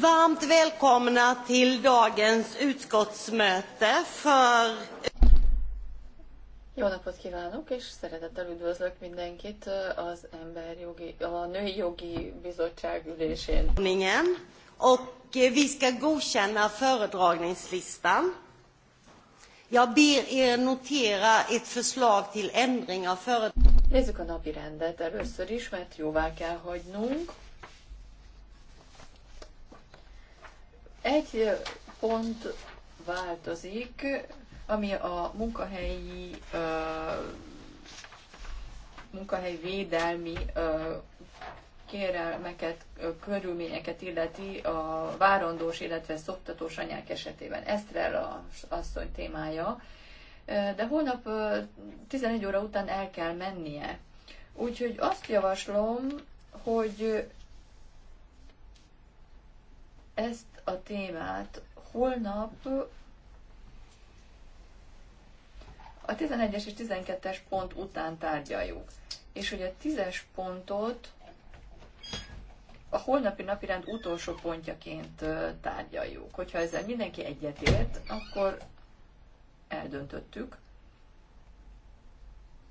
Varmt välkomna till dagens utskottsmöte för... Jó napot kívánok, és szeretettel üdvözlök mindenkit az emberjogi, a Női Jogi Bizottság ülésén. Och eh, vi ska godkänna föredragningslistan. Jag ber er notera ett förslag till ändring av föredragningslistan. Nézzük a napi rendet először is, mert jóvá kell hagynunk. Egy pont változik, ami a munkahelyi munkahelyi védelmi kérelmeket, körülményeket illeti a várandós, illetve szoptatós anyák esetében. Esztrel asszony témája, de holnap 11 óra után el kell mennie. Úgyhogy azt javaslom, hogy ezt a témát holnap a 11-es és 12-es pont után tárgyaljuk. És hogy a 10-es pontot a holnapi napirend utolsó pontjaként tárgyaljuk. Hogyha ezzel mindenki egyetért, akkor eldöntöttük.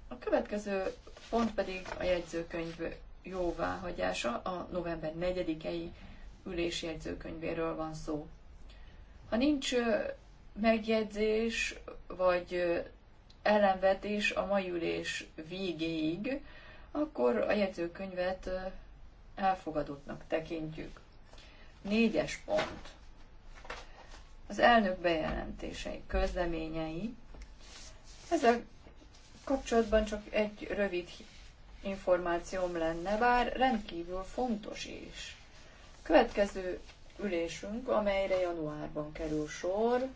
A következő pont pedig a jegyzőkönyv jóváhagyása a november 4-i ülésjegyzőkönyvéről van szó. Ha nincs megjegyzés vagy ellenvetés a mai ülés végéig, akkor a jegyzőkönyvet elfogadottnak tekintjük. Négyes pont. Az elnök bejelentései, közleményei. Ezzel kapcsolatban csak egy rövid információm lenne, bár rendkívül fontos is. Következő ülésünk, amelyre januárban kerül sor,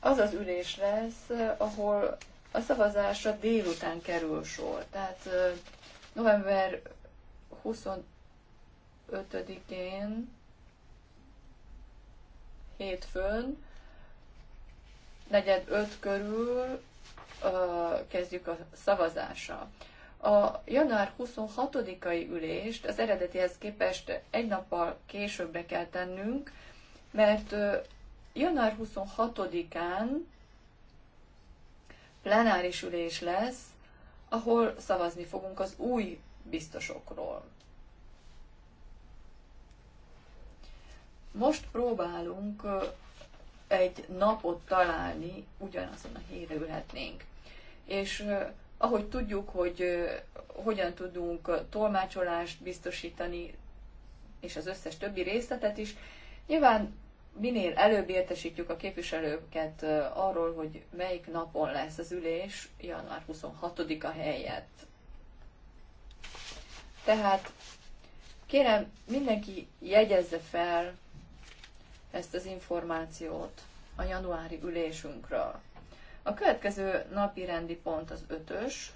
az az ülés lesz, ahol a szavazásra délután kerül sor. Tehát november 25-én hétfőn, negyed öt körül uh, kezdjük a szavazással a január 26-ai ülést az eredetihez képest egy nappal későbbre kell tennünk, mert január 26-án plenáris ülés lesz, ahol szavazni fogunk az új biztosokról. Most próbálunk egy napot találni, ugyanazon a híre ülhetnénk. És ahogy tudjuk, hogy hogyan tudunk tolmácsolást biztosítani, és az összes többi részletet is, nyilván minél előbb értesítjük a képviselőket arról, hogy melyik napon lesz az ülés, január 26-a helyett. Tehát kérem, mindenki jegyezze fel ezt az információt a januári ülésünkről. A következő napi rendi pont az ötös.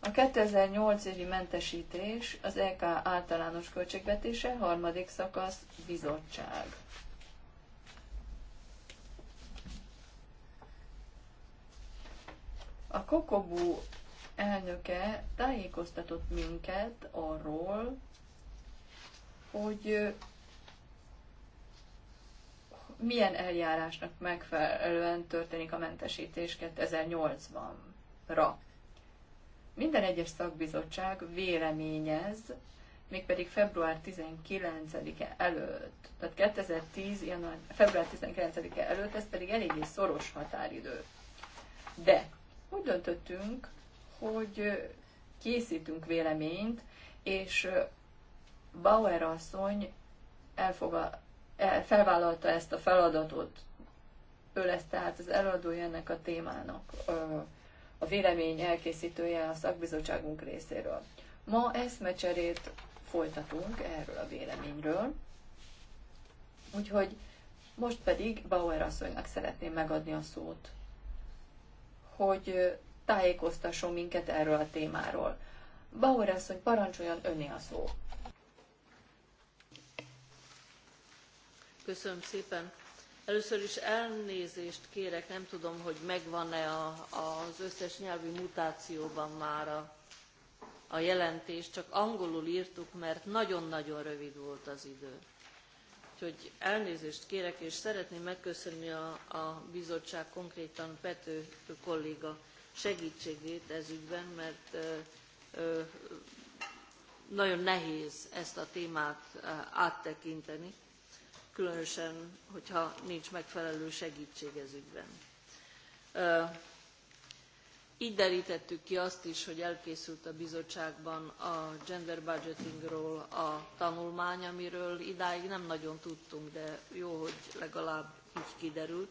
A 2008 évi mentesítés, az EK általános költségvetése, harmadik szakasz, bizottság. A Kokobu elnöke tájékoztatott minket arról, hogy milyen eljárásnak megfelelően történik a mentesítés 2008-ban-ra. Minden egyes szakbizottság véleményez, mégpedig február 19-e előtt. Tehát 2010. Január, február 19-e előtt, ez pedig eléggé szoros határidő. De úgy döntöttünk, hogy készítünk véleményt, és Bauer asszony elfogad, E, felvállalta ezt a feladatot. Ő lesz tehát az előadója ennek a témának, a vélemény elkészítője a szakbizottságunk részéről. Ma eszmecserét folytatunk erről a véleményről, úgyhogy most pedig Bauer asszonynak szeretném megadni a szót, hogy tájékoztasson minket erről a témáról. Bauer asszony, parancsoljon öné a szó. Köszönöm szépen. Először is elnézést kérek, nem tudom, hogy megvan-e az összes nyelvi mutációban már a, a jelentés, csak angolul írtuk, mert nagyon-nagyon rövid volt az idő. Úgyhogy elnézést kérek, és szeretném megköszönni a, a bizottság, konkrétan Pető kolléga segítségét ez ügyben, mert ö, ö, nagyon nehéz ezt a témát áttekinteni különösen, hogyha nincs megfelelő segítség ez ügyben. Így derítettük ki azt is, hogy elkészült a bizottságban a gender budgetingról a tanulmány, amiről idáig nem nagyon tudtunk, de jó, hogy legalább így kiderült.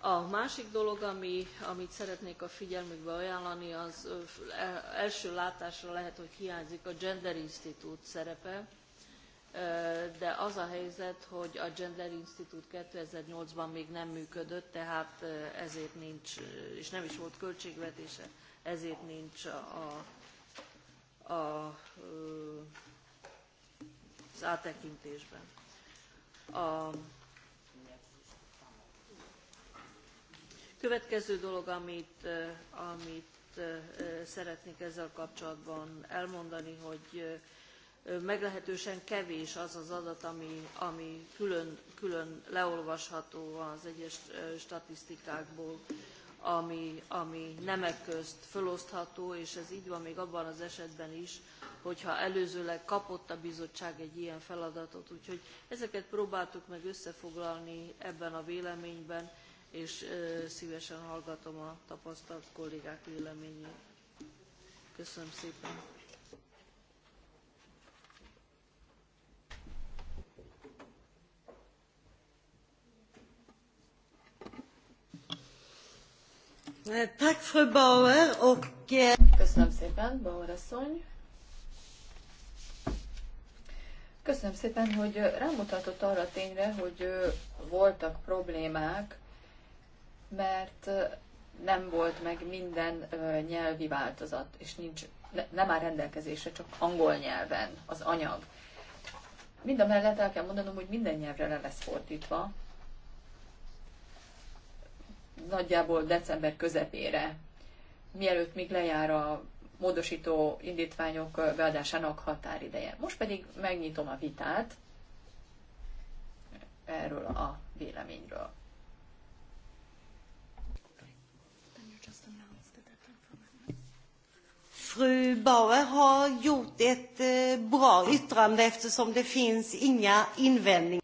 A másik dolog, ami, amit szeretnék a figyelmükbe ajánlani, az e, első látásra lehet, hogy hiányzik a Gender Institute szerepe, de az a helyzet, hogy a Gender Institute 2008-ban még nem működött, tehát ezért nincs, és nem is volt költségvetése, ezért nincs a, a, az áttekintésben. A következő dolog, amit, amit szeretnék ezzel kapcsolatban elmondani, hogy meglehetősen kevés az az adat, ami, ami külön, külön leolvasható az egyes statisztikákból, ami, ami nemek közt fölosztható, és ez így van még abban az esetben is, hogyha előzőleg kapott a bizottság egy ilyen feladatot. Úgyhogy ezeket próbáltuk meg összefoglalni ebben a véleményben, és szívesen hallgatom a tapasztalt kollégák véleményét. Köszönöm szépen! Tack fru Bauer och... Eh, Köszönöm szépen, Bauer asszony. Köszönöm szépen, hogy eh, rámutatott arra a tényre, hogy eh, voltak problémák, mert nem volt meg minden nyelvi változat, és nincs, nem áll rendelkezésre, csak angol nyelven az anyag. Mind a mellett el kell mondanom, hogy minden nyelvre le lesz fordítva, nagyjából december közepére, mielőtt még lejár a módosító indítványok beadásának határideje. Most pedig megnyitom a vitát erről a véleményről. Fru Bauer har gjort ett eh, bra yttrande eftersom det finns inga invändningar.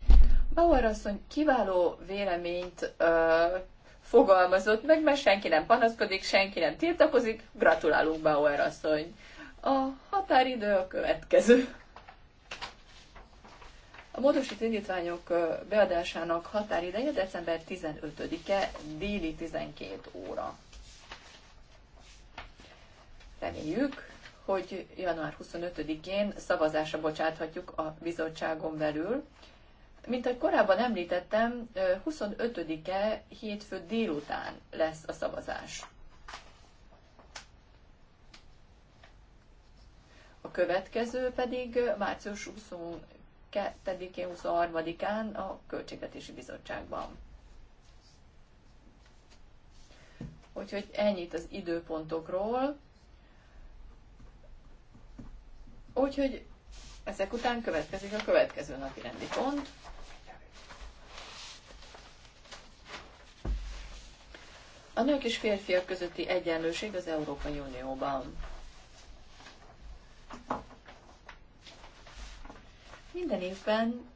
Bauer asszony kiváló véleményt ö, eh, fogalmazott meg, mert senki nem panaszkodik, senki nem tiltakozik. Gratulálunk, Bauer asszony! A határidő a következő. A módosít indítványok beadásának határideje december 15-e, déli 12 óra. Reméljük, hogy január 25-én szavazásra bocsáthatjuk a bizottságon belül, mint ahogy korábban említettem, 25-e hétfő délután lesz a szavazás. A következő pedig március 22-én, 23-án a Költségvetési Bizottságban. Úgyhogy ennyit az időpontokról. Úgyhogy ezek után következik a következő napi rendi pont. A nők és férfiak közötti egyenlőség az Európai Unióban. Minden évben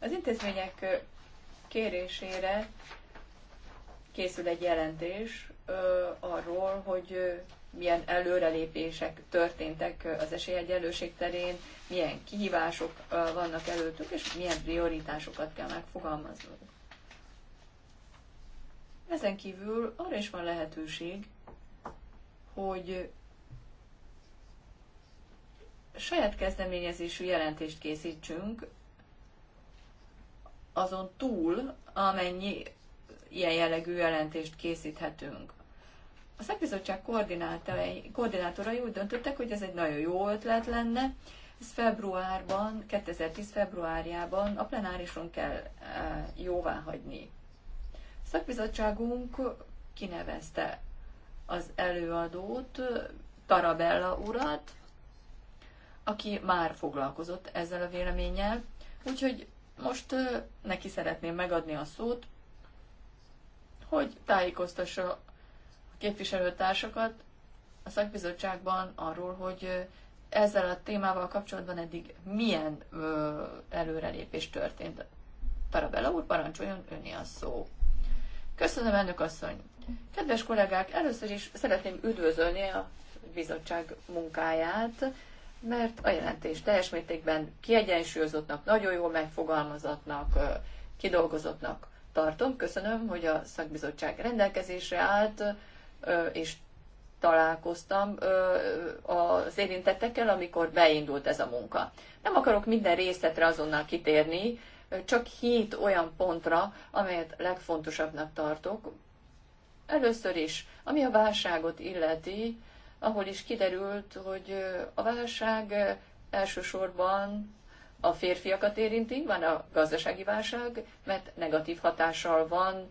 Az intézmények kérésére készül egy jelentés arról, hogy milyen előrelépések történtek az esélyegyenlőség terén, milyen kihívások vannak előttük, és milyen prioritásokat kell megfogalmazni. Ezen kívül arra is van lehetőség, hogy saját kezdeményezésű jelentést készítsünk, azon túl, amennyi ilyen jellegű jelentést készíthetünk. A szakbizottság koordinátorai úgy döntöttek, hogy ez egy nagyon jó ötlet lenne, ez februárban, 2010 februárjában a plenárison kell eh, jóvá hagyni. A szakbizottságunk kinevezte az előadót, Tarabella urat, aki már foglalkozott ezzel a véleménnyel, úgyhogy most eh, neki szeretném megadni a szót, hogy tájékoztassa képviselőtársakat a szakbizottságban arról, hogy ezzel a témával kapcsolatban eddig milyen ö, előrelépés történt. Tarabella úr, parancsoljon önni a szó. Köszönöm, elnök asszony! Kedves kollégák, először is szeretném üdvözölni a bizottság munkáját, mert a jelentés teljes mértékben kiegyensúlyozottnak, nagyon jól megfogalmazatnak, kidolgozottnak tartom. Köszönöm, hogy a szakbizottság rendelkezésre állt, és találkoztam az érintettekkel, amikor beindult ez a munka. Nem akarok minden részletre azonnal kitérni, csak hét olyan pontra, amelyet legfontosabbnak tartok. Először is, ami a válságot illeti, ahol is kiderült, hogy a válság elsősorban a férfiakat érinti, van a gazdasági válság, mert negatív hatással van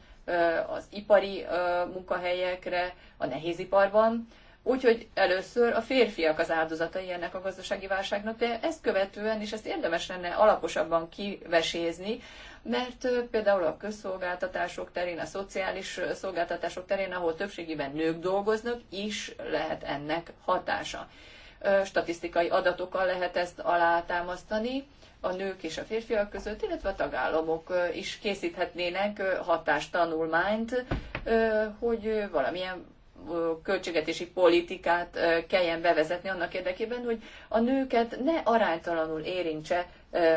az ipari munkahelyekre, a nehéziparban. Úgyhogy először a férfiak az áldozatai ennek a gazdasági válságnak, de ezt követően, és ezt érdemes lenne alaposabban kivesézni, mert például a közszolgáltatások terén, a szociális szolgáltatások terén, ahol többségében nők dolgoznak, is lehet ennek hatása. Statisztikai adatokkal lehet ezt alátámasztani, a nők és a férfiak között, illetve a tagállamok is készíthetnének hatástanulmányt, hogy valamilyen költségetési politikát kelljen bevezetni annak érdekében, hogy a nőket ne aránytalanul érintse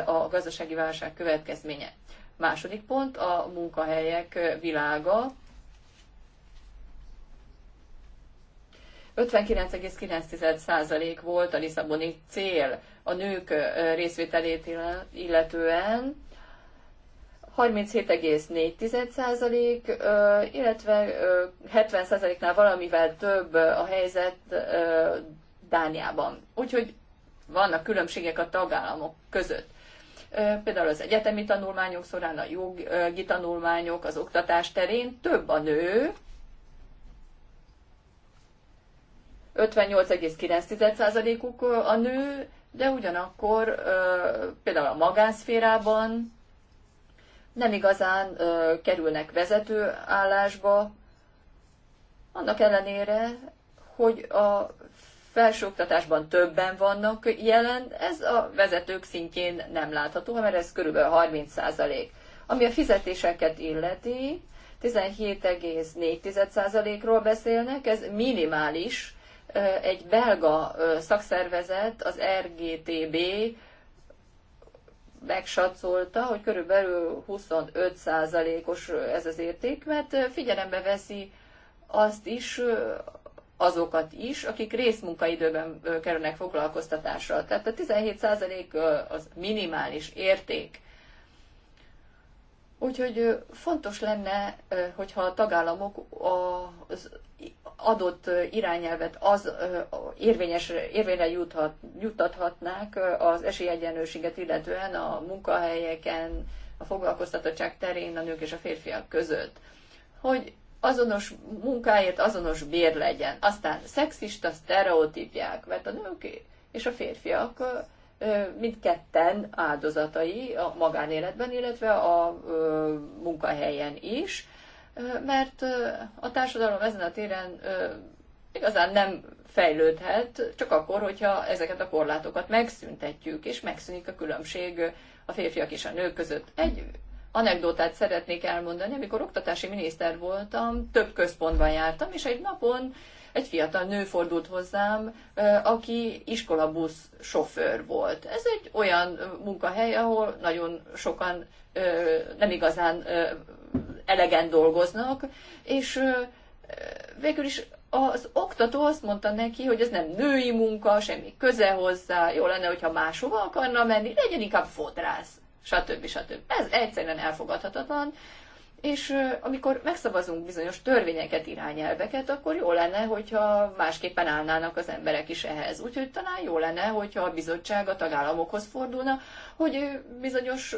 a gazdasági válság következménye. Második pont a munkahelyek világa. 59,9% volt a Lisszaboni cél a nők részvételét illetően, 37,4%, illetve 70%-nál valamivel több a helyzet Dániában. Úgyhogy vannak különbségek a tagállamok között. Például az egyetemi tanulmányok során, a jogi tanulmányok, az oktatás terén több a nő, 58,9%-uk a nő, de ugyanakkor például a magánszférában nem igazán kerülnek vezető állásba, annak ellenére, hogy a felsőoktatásban többen vannak jelen, ez a vezetők szintjén nem látható, mert ez kb. 30 Ami a fizetéseket illeti, 17,4%-ról beszélnek, ez minimális, egy belga szakszervezet, az RGTB megsacolta, hogy körülbelül 25%-os ez az érték, mert figyelembe veszi azt is, azokat is, akik részmunkaidőben kerülnek foglalkoztatásra. Tehát a 17% az minimális érték. Úgyhogy fontos lenne, hogyha a tagállamok az adott irányelvet az érvényes, érvényre juthat, juttathatnák az esélyegyenlőséget, illetően a munkahelyeken, a foglalkoztatottság terén a nők és a férfiak között. Hogy azonos munkáért azonos bér legyen. Aztán szexista sztereotípják, mert a nők és a férfiak mindketten áldozatai a magánéletben, illetve a munkahelyen is mert a társadalom ezen a téren igazán nem fejlődhet, csak akkor, hogyha ezeket a korlátokat megszüntetjük, és megszűnik a különbség a férfiak és a nők között. Egy anekdotát szeretnék elmondani, amikor oktatási miniszter voltam, több központban jártam, és egy napon egy fiatal nő fordult hozzám, aki iskolabusz sofőr volt. Ez egy olyan munkahely, ahol nagyon sokan nem igazán elegen dolgoznak, és végül is az oktató azt mondta neki, hogy ez nem női munka, semmi köze hozzá, jó lenne, hogyha máshova akarna menni, legyen inkább fodrász, stb. stb. Ez egyszerűen elfogadhatatlan, és amikor megszavazunk bizonyos törvényeket, irányelveket, akkor jó lenne, hogyha másképpen állnának az emberek is ehhez. Úgyhogy talán jó lenne, hogyha a bizottság a tagállamokhoz fordulna, hogy bizonyos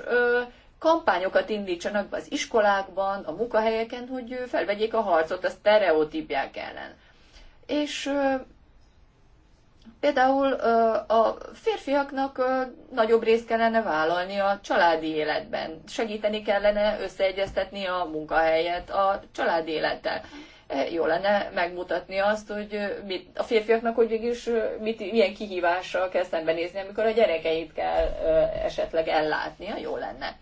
kampányokat indítsanak be az iskolákban, a munkahelyeken, hogy felvegyék a harcot a sztereotípják ellen. És például a férfiaknak nagyobb részt kellene vállalni a családi életben, segíteni kellene összeegyeztetni a munkahelyet a családi élettel. E, jó lenne megmutatni azt, hogy mit, a férfiaknak, hogy végülis mit, milyen kihívással kell szembenézni, amikor a gyerekeit kell esetleg ellátnia, jó lenne.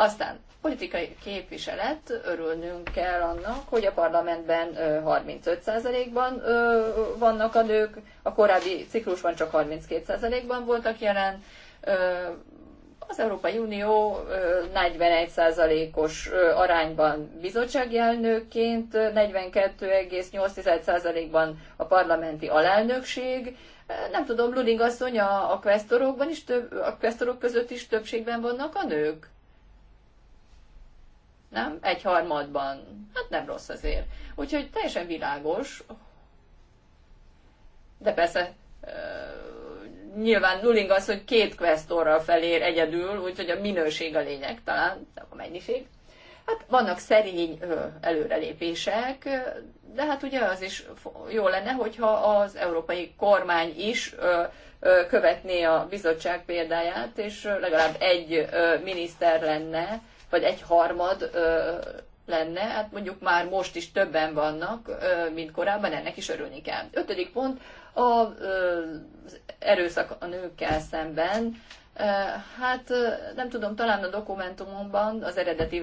Aztán politikai képviselet, örülnünk kell annak, hogy a parlamentben 35%-ban vannak a nők, a korábbi ciklusban csak 32%-ban voltak jelen, az Európai Unió 41%-os arányban bizottsági elnökként, 42,8%-ban a parlamenti alelnökség. Nem tudom, Luding asszony a, a, is több, a kvesztorok között is többségben vannak a nők nem? Egy harmadban. Hát nem rossz azért. Úgyhogy teljesen világos, de persze nyilván nulling az, hogy két questorral felér egyedül, úgyhogy a minőség a lényeg talán, nem a mennyiség. Hát vannak szerény előrelépések, de hát ugye az is jó lenne, hogyha az európai kormány is követné a bizottság példáját, és legalább egy miniszter lenne, vagy egy harmad lenne, hát mondjuk már most is többen vannak, mint korábban, ennek is örülni kell. Ötödik pont, az erőszak a nőkkel szemben. Hát nem tudom, talán a dokumentumomban, az eredeti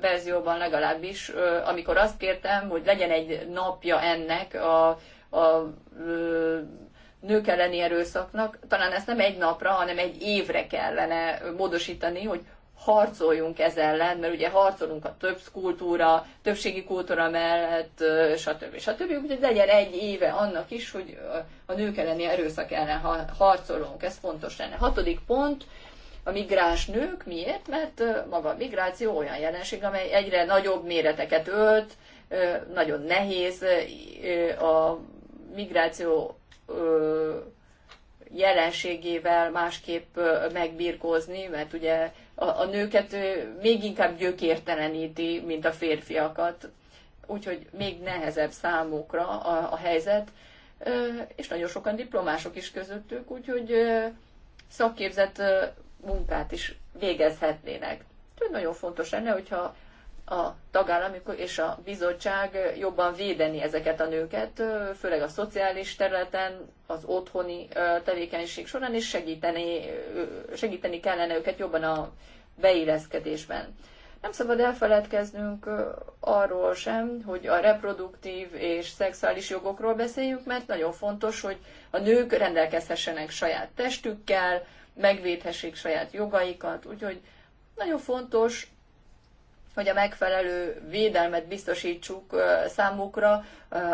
verzióban legalábbis, amikor azt kértem, hogy legyen egy napja ennek a, a nők elleni erőszaknak, talán ezt nem egy napra, hanem egy évre kellene módosítani, hogy harcoljunk ez ellen, mert ugye harcolunk a több kultúra, többségi kultúra mellett, stb. stb. Úgyhogy legyen egy éve annak is, hogy a nők elleni erőszak ellen harcolunk. Ez fontos lenne. Hatodik pont, a migráns nők. Miért? Mert maga a migráció olyan jelenség, amely egyre nagyobb méreteket ölt, nagyon nehéz a migráció jelenségével másképp megbirkózni, mert ugye a, a nőket még inkább gyökérteleníti, mint a férfiakat. Úgyhogy még nehezebb számukra a, a helyzet, és nagyon sokan diplomások is közöttük, úgyhogy szakképzett munkát is végezhetnének. Úgyhogy nagyon fontos lenne, hogyha a tagállam és a bizottság jobban védeni ezeket a nőket, főleg a szociális területen, az otthoni tevékenység során, és segíteni, segíteni kellene őket jobban a beilleszkedésben. Nem szabad elfeledkeznünk arról sem, hogy a reproduktív és szexuális jogokról beszéljünk, mert nagyon fontos, hogy a nők rendelkezhessenek saját testükkel, megvédhessék saját jogaikat, úgyhogy nagyon fontos hogy a megfelelő védelmet biztosítsuk számukra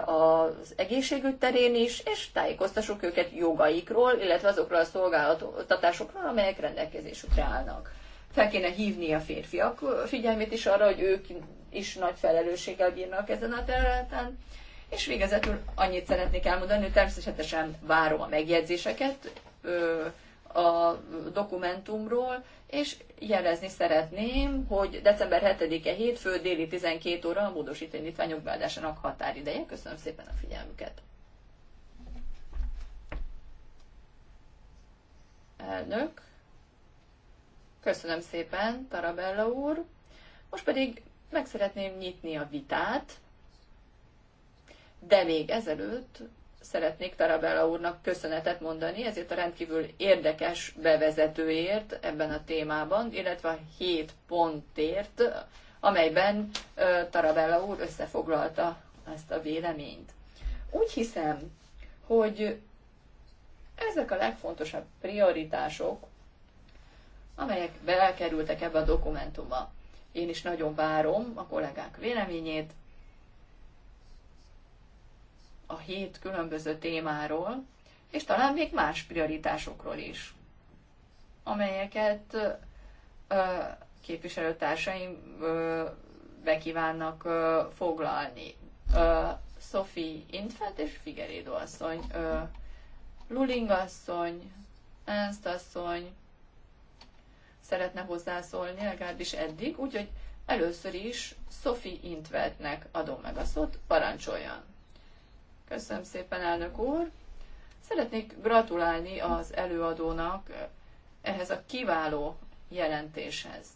az egészségügy terén is, és tájékoztassuk őket jogaikról, illetve azokról a szolgáltatásokról, amelyek rendelkezésükre állnak. Fel kéne hívni a férfiak figyelmét is arra, hogy ők is nagy felelősséggel bírnak ezen a területen. És végezetül annyit szeretnék elmondani, hogy természetesen várom a megjegyzéseket, a dokumentumról, és jelezni szeretném, hogy december 7-e hétfő déli 12 óra a módosító beadásának határideje. Köszönöm szépen a figyelmüket! Elnök. Köszönöm szépen, Tarabella úr. Most pedig meg szeretném nyitni a vitát, de még ezelőtt szeretnék Tarabella úrnak köszönetet mondani ezért a rendkívül érdekes bevezetőért ebben a témában, illetve a hét pontért, amelyben Tarabella úr összefoglalta ezt a véleményt. Úgy hiszem, hogy ezek a legfontosabb prioritások, amelyek belekerültek ebbe a dokumentumba. Én is nagyon várom a kollégák véleményét, a hét különböző témáról, és talán még más prioritásokról is, amelyeket ö, képviselőtársaim ö, bekívánnak ö, foglalni. Ö, Sophie Intfeld és Figerédo asszony, ö, Luling asszony, Ernst asszony szeretne hozzászólni, legalábbis eddig, úgyhogy először is Sophie Intveldnek adom meg a szót, parancsoljon! Köszönöm szépen, elnök úr! Szeretnék gratulálni az előadónak ehhez a kiváló jelentéshez.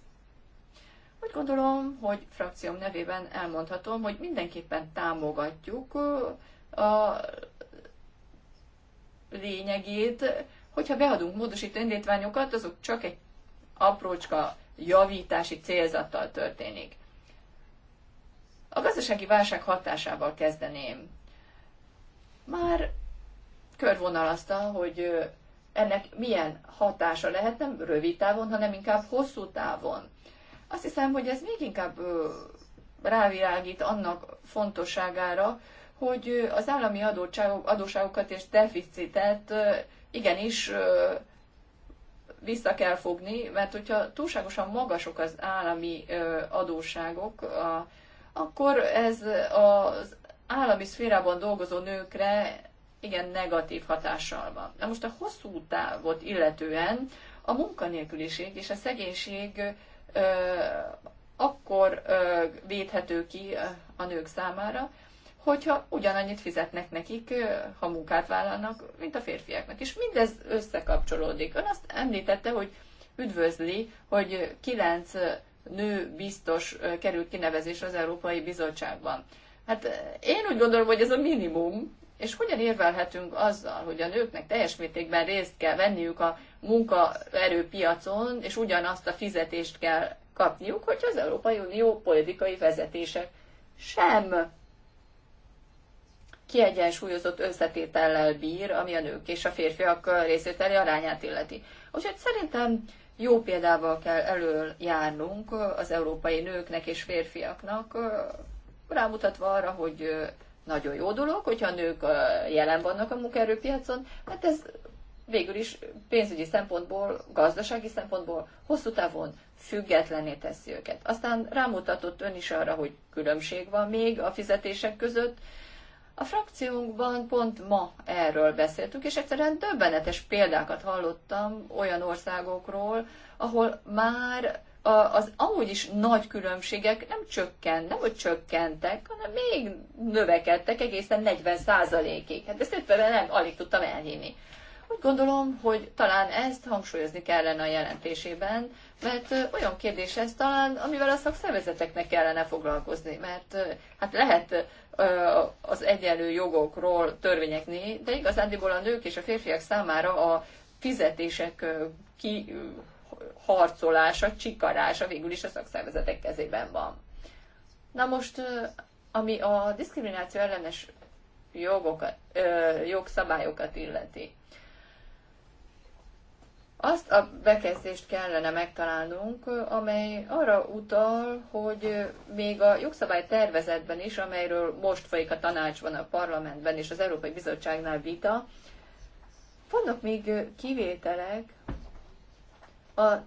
Úgy gondolom, hogy frakcióm nevében elmondhatom, hogy mindenképpen támogatjuk a lényegét, hogyha beadunk módosító indítványokat, azok csak egy aprócska javítási célzattal történik. A gazdasági válság hatásával kezdeném már körvonalazta, hogy ennek milyen hatása lehet, nem rövid távon, hanem inkább hosszú távon. Azt hiszem, hogy ez még inkább rávilágít annak fontosságára, hogy az állami adóságokat és deficitet igenis vissza kell fogni, mert hogyha túlságosan magasok az állami adóságok, akkor ez az állami szférában dolgozó nőkre igen negatív hatással van. Na most a hosszú távot illetően a munkanélküliség és a szegénység ö, akkor ö, védhető ki a nők számára, hogyha ugyanannyit fizetnek nekik, ha munkát vállalnak, mint a férfiaknak. És mindez összekapcsolódik. Ön azt említette, hogy üdvözli, hogy kilenc nő biztos került kinevezés az Európai Bizottságban. Hát eh, én úgy gondolom, hogy ez a minimum, és hogyan érvelhetünk azzal, hogy a nőknek teljes mértékben részt kell venniük a munkaerőpiacon, és ugyanazt a fizetést kell kapniuk, hogy az Európai Unió politikai vezetése sem kiegyensúlyozott összetétellel bír, ami a nők és a férfiak részvételi arányát illeti. Úgyhogy szerintem jó példával kell elől járnunk az európai nőknek és férfiaknak eh, rámutatva arra, hogy nagyon jó dolog, hogyha a nők jelen vannak a munkaerőpiacon, mert hát ez végül is pénzügyi szempontból, gazdasági szempontból hosszú távon függetlené teszi őket. Aztán rámutatott ön is arra, hogy különbség van még a fizetések között. A frakciónkban pont ma erről beszéltük, és egyszerűen döbbenetes példákat hallottam olyan országokról, ahol már az amúgy is nagy különbségek nem csökken, nem hogy csökkentek, hanem még növekedtek egészen 40%-ig. Hát ezt egyszerűen nem, alig tudtam elhinni. Úgy gondolom, hogy talán ezt hangsúlyozni kellene a jelentésében, mert olyan kérdés ez talán, amivel a szakszervezeteknek kellene foglalkozni, mert hát lehet az egyenlő jogokról törvényekni, de igazándiból a nők és a férfiak számára a fizetések ki harcolása, csikarása végül is a szakszervezetek kezében van. Na most, ami a diszkrimináció ellenes jogokat, jogszabályokat illeti. Azt a bekezdést kellene megtalálnunk, amely arra utal, hogy még a jogszabály tervezetben is, amelyről most folyik a tanácsban, a parlamentben és az Európai Bizottságnál vita, vannak még kivételek, a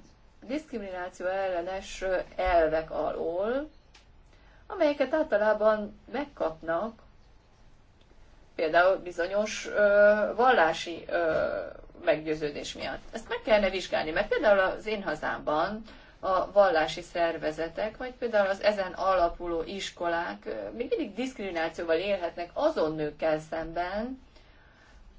diszkrimináció ellenes elvek alól, amelyeket általában megkapnak például bizonyos ö, vallási ö, meggyőződés miatt. Ezt meg kellene vizsgálni, mert például az én hazámban a vallási szervezetek, vagy például az ezen alapuló iskolák még mindig diszkriminációval élhetnek azon nőkkel szemben,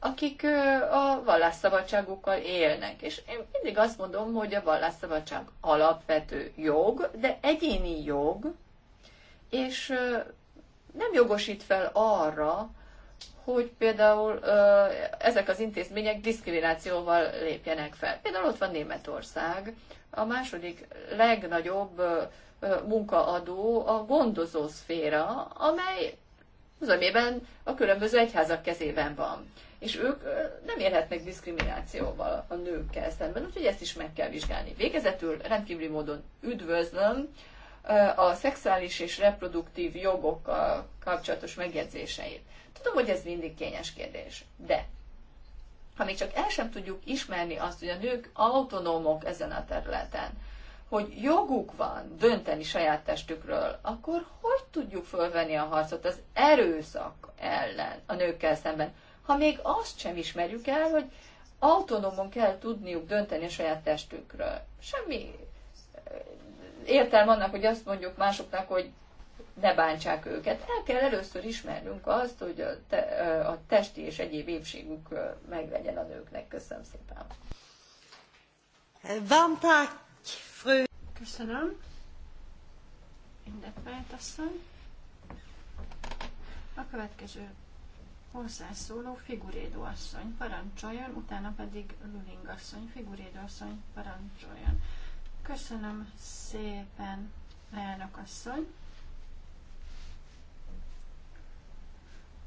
akik a vallásszabadságukkal élnek. És én mindig azt mondom, hogy a vallásszabadság alapvető jog, de egyéni jog, és nem jogosít fel arra, hogy például ezek az intézmények diszkriminációval lépjenek fel. Például ott van Németország, a második legnagyobb munkaadó a gondozószféra, amely az, amiben a különböző egyházak kezében van. És ők nem érhetnek diszkriminációval a nőkkel szemben, úgyhogy ezt is meg kell vizsgálni. Végezetül rendkívüli módon üdvözlöm a szexuális és reproduktív jogokkal kapcsolatos megjegyzéseit. Tudom, hogy ez mindig kényes kérdés, de ha még csak el sem tudjuk ismerni azt, hogy a nők autonómok ezen a területen, hogy joguk van dönteni saját testükről, akkor hogy tudjuk fölvenni a harcot az erőszak ellen, a nőkkel szemben, ha még azt sem ismerjük el, hogy autonómon kell tudniuk dönteni a saját testükről. Semmi eh, értelme annak, hogy azt mondjuk másoknak, hogy ne bántsák őket. El kell először ismernünk azt, hogy a, te, eh, a testi és egyéb épségük eh, meglegyen a nőknek. Köszönöm szépen. Vám tak Köszönöm. Mindent asszony. A következő hozzászóló figurédó asszony parancsoljon, utána pedig Luling asszony, figurédó asszony parancsoljon. Köszönöm szépen, elnök asszony.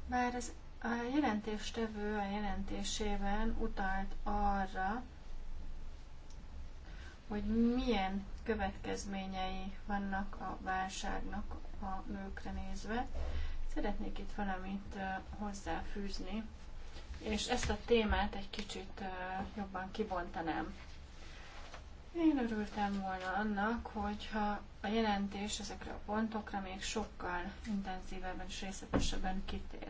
Bár az a jelentéstevő a jelentésében utalt arra, hogy milyen következményei vannak a válságnak a nőkre nézve. Szeretnék itt valamit hozzáfűzni, és ezt a témát egy kicsit jobban kibontanám. Én örültem volna annak, hogyha a jelentés ezekre a pontokra még sokkal intenzívebben és részletesebben kitér.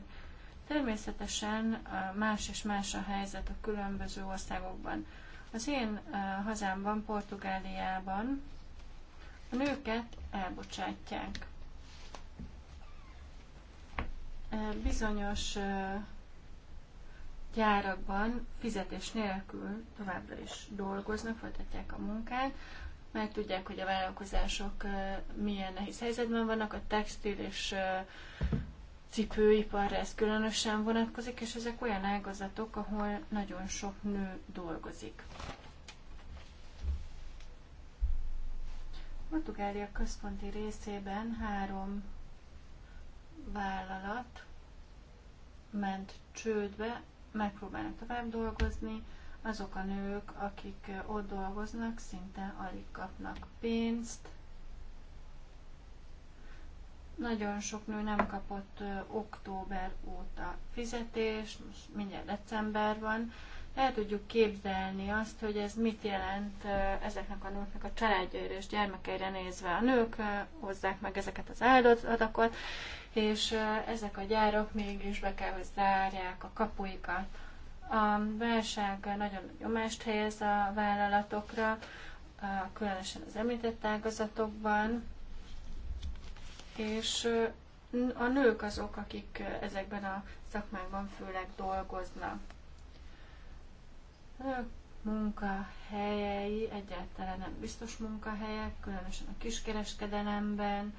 Természetesen más és más a helyzet a különböző országokban. Az én hazámban, Portugáliában a nőket elbocsátják. Bizonyos gyárakban fizetés nélkül továbbra is dolgoznak, folytatják a munkát, mert tudják, hogy a vállalkozások milyen nehéz helyzetben vannak, a textil és cipőiparra ez különösen vonatkozik, és ezek olyan ágazatok, ahol nagyon sok nő dolgozik. Portugália központi részében három vállalat ment csődbe, megpróbálnak tovább dolgozni, azok a nők, akik ott dolgoznak, szinte alig kapnak pénzt, nagyon sok nő nem kapott október óta fizetést, most mindjárt december van. El tudjuk képzelni azt, hogy ez mit jelent ezeknek a nőknek a családjaira és gyermekeire nézve. A nők hozzák meg ezeket az áldozatokat, és ezek a gyárok mégis be kell, hogy zárják a kapuikat. A válság nagyon nyomást helyez a vállalatokra, különösen az említett ágazatokban és a nők azok, akik ezekben a szakmákban főleg dolgoznak. nők munkahelyei egyáltalán nem biztos munkahelyek, különösen a kiskereskedelemben,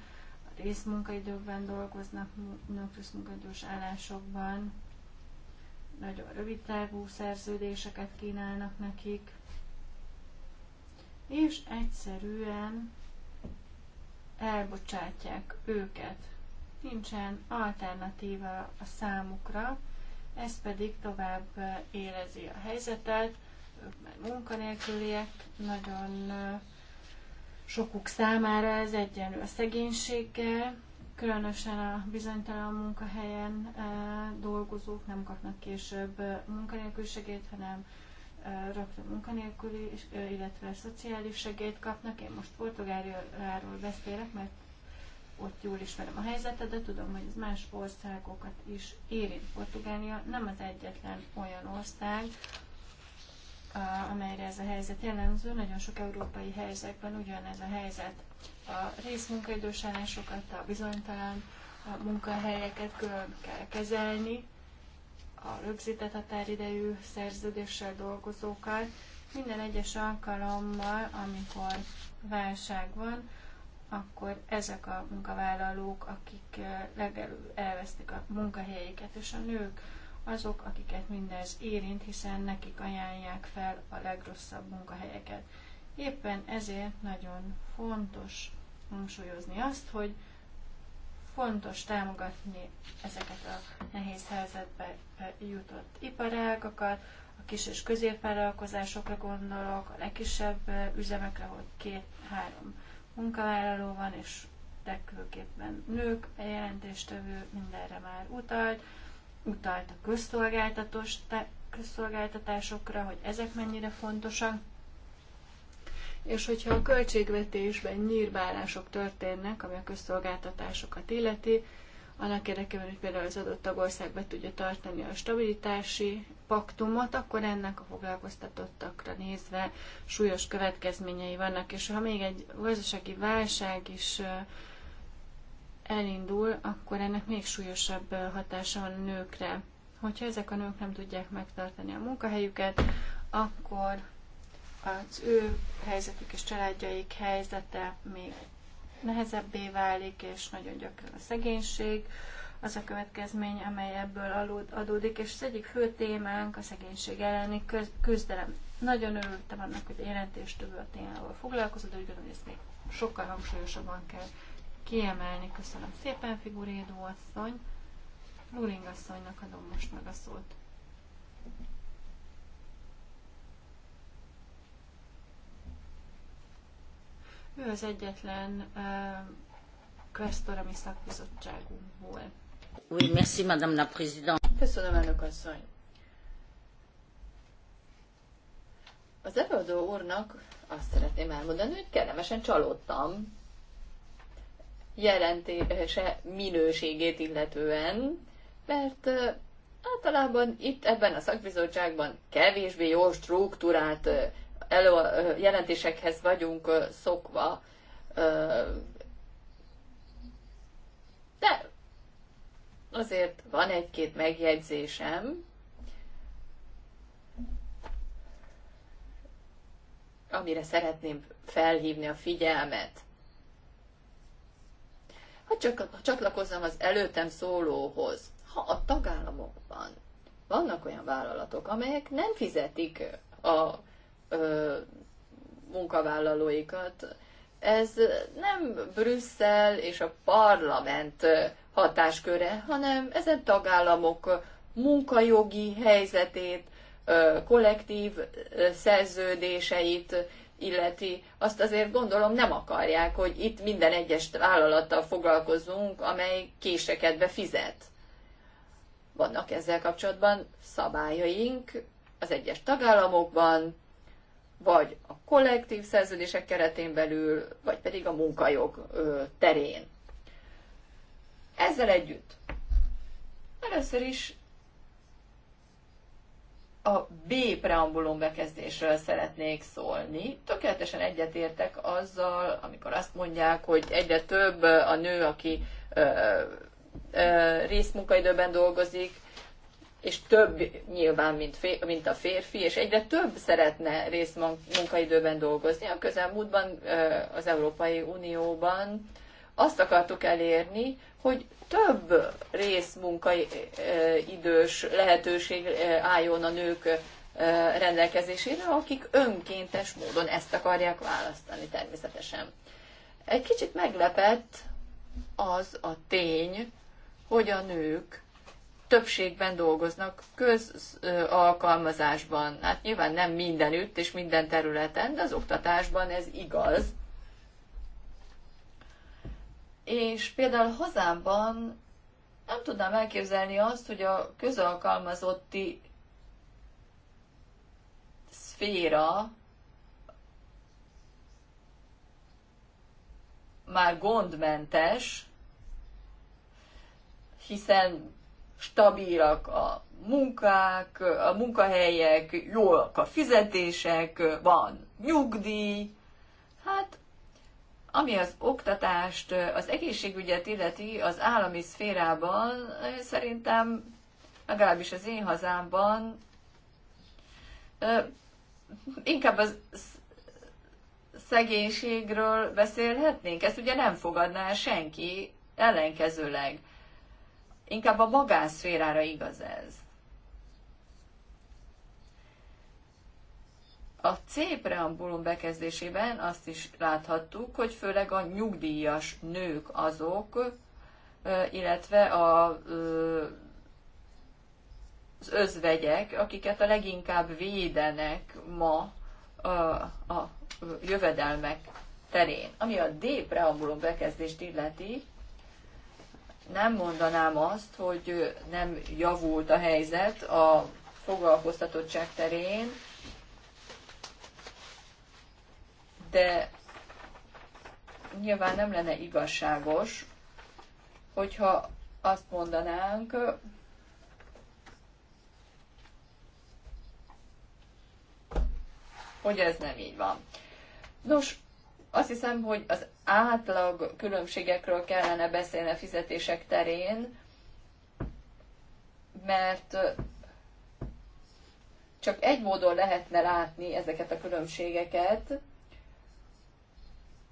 a részmunkaidőkben dolgoznak, nők részmunkaidős állásokban, nagyon rövid távú szerződéseket kínálnak nekik, és egyszerűen elbocsátják őket. Nincsen alternatíva a számukra, ez pedig tovább érezi a helyzetet, ők már munkanélküliek, nagyon sokuk számára ez egyenlő a szegénységgel, különösen a bizonytalan munkahelyen dolgozók nem kapnak később munkanélküliségét, hanem rögtön munkanélküli, illetve szociális segélyt kapnak. Én most Portugáliáról beszélek, mert ott jól ismerem a helyzetet, de tudom, hogy ez más országokat is érint. Portugália nem az egyetlen olyan ország, amelyre ez a helyzet jellemző. Nagyon sok európai helyzetben ugyanez a helyzet. A részmunkaidős állásokat, a bizonytalan munkahelyeket külön kell kezelni, a rögzített határidejű szerződéssel dolgozókat. Minden egyes alkalommal, amikor válság van, akkor ezek a munkavállalók, akik legelőbb elvesztik a munkahelyeiket, és a nők azok, akiket mindez érint, hiszen nekik ajánlják fel a legrosszabb munkahelyeket. Éppen ezért nagyon fontos hangsúlyozni azt, hogy Fontos támogatni ezeket a nehéz helyzetbe eh, jutott iparágakat, a kis és középvállalkozásokra gondolok, a legkisebb eh, üzemekre, hogy két-három munkavállaló van, és legfőképpen nők, jelentéstevő mindenre már utalt, utalt a közszolgáltatásokra, hogy ezek mennyire fontosak, és hogyha a költségvetésben nyírbálások történnek, ami a közszolgáltatásokat illeti, annak érdekében, hogy például az adott tagország be tudja tartani a stabilitási paktumot, akkor ennek a foglalkoztatottakra nézve súlyos következményei vannak, és ha még egy gazdasági válság is elindul, akkor ennek még súlyosabb hatása van a nőkre. Hogyha ezek a nők nem tudják megtartani a munkahelyüket, akkor az ő helyzetük és családjaik helyzete még nehezebbé válik, és nagyon gyakran a szegénység az a következmény, amely ebből adódik, és az egyik fő témánk a szegénység elleni küzdelem. Nagyon örültem annak, hogy a jelentéstövő a témával foglalkozott, de úgy gondolom, hogy ezt még sokkal hangsúlyosabban kell kiemelni. Köszönöm szépen, Figurédó asszony. Luling asszonynak adom most meg a szót. Ő az egyetlen kvesztor, ami szakbizottságunkból. Oui, merci, madame la présidente. Köszönöm, elnök asszony. Az előadó úrnak azt szeretném elmondani, hogy kellemesen csalódtam jelentése minőségét illetően, mert általában itt ebben a szakbizottságban kevésbé jó struktúrát elő, jelentésekhez vagyunk szokva, de azért van egy-két megjegyzésem, amire szeretném felhívni a figyelmet. Ha csak ha csatlakozzam az előttem szólóhoz, ha a tagállamokban vannak olyan vállalatok, amelyek nem fizetik a munkavállalóikat. Ez nem Brüsszel és a parlament hatásköre, hanem ezen tagállamok munkajogi helyzetét, kollektív szerződéseit illeti, azt azért gondolom nem akarják, hogy itt minden egyes vállalattal foglalkozunk, amely késekedve fizet. Vannak ezzel kapcsolatban szabályaink az egyes tagállamokban, vagy a kollektív szerződések keretén belül, vagy pedig a munkajog terén. Ezzel együtt először is a B preambulum bekezdésről szeretnék szólni. Tökéletesen egyetértek azzal, amikor azt mondják, hogy egyre több a nő, aki ö, ö, részmunkaidőben dolgozik, és több nyilván, mint, fér, mint a férfi, és egyre több szeretne részt munkaidőben dolgozni. A közelmúltban az Európai Unióban azt akartuk elérni, hogy több részmunkaidős lehetőség álljon a nők rendelkezésére, akik önkéntes módon ezt akarják választani természetesen. Egy kicsit meglepett az a tény, hogy a nők többségben dolgoznak közalkalmazásban. Hát nyilván nem mindenütt és minden területen, de az oktatásban ez igaz. És például hazámban nem tudnám elképzelni azt, hogy a közalkalmazotti szféra már gondmentes, hiszen stabilak a munkák, a munkahelyek, jók a fizetések, van nyugdíj. Hát, ami az oktatást, az egészségügyet illeti az állami szférában, szerintem, legalábbis az én hazámban, inkább az szegénységről beszélhetnénk. Ezt ugye nem fogadná senki ellenkezőleg. Inkább a magánszférára igaz ez. A C preambulum bekezdésében azt is láthattuk, hogy főleg a nyugdíjas nők azok, illetve a, az özvegyek, akiket a leginkább védenek ma a, a jövedelmek terén. Ami a D preambulum bekezdést illeti, nem mondanám azt, hogy nem javult a helyzet a foglalkoztatottság terén, de nyilván nem lenne igazságos, hogyha azt mondanánk, hogy ez nem így van. Nos, azt hiszem, hogy az átlag különbségekről kellene beszélni a fizetések terén, mert csak egy módon lehetne látni ezeket a különbségeket,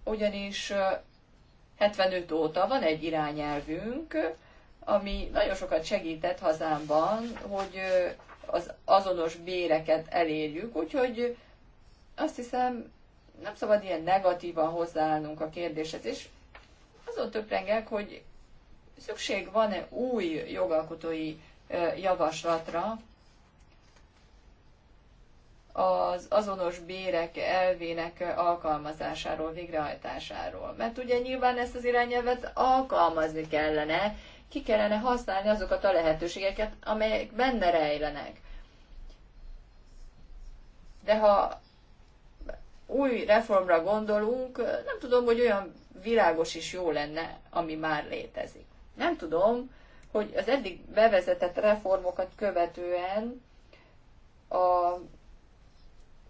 ugyanis 75 óta van egy irányelvünk, ami nagyon sokat segített hazámban, hogy az azonos béreket elérjük, úgyhogy azt hiszem nem szabad ilyen negatívan hozzáállnunk a kérdéshez, és azon töprengek, hogy szükség van-e új jogalkotói javaslatra az azonos bérek elvének alkalmazásáról, végrehajtásáról. Mert ugye nyilván ezt az irányelvet alkalmazni kellene, ki kellene használni azokat a lehetőségeket, amelyek benne rejlenek. De ha új reformra gondolunk, nem tudom, hogy olyan világos is jó lenne, ami már létezik. Nem tudom, hogy az eddig bevezetett reformokat követően a,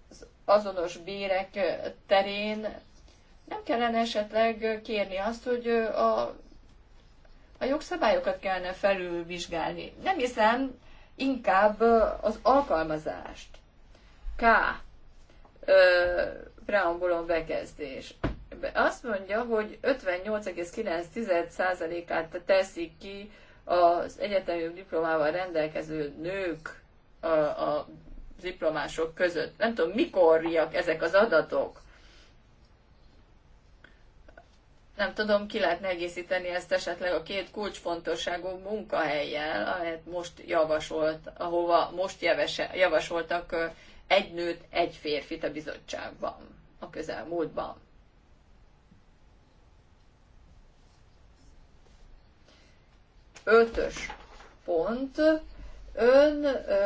az azonos bérek terén nem kellene esetleg kérni azt, hogy a, a jogszabályokat kellene felülvizsgálni. Nem hiszem, inkább az alkalmazást. K preambulon bekezdés. Azt mondja, hogy 58,9%-át teszik ki az egyetemi diplomával rendelkező nők a, a diplomások között. Nem tudom, mikorriak ezek az adatok. Nem tudom, ki lehet egészíteni ezt esetleg a két kulcsfontosságú munkahelyjel, ahelyett most javasolt, ahova most javasoltak egy nőt, egy férfit a bizottságban a közelmúltban. Ötös pont. Ön ö,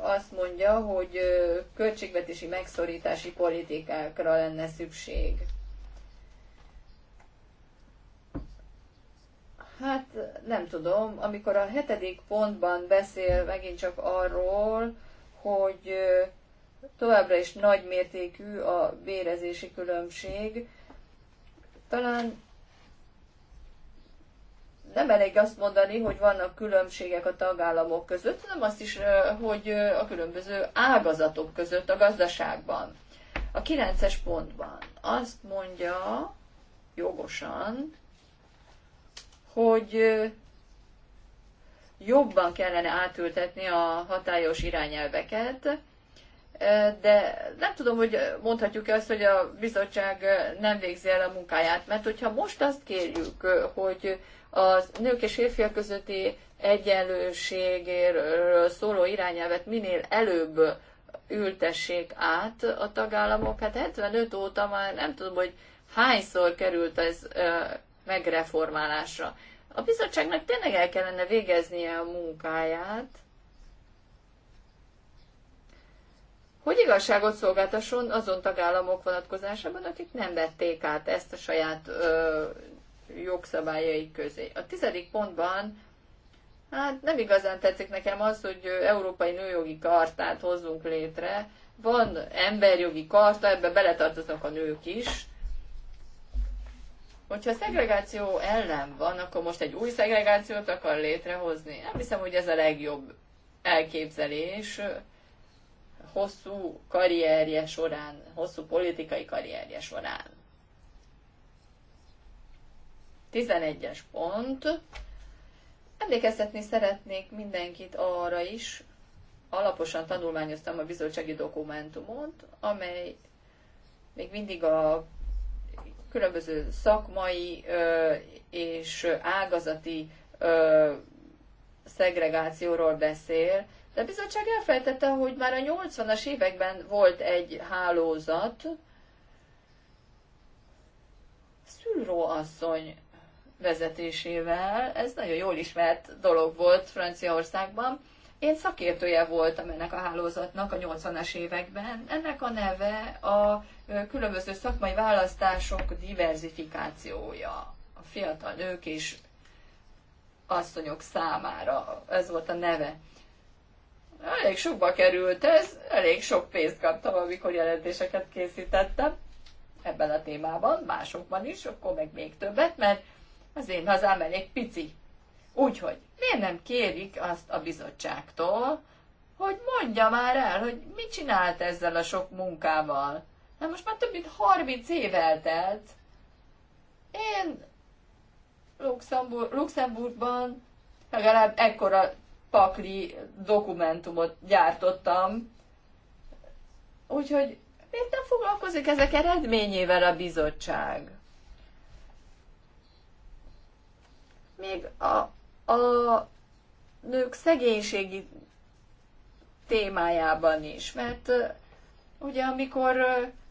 azt mondja, hogy ö, költségvetési megszorítási politikákra lenne szükség. Hát nem tudom, amikor a hetedik pontban beszél megint csak arról, hogy továbbra is nagy mértékű a bérezési különbség. Talán nem elég azt mondani, hogy vannak különbségek a tagállamok között, hanem azt is, hogy a különböző ágazatok között a gazdaságban. A 9-es pontban azt mondja jogosan, hogy jobban kellene átültetni a hatályos irányelveket, de nem tudom, hogy mondhatjuk-e azt, hogy a bizottság nem végzi el a munkáját, mert hogyha most azt kérjük, hogy a nők és férfiak közötti egyenlőségéről szóló irányelvet minél előbb ültessék át a tagállamok, hát 75 óta már nem tudom, hogy hányszor került ez megreformálásra. A bizottságnak tényleg el kellene végeznie a munkáját, hogy igazságot szolgáltasson azon tagállamok vonatkozásában, akik nem vették át ezt a saját ö, jogszabályai közé. A tizedik pontban hát nem igazán tetszik nekem az, hogy európai nőjogi kartát hozzunk létre. Van emberjogi karta, ebbe beletartoznak a nők is, hogyha szegregáció ellen van, akkor most egy új szegregációt akar létrehozni. Nem hiszem, hogy ez a legjobb elképzelés hosszú karrierje során, hosszú politikai karrierje során. 11-es pont. Emlékeztetni szeretnék mindenkit arra is, alaposan tanulmányoztam a bizottsági dokumentumot, amely még mindig a különböző szakmai és ágazati szegregációról beszél, de a bizottság elfelejtette, hogy már a 80-as években volt egy hálózat, Szülró asszony vezetésével, ez nagyon jól ismert dolog volt Franciaországban, én szakértője voltam ennek a hálózatnak a 80-as években. Ennek a neve a különböző szakmai választások diversifikációja a fiatal nők és asszonyok számára. Ez volt a neve. Elég sokba került ez, elég sok pénzt kaptam, amikor jelentéseket készítettem ebben a témában, másokban is, akkor meg még többet, mert az én hazám elég pici. Úgyhogy miért nem kérik azt a bizottságtól, hogy mondja már el, hogy mit csinált ezzel a sok munkával. Na most már több mint 30 év eltelt. Én Luxemburg, Luxemburgban legalább ekkora pakli dokumentumot gyártottam. Úgyhogy miért nem foglalkozik ezek eredményével a bizottság? Még a a nők szegénységi témájában is, mert ugye amikor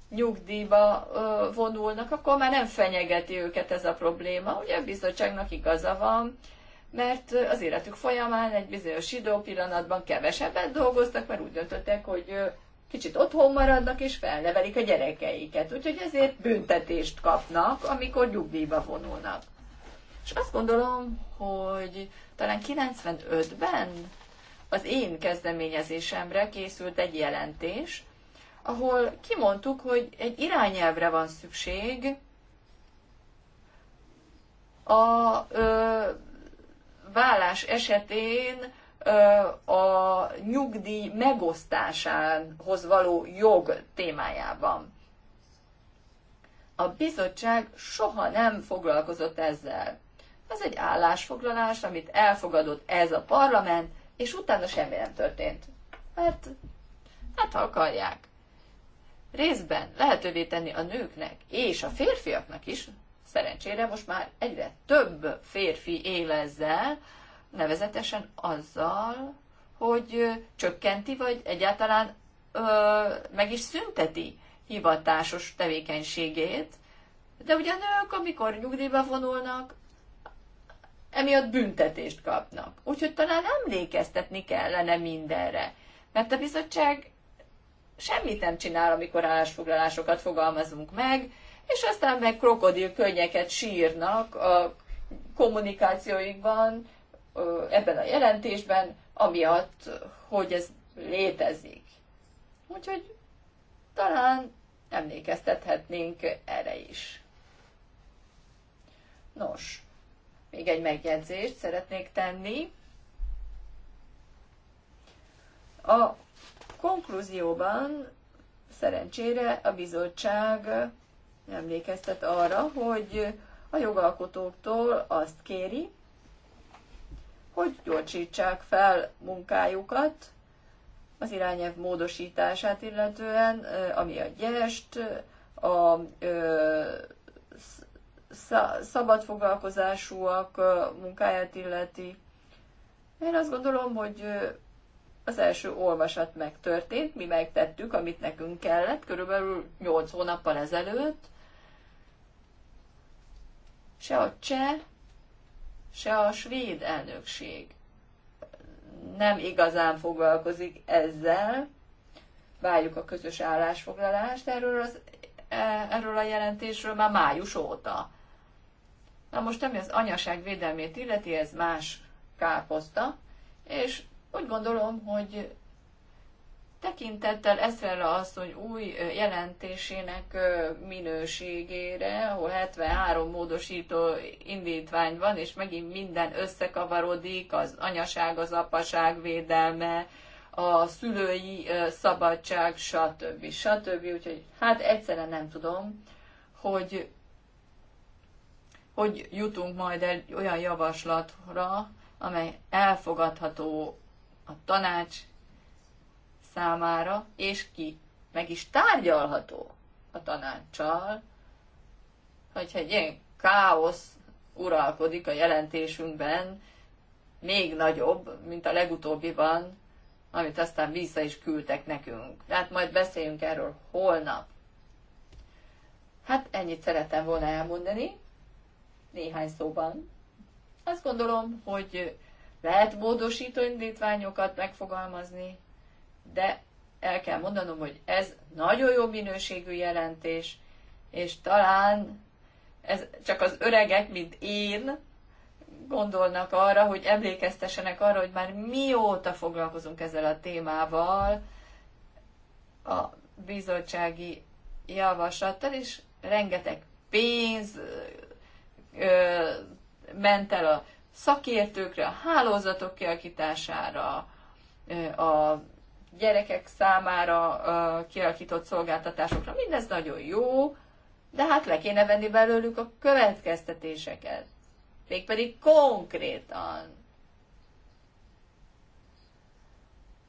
nyugdíjba vonulnak, akkor már nem fenyegeti őket ez a probléma. Ugye a bizottságnak igaza van, mert az életük folyamán egy bizonyos pillanatban kevesebbet dolgoztak, mert úgy döntöttek, hogy kicsit otthon maradnak és felnevelik a gyerekeiket. Úgyhogy ezért büntetést kapnak, amikor nyugdíjba vonulnak. És azt gondolom, hogy talán 95-ben az én kezdeményezésemre készült egy jelentés, ahol kimondtuk, hogy egy irányelvre van szükség a ö, vállás esetén ö, a nyugdíj megosztásához való jog témájában. A bizottság soha nem foglalkozott ezzel. Ez egy állásfoglalás, amit elfogadott ez a parlament, és utána semmi nem történt. Hát, hát ha akarják. Részben lehetővé tenni a nőknek és a férfiaknak is, szerencsére most már egyre több férfi él ezzel, nevezetesen azzal, hogy csökkenti, vagy egyáltalán ö, meg is szünteti hivatásos tevékenységét, de ugye a nők, amikor nyugdíjba vonulnak, emiatt büntetést kapnak. Úgyhogy talán emlékeztetni kellene mindenre. Mert a bizottság semmit nem csinál, amikor állásfoglalásokat fogalmazunk meg, és aztán meg krokodil könnyeket sírnak a kommunikációikban, ebben a jelentésben, amiatt, hogy ez létezik. Úgyhogy talán emlékeztethetnénk erre is. Nos, még egy megjegyzést szeretnék tenni. A konklúzióban szerencsére a bizottság emlékeztet arra, hogy a jogalkotóktól azt kéri, hogy gyorsítsák fel munkájukat az irányelv módosítását illetően, ami a gyest, a szabad foglalkozásúak munkáját illeti. Én azt gondolom, hogy az első olvasat megtörtént, mi megtettük, amit nekünk kellett, körülbelül 8 hónappal ezelőtt. Se a cseh, se a svéd elnökség nem igazán foglalkozik ezzel. Várjuk a közös állásfoglalást erről, az, e, erről a jelentésről már május óta. Na most, ami az anyaság védelmét illeti, ez más káposzta, és úgy gondolom, hogy tekintettel Eszrella asszony új jelentésének minőségére, ahol 73 módosító indítvány van, és megint minden összekavarodik, az anyaság, az apaság védelme, a szülői szabadság, stb. stb. Úgyhogy hát egyszerűen nem tudom, hogy hogy jutunk majd egy olyan javaslatra, amely elfogadható a tanács számára, és ki meg is tárgyalható a tanácssal, hogyha egy ilyen káosz uralkodik a jelentésünkben, még nagyobb, mint a legutóbbiban, amit aztán vissza is küldtek nekünk. Tehát majd beszéljünk erről holnap. Hát ennyit szeretem volna elmondani néhány szóban. Azt gondolom, hogy lehet módosító indítványokat megfogalmazni, de el kell mondanom, hogy ez nagyon jó minőségű jelentés, és talán ez csak az öregek, mint én, gondolnak arra, hogy emlékeztessenek arra, hogy már mióta foglalkozunk ezzel a témával, a bizottsági javaslattal, és rengeteg pénz ment el a szakértőkre, a hálózatok kialakítására, a gyerekek számára kialakított szolgáltatásokra. Mindez nagyon jó, de hát le kéne venni belőlük a következtetéseket. Mégpedig konkrétan.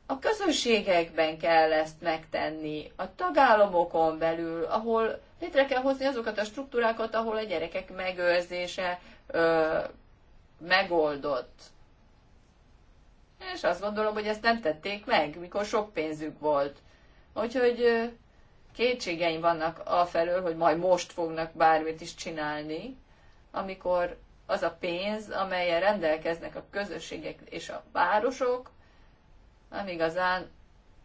a közösségekben kell ezt megtenni, a tagállamokon belül, ahol létre kell hozni azokat a struktúrákat, ahol a gyerekek megőrzése ö, megoldott. És azt gondolom, hogy ezt nem tették meg, mikor sok pénzük volt. Úgyhogy ö, kétségeim vannak afelől, hogy majd most fognak bármit is csinálni, amikor az a pénz, amelyen rendelkeznek a közösségek és a városok, nem igazán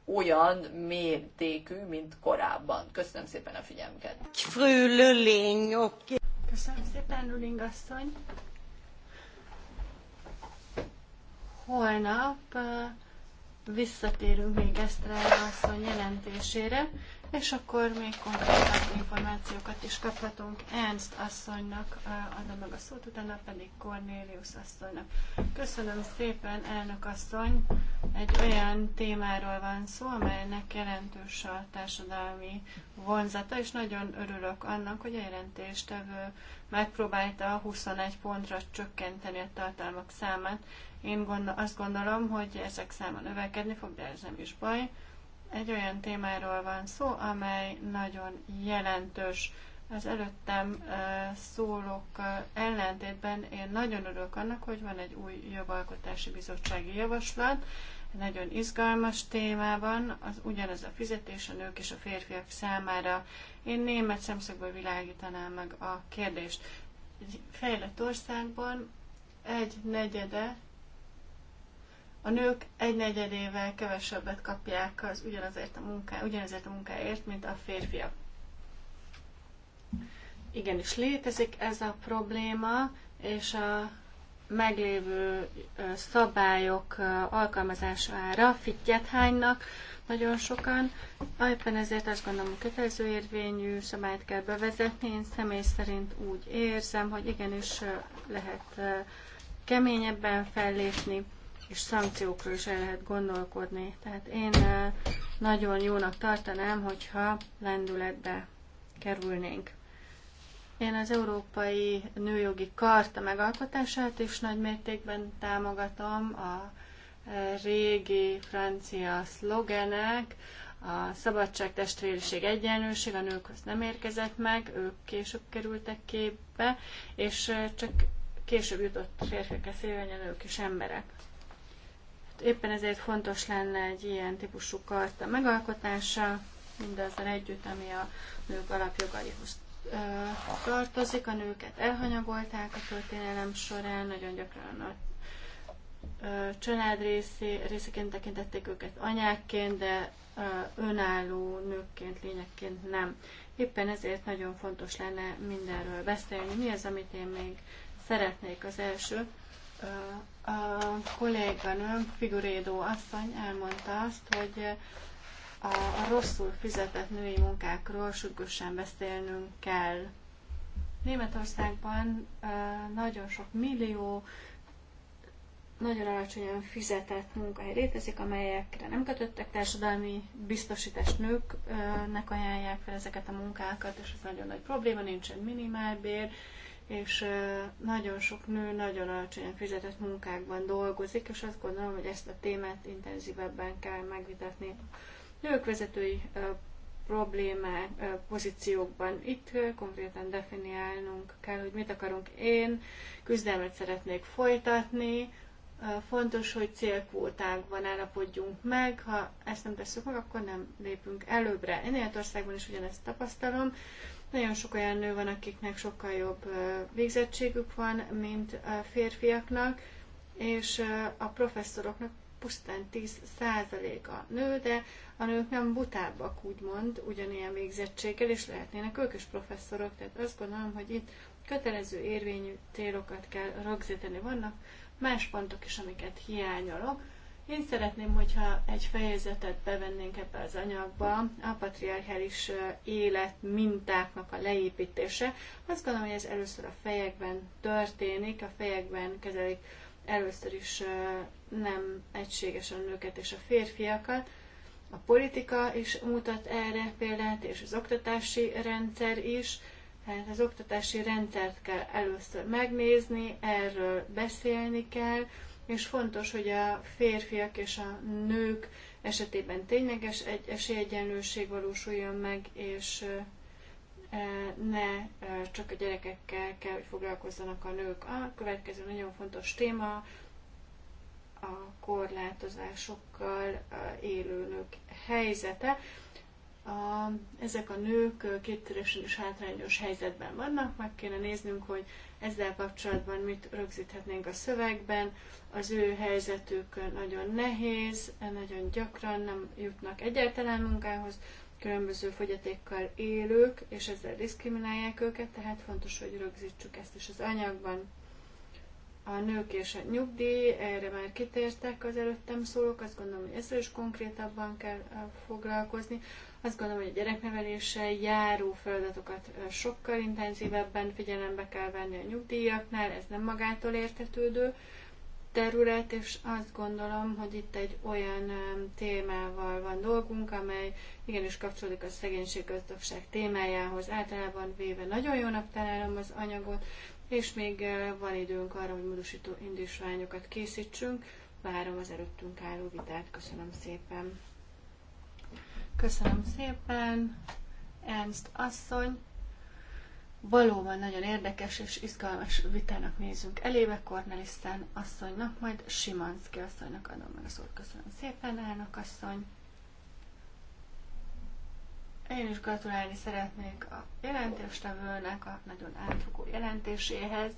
olyan mértékű, mint korábban. Köszönöm szépen a figyelmüket. Frő oké. Köszönöm szépen, Luling asszony. Holnap visszatérünk még Esztrál asszony jelentésére és akkor még konkrétabb információkat is kaphatunk. Ernst asszonynak adom meg a szót, utána pedig Cornélius asszonynak. Köszönöm szépen, elnök asszony! Egy olyan témáról van szó, amelynek jelentős a társadalmi vonzata, és nagyon örülök annak, hogy a jelentéstevő megpróbálta a 21 pontra csökkenteni a tartalmak számát. Én gondol, azt gondolom, hogy ezek száma növekedni fog, de ez nem is baj egy olyan témáról van szó, amely nagyon jelentős. Az előttem szólók ellentétben én nagyon örülök annak, hogy van egy új jogalkotási bizottsági javaslat, egy nagyon izgalmas témában, az ugyanaz a fizetés a nők és a férfiak számára. Én német szemszögből világítanám meg a kérdést. Egy fejlett országban egy negyede a nők egy negyedével kevesebbet kapják az ugyanazért a, munká, ugyanazért a munkáért, mint a férfiak. Igenis létezik ez a probléma, és a meglévő szabályok alkalmazására fittyet hánynak nagyon sokan. Éppen ezért azt gondolom, hogy kötelező érvényű szabályt kell bevezetni. Én személy szerint úgy érzem, hogy igenis lehet keményebben fellépni és szankciókról is el lehet gondolkodni. Tehát én nagyon jónak tartanám, hogyha lendületbe kerülnénk. Én az Európai Nőjogi Karta megalkotását is nagy mértékben támogatom. A régi francia szlogenek, a szabadság, testvériség, egyenlőség, a nőkhoz az nem érkezett meg, ők később kerültek képbe, és csak később jutott férfiak eszébe, hogy a nők is emberek. Éppen ezért fontos lenne egy ilyen típusú karta megalkotása, mindazzal együtt, ami a nők alapjogaihoz tartozik. A nőket elhanyagolták a történelem során, nagyon gyakran a család részé, részeként tekintették őket anyákként, de önálló nőkként, lényekként nem. Éppen ezért nagyon fontos lenne mindenről beszélni. Mi az, amit én még szeretnék az első? a kolléganőm, Figurédó asszony elmondta azt, hogy a, rosszul fizetett női munkákról sürgősen beszélnünk kell. Németországban nagyon sok millió nagyon alacsonyan fizetett munkahely létezik, amelyekre nem kötöttek társadalmi biztosítást nőknek ajánlják fel ezeket a munkákat, és ez nagyon nagy probléma, nincsen minimálbér, és nagyon sok nő nagyon alacsonyan fizetett munkákban dolgozik, és azt gondolom, hogy ezt a témát intenzívebben kell megvitatni. Nők vezetői problémák, pozíciókban. Itt konkrétan definiálnunk kell, hogy mit akarunk én, küzdelmet szeretnék folytatni, Fontos, hogy célkvótákban állapodjunk meg, ha ezt nem tesszük meg, akkor nem lépünk előbbre. Én Németországban is ugyanezt tapasztalom. Nagyon sok olyan nő van, akiknek sokkal jobb végzettségük van, mint a férfiaknak, és a professzoroknak pusztán 10%-a nő, de a nők nem butábbak, úgymond, ugyanilyen végzettséggel, és lehetnének ők is professzorok, tehát azt gondolom, hogy itt kötelező érvényű célokat kell rögzíteni. Vannak más pontok is, amiket hiányolok. Én szeretném, hogyha egy fejezetet bevennénk ebbe az anyagba, a patriarchális élet mintáknak a leépítése. Azt gondolom, hogy ez először a fejekben történik, a fejekben kezelik először is nem egységesen a nőket és a férfiakat. A politika is mutat erre példát, és az oktatási rendszer is tehát az oktatási rendszert kell először megnézni, erről beszélni kell, és fontos, hogy a férfiak és a nők esetében tényleges egy esélyegyenlőség valósuljon meg, és e, ne csak a gyerekekkel kell, hogy foglalkozzanak a nők. A következő nagyon fontos téma a korlátozásokkal élő nők helyzete a, ezek a nők kétszeresen is hátrányos helyzetben vannak, meg kéne néznünk, hogy ezzel kapcsolatban mit rögzíthetnénk a szövegben. Az ő helyzetük nagyon nehéz, nagyon gyakran nem jutnak egyáltalán munkához, különböző fogyatékkal élők, és ezzel diszkriminálják őket, tehát fontos, hogy rögzítsük ezt is az anyagban. A nők és a nyugdíj, erre már kitértek az előttem szólók, azt gondolom, hogy ezzel is konkrétabban kell foglalkozni. Azt gondolom, hogy a gyerekneveléssel járó feladatokat sokkal intenzívebben figyelembe kell venni a nyugdíjaknál, ez nem magától értetődő terület, és azt gondolom, hogy itt egy olyan témával van dolgunk, amely igenis kapcsolódik a szegénységgazdagság témájához. Általában véve nagyon jónak találom az anyagot, és még van időnk arra, hogy módosító indítványokat készítsünk. Várom az előttünk álló vitát. Köszönöm szépen! Köszönöm szépen, Ernst asszony. Valóban nagyon érdekes és izgalmas vitának nézünk elébe. Kornelisztán asszonynak, majd Simanszki asszonynak adom meg a szót. Köszönöm szépen, elnök asszony. Én is gratulálni szeretnék a jelentéstevőnek a nagyon átfogó jelentéséhez.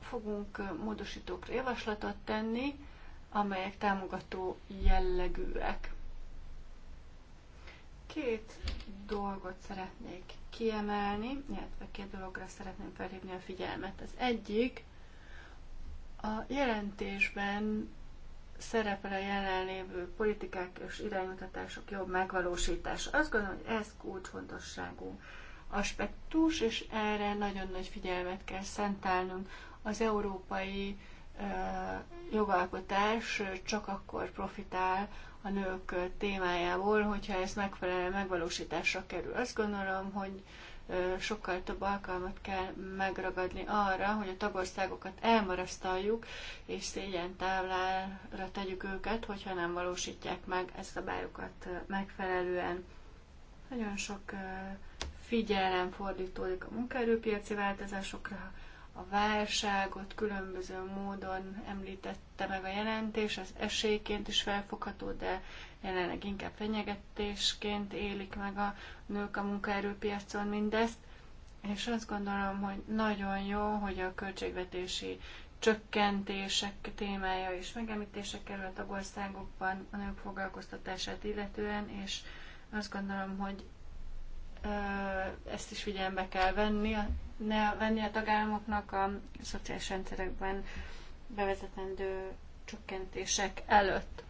Fogunk módosítókra javaslatot tenni, amelyek támogató jellegűek. Két dolgot szeretnék kiemelni, illetve két dologra szeretném felhívni a figyelmet. Az egyik, a jelentésben szerepel a jelenlévő politikák és iránymutatások jobb megvalósítása. Azt gondolom, hogy ez kulcsfontosságú aspektus, és erre nagyon nagy figyelmet kell szentelnünk. Az európai jogalkotás csak akkor profitál, a nők témájából, hogyha ez megfelelő megvalósításra kerül. Azt gondolom, hogy sokkal több alkalmat kell megragadni arra, hogy a tagországokat elmarasztaljuk, és szégyen táblára tegyük őket, hogyha nem valósítják meg ezt a bájukat megfelelően. Nagyon sok figyelem fordítódik a munkaerőpiaci változásokra, a válságot különböző módon említette meg a jelentés, az esélyként is felfogható, de jelenleg inkább fenyegetésként élik meg a nők a munkaerőpiacon mindezt, és azt gondolom, hogy nagyon jó, hogy a költségvetési csökkentések témája és megemlítése került a országokban a nők foglalkoztatását illetően, és azt gondolom, hogy ezt is figyelembe kell venni ne venni a tagállamoknak a szociális rendszerekben bevezetendő csökkentések előtt.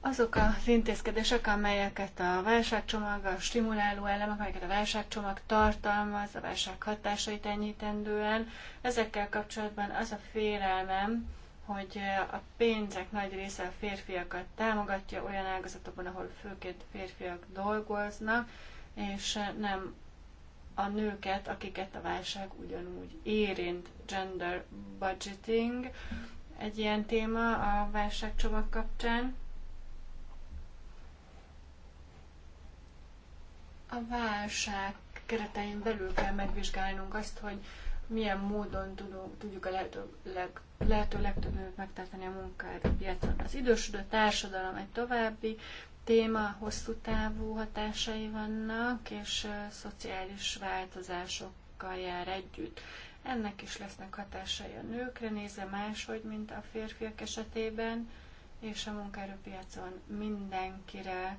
Azok az intézkedések, amelyeket a válságcsomag, a stimuláló elemek, amelyeket a válságcsomag tartalmaz, a válság hatásait enyhítendően, ezekkel kapcsolatban az a félelmem, hogy a pénzek nagy része a férfiakat támogatja olyan ágazatokban, ahol főként férfiak dolgoznak, és nem a nőket, akiket a válság ugyanúgy érint. Gender budgeting egy ilyen téma a válságcsomag kapcsán. A válság keretein belül kell megvizsgálnunk azt, hogy milyen módon tudunk, tudjuk a lehető, leg, lehető legtöbb nőt megtartani a munkára piacon. Az idősödő társadalom egy további téma hosszú távú hatásai vannak, és szociális változásokkal jár együtt. Ennek is lesznek hatásai a nőkre, nézve máshogy, mint a férfiak esetében, és a munkaerőpiacon mindenkire,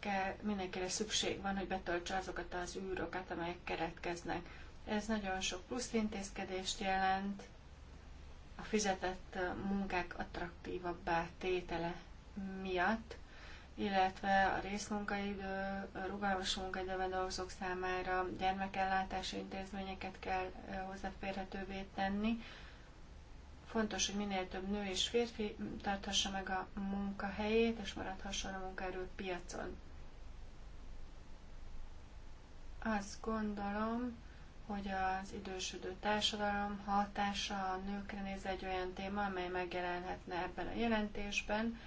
kell, mindenkire szükség van, hogy betöltse azokat az űrokat, amelyek keretkeznek. Ez nagyon sok plusz intézkedést jelent, a fizetett munkák attraktívabbá tétele miatt, illetve a részmunkaidő, a rugalmas munkaidőben dolgozók számára gyermekellátási intézményeket kell hozzáférhetővé tenni. Fontos, hogy minél több nő és férfi tarthassa meg a munkahelyét, és maradhasson a munkaerő piacon. Azt gondolom, hogy az idősödő társadalom hatása a nőkre néz egy olyan téma, amely megjelenhetne ebben a jelentésben,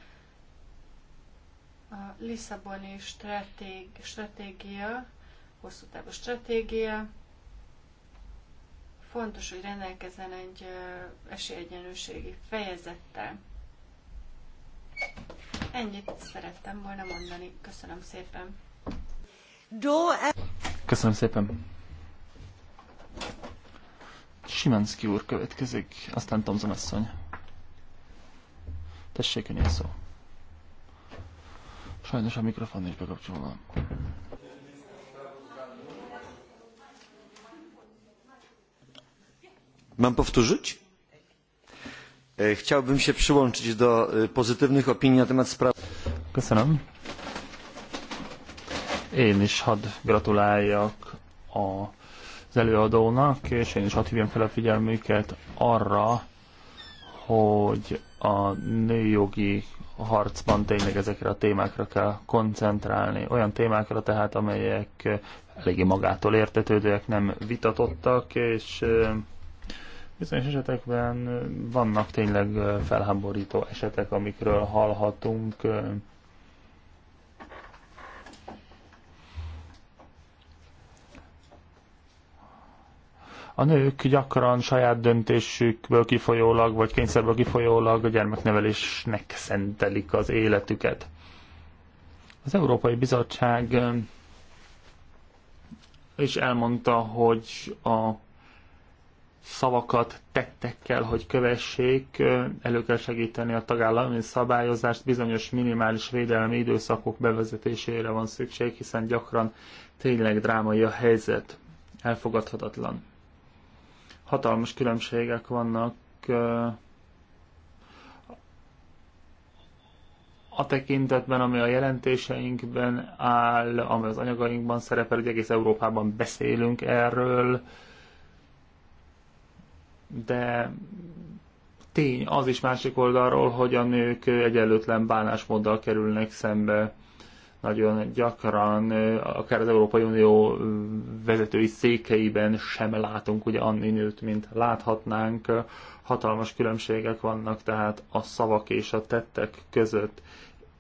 a Lisszaboni stratég, stratégia, hosszú távú stratégia, fontos, hogy rendelkezzen egy esélyegyenlőségi fejezettel. Ennyit szerettem volna mondani. Köszönöm szépen. E- Köszönöm szépen. Simanski úr következik, aztán Tomzon asszony. Tessék, önél szó. Sajnos a mikrofon is bekapcsolva. Mam powtórzyć? E, chciałbym się przyłączyć do e, pozytywnych opinii na temat sprawy. Köszönöm. Én is hadd gratuláljak a az előadónak, és én is hadd hívjam fel a figyelmüket arra, hogy a nőjogi a harcban tényleg ezekre a témákra kell koncentrálni. Olyan témákra tehát, amelyek eléggé magától értetődőek, nem vitatottak, és bizonyos esetekben vannak tényleg felháborító esetek, amikről hallhatunk, A nők gyakran saját döntésükből kifolyólag, vagy kényszerből kifolyólag a gyermeknevelésnek szentelik az életüket. Az Európai Bizottság is elmondta, hogy a szavakat tettekkel, hogy kövessék, elő kell segíteni a tagállami szabályozást, bizonyos minimális védelmi időszakok bevezetésére van szükség, hiszen gyakran tényleg drámai a helyzet, elfogadhatatlan hatalmas különbségek vannak a tekintetben, ami a jelentéseinkben áll, ami az anyagainkban szerepel, hogy egész Európában beszélünk erről, de tény az is másik oldalról, hogy a nők egyenlőtlen bánásmóddal kerülnek szembe nagyon gyakran akár az Európai Unió vezetői székeiben sem látunk ugye annyi nőt, mint láthatnánk. Hatalmas különbségek vannak tehát a szavak és a tettek között.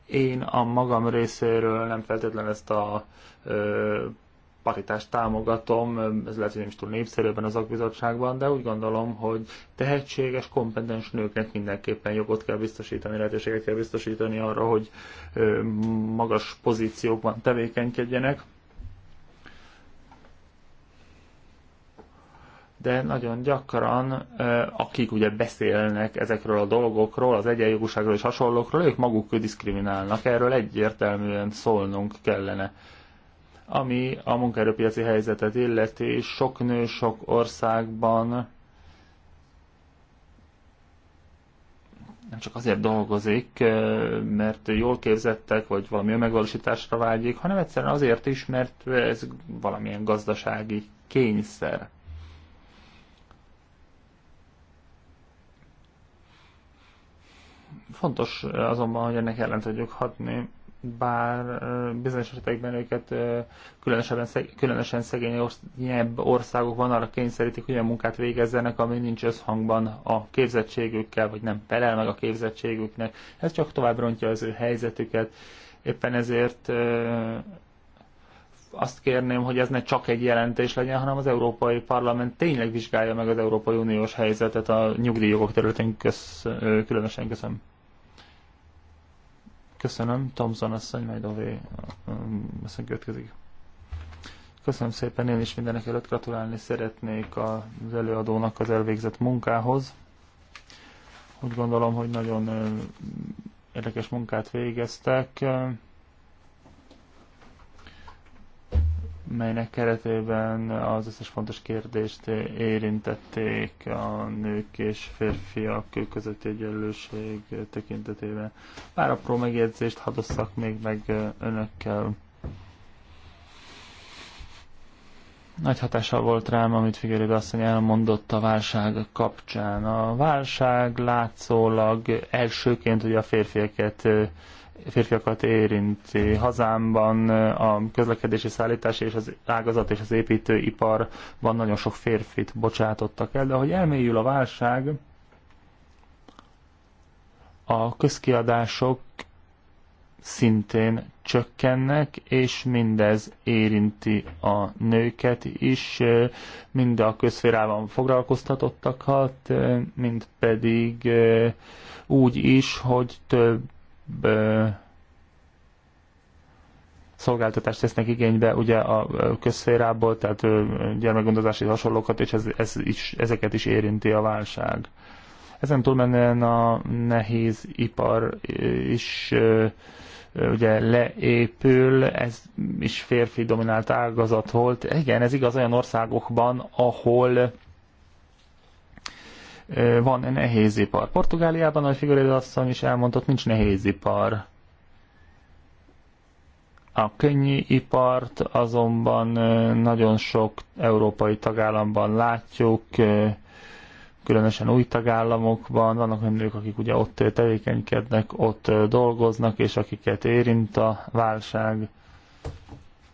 Én a magam részéről nem feltétlenül ezt a paritást támogatom, ez lehet, hogy nem is túl népszerű ebben az akbizottságban, de úgy gondolom, hogy tehetséges, kompetens nőknek mindenképpen jogot kell biztosítani, lehetőséget kell biztosítani arra, hogy magas pozíciókban tevékenykedjenek. de nagyon gyakran, akik ugye beszélnek ezekről a dolgokról, az egyenjogúságról és hasonlókról, ők maguk diszkriminálnak, erről egyértelműen szólnunk kellene. Ami a munkaerőpiaci helyzetet illeti, sok nő sok országban nem csak azért dolgozik, eh, mert jól képzettek, vagy valami megvalósításra vágyik, hanem egyszerűen azért is, mert ez valamilyen gazdasági kényszer. Fontos azonban, hogy ennek ellen tudjuk hatni bár bizonyos esetekben őket különösen, szeg, különösen szegényebb országokban arra kényszerítik, hogy olyan munkát végezzenek, ami nincs összhangban a képzettségükkel, vagy nem felel meg a képzettségüknek. Ez csak tovább rontja az ő helyzetüket. Éppen ezért azt kérném, hogy ez ne csak egy jelentés legyen, hanem az Európai Parlament tényleg vizsgálja meg az Európai Uniós helyzetet a nyugdíjjogok területén. Kösz, különösen köszönöm. Köszönöm, Tomzon asszony, majd Ové asszony következik. Köszönöm szépen, én is mindenek előtt gratulálni szeretnék az előadónak az elvégzett munkához. Úgy gondolom, hogy nagyon érdekes munkát végeztek. melynek keretében az összes fontos kérdést érintették a nők és férfiak közötti egyenlőség tekintetében. Pár apró megjegyzést hadosszak még meg önökkel. Nagy hatással volt rám, amit Figyelébe asszony elmondott a válság kapcsán. A válság látszólag elsőként ugye a férfiaket férfiakat érinti. Hazámban a közlekedési szállítás és az ágazat és az építőipar van nagyon sok férfit bocsátottak el, de ahogy elmélyül a válság, a közkiadások szintén csökkennek, és mindez érinti a nőket is, mind a közférában foglalkoztatottakat, mind pedig úgy is, hogy több szolgáltatást tesznek igénybe ugye a közszférából, tehát gyermekgondozási hasonlókat, és ez, ez is, ezeket is érinti a válság. Ezen túlmenően a nehéz ipar is ugye leépül, ez is férfi dominált ágazat volt. Igen, ez igaz olyan országokban, ahol van nehéz ipar. Portugáliában, a Figueredo asszony is elmondott, nincs nehéz ipar. A könnyű ipart azonban nagyon sok európai tagállamban látjuk, különösen új tagállamokban. Vannak olyan nők, akik ugye ott tevékenykednek, ott dolgoznak, és akiket érint a válság.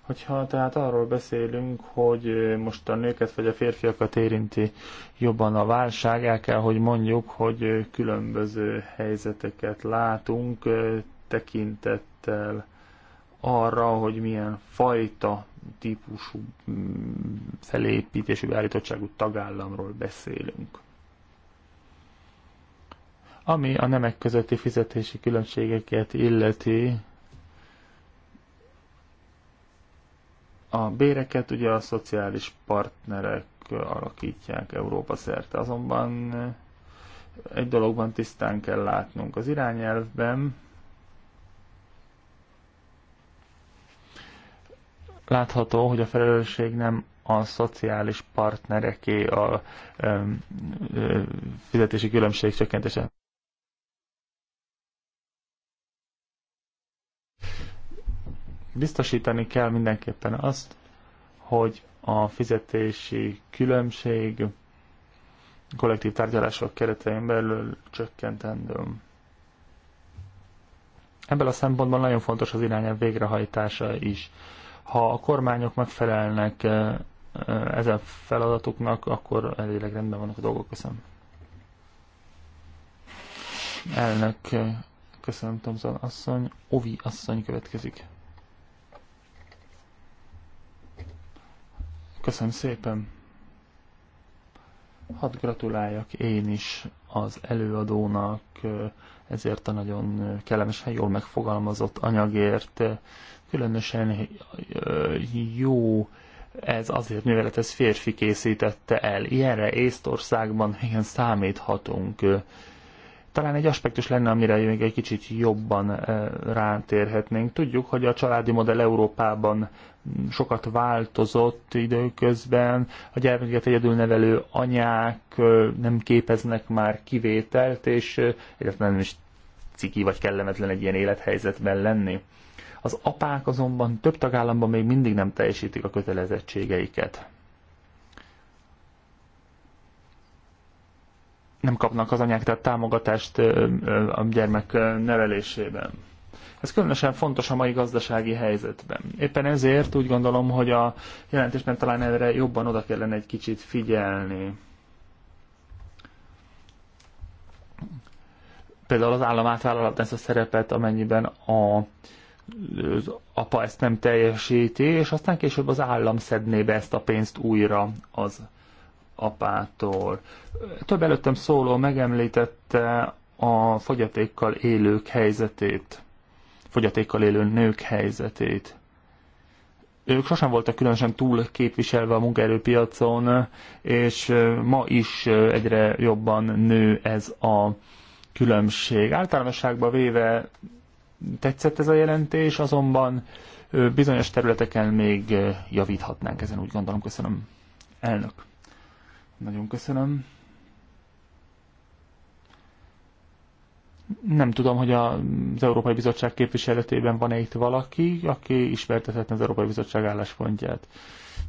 Hogyha tehát arról beszélünk, hogy most a nőket vagy a férfiakat érinti jobban a válság, el kell, hogy mondjuk, hogy különböző helyzeteket látunk tekintettel arra, hogy milyen fajta típusú felépítésű beállítottságú tagállamról beszélünk. Ami a nemek közötti fizetési különbségeket illeti, A béreket ugye a szociális partnerek alakítják Európa szerte, azonban eh, egy dologban tisztán kell látnunk. Az irányelvben látható, hogy a felelősség nem a szociális partnereké a ö, ö, eh, fizetési különbség csökkentése. biztosítani kell mindenképpen azt, hogy a fizetési különbség kollektív tárgyalások keretein belül csökkentendő. Ebből a szempontból nagyon fontos az irányelv végrehajtása is. Ha a kormányok megfelelnek eh, eh, ezen feladatuknak, akkor elég rendben vannak a dolgok. Köszönöm. Elnök, eh, köszönöm Tomzon asszony. Ovi asszony következik. Köszönöm szépen. Hadd gratuláljak én is az előadónak ezért a nagyon kellemesen jól megfogalmazott anyagért. Különösen jó ez azért, mivel ez férfi készítette el. Ilyenre Észtországban igen számíthatunk talán egy aspektus lenne, amire még egy kicsit jobban eh, rátérhetnénk. Tudjuk, hogy a családi modell Európában sokat változott időközben, a gyermeket egyedülnevelő anyák eh, nem képeznek már kivételt, és eh, egyáltalán nem is ciki vagy kellemetlen egy ilyen élethelyzetben lenni. Az apák azonban több tagállamban még mindig nem teljesítik a kötelezettségeiket. nem kapnak az anyák tehát támogatást a gyermek nevelésében. Ez különösen fontos a mai gazdasági helyzetben. Éppen ezért úgy gondolom, hogy a jelentésben talán erre jobban oda kellene egy kicsit figyelni. Például az állam átvállalat ezt a szerepet, amennyiben a, az apa ezt nem teljesíti, és aztán később az állam szedné be ezt a pénzt újra az apától. Több előttem szóló megemlítette a fogyatékkal élők helyzetét, fogyatékkal élő nők helyzetét. Ők sosem voltak különösen túl képviselve a munkaerőpiacon, és ma is egyre jobban nő ez a különbség. Általánosságban véve tetszett ez a jelentés, azonban bizonyos területeken még javíthatnánk ezen, úgy gondolom. Köszönöm, elnök. Nagyon köszönöm. Nem tudom, hogy az Európai Bizottság képviseletében van-e itt valaki, aki ismertethetne az Európai Bizottság álláspontját.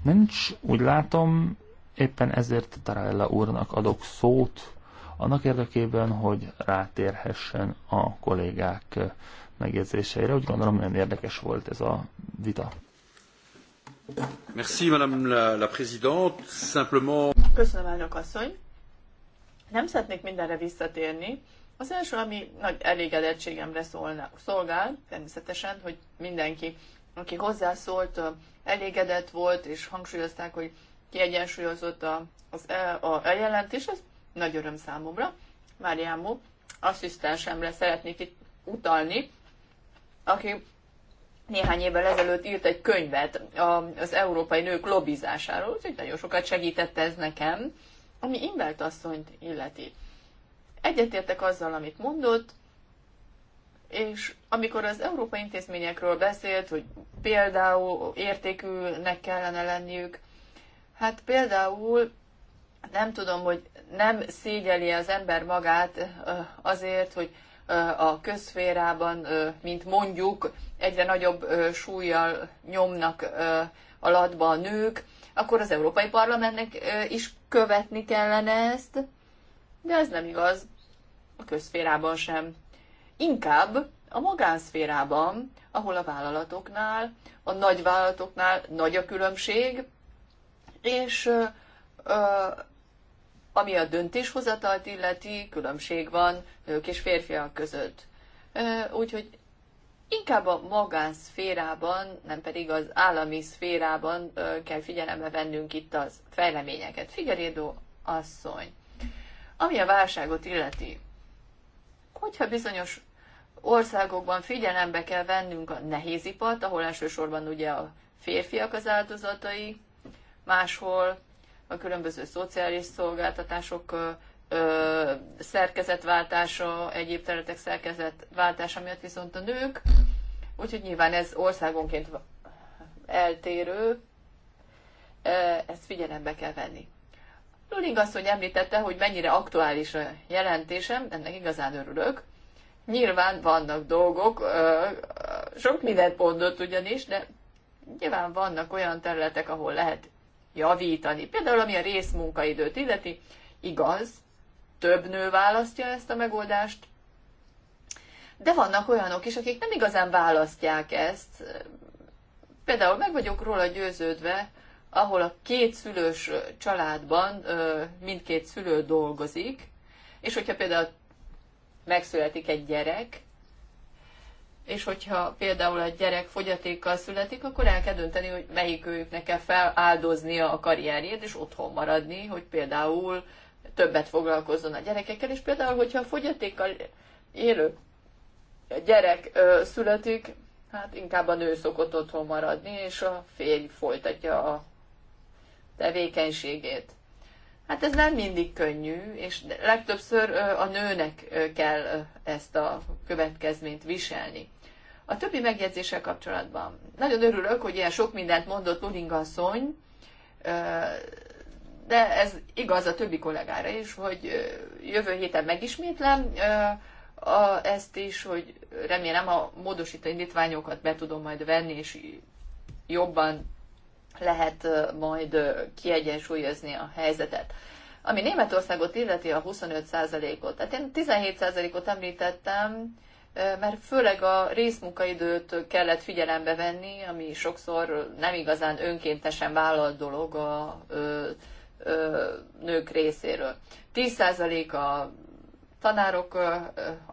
Nincs, úgy látom, éppen ezért Tarella úrnak adok szót, annak érdekében, hogy rátérhessen a kollégák megjegyzéseire. Úgy gondolom, nagyon érdekes volt ez a vita. Köszönöm, elnök asszony. Nem szeretnék mindenre visszatérni. Az első, ami nagy elégedettségemre szólna, szolgál, természetesen, hogy mindenki, aki hozzászólt, elégedett volt, és hangsúlyozták, hogy kiegyensúlyozott a, az el, a, a jelentés, az nagy öröm számomra. Máriámú asszisztensemre szeretnék itt utalni, aki néhány évvel ezelőtt írt egy könyvet az európai nők lobbizásáról, úgyhogy nagyon sokat segítette ez nekem, ami Invelt asszonyt illeti. Egyetértek azzal, amit mondott, és amikor az európai intézményekről beszélt, hogy például értékűnek kellene lenniük, hát például nem tudom, hogy nem szégyeli az ember magát azért, hogy a közszférában, mint mondjuk egyre nagyobb súlyjal nyomnak latba a nők, akkor az Európai Parlamentnek is követni kellene ezt, de ez nem igaz a közszférában sem. Inkább a magánszférában, ahol a vállalatoknál, a nagyvállalatoknál nagy a különbség, és ami a döntéshozatalt illeti, különbség van nők és férfiak között. Úgyhogy inkább a magánszférában, nem pedig az állami szférában kell figyelembe vennünk itt az fejleményeket. Figyelédó asszony, ami a válságot illeti, hogyha bizonyos országokban figyelembe kell vennünk a nehézipart, ahol elsősorban ugye a férfiak az áldozatai, máshol a különböző szociális szolgáltatások ö, szerkezetváltása, egyéb területek szerkezetváltása miatt viszont a nők, úgyhogy nyilván ez országonként eltérő, ezt figyelembe kell venni. Luling asszony említette, hogy mennyire aktuális a jelentésem, ennek igazán örülök. Nyilván vannak dolgok, sok mindent mondott ugyanis, de nyilván vannak olyan területek, ahol lehet javítani. Például ami a részmunkaidőt illeti, igaz, több nő választja ezt a megoldást, de vannak olyanok is, akik nem igazán választják ezt. Például meg vagyok róla győződve, ahol a két szülős családban mindkét szülő dolgozik, és hogyha például megszületik egy gyerek, és hogyha például egy gyerek fogyatékkal születik, akkor el kell dönteni, hogy melyik őknek kell feláldoznia a karrierjét, és otthon maradni, hogy például többet foglalkozzon a gyerekekkel, és például, hogyha a fogyatékkal élő gyerek ö, születik, hát inkább a nő szokott otthon maradni, és a férj folytatja a tevékenységét. Hát ez nem mindig könnyű, és legtöbbször a nőnek kell ezt a következményt viselni. A többi megjegyzéssel kapcsolatban. Nagyon örülök, hogy ilyen sok mindent mondott Luling asszony, de ez igaz a többi kollégára is, hogy jövő héten megismétlem ezt is, hogy remélem a módosító indítványokat be tudom majd venni, és jobban lehet majd kiegyensúlyozni a helyzetet. Ami Németországot illeti a 25%-ot, tehát én 17%-ot említettem, mert főleg a részmunkaidőt kellett figyelembe venni, ami sokszor nem igazán önkéntesen vállalt dolog a ö, ö, nők részéről. 10% a tanárok ö,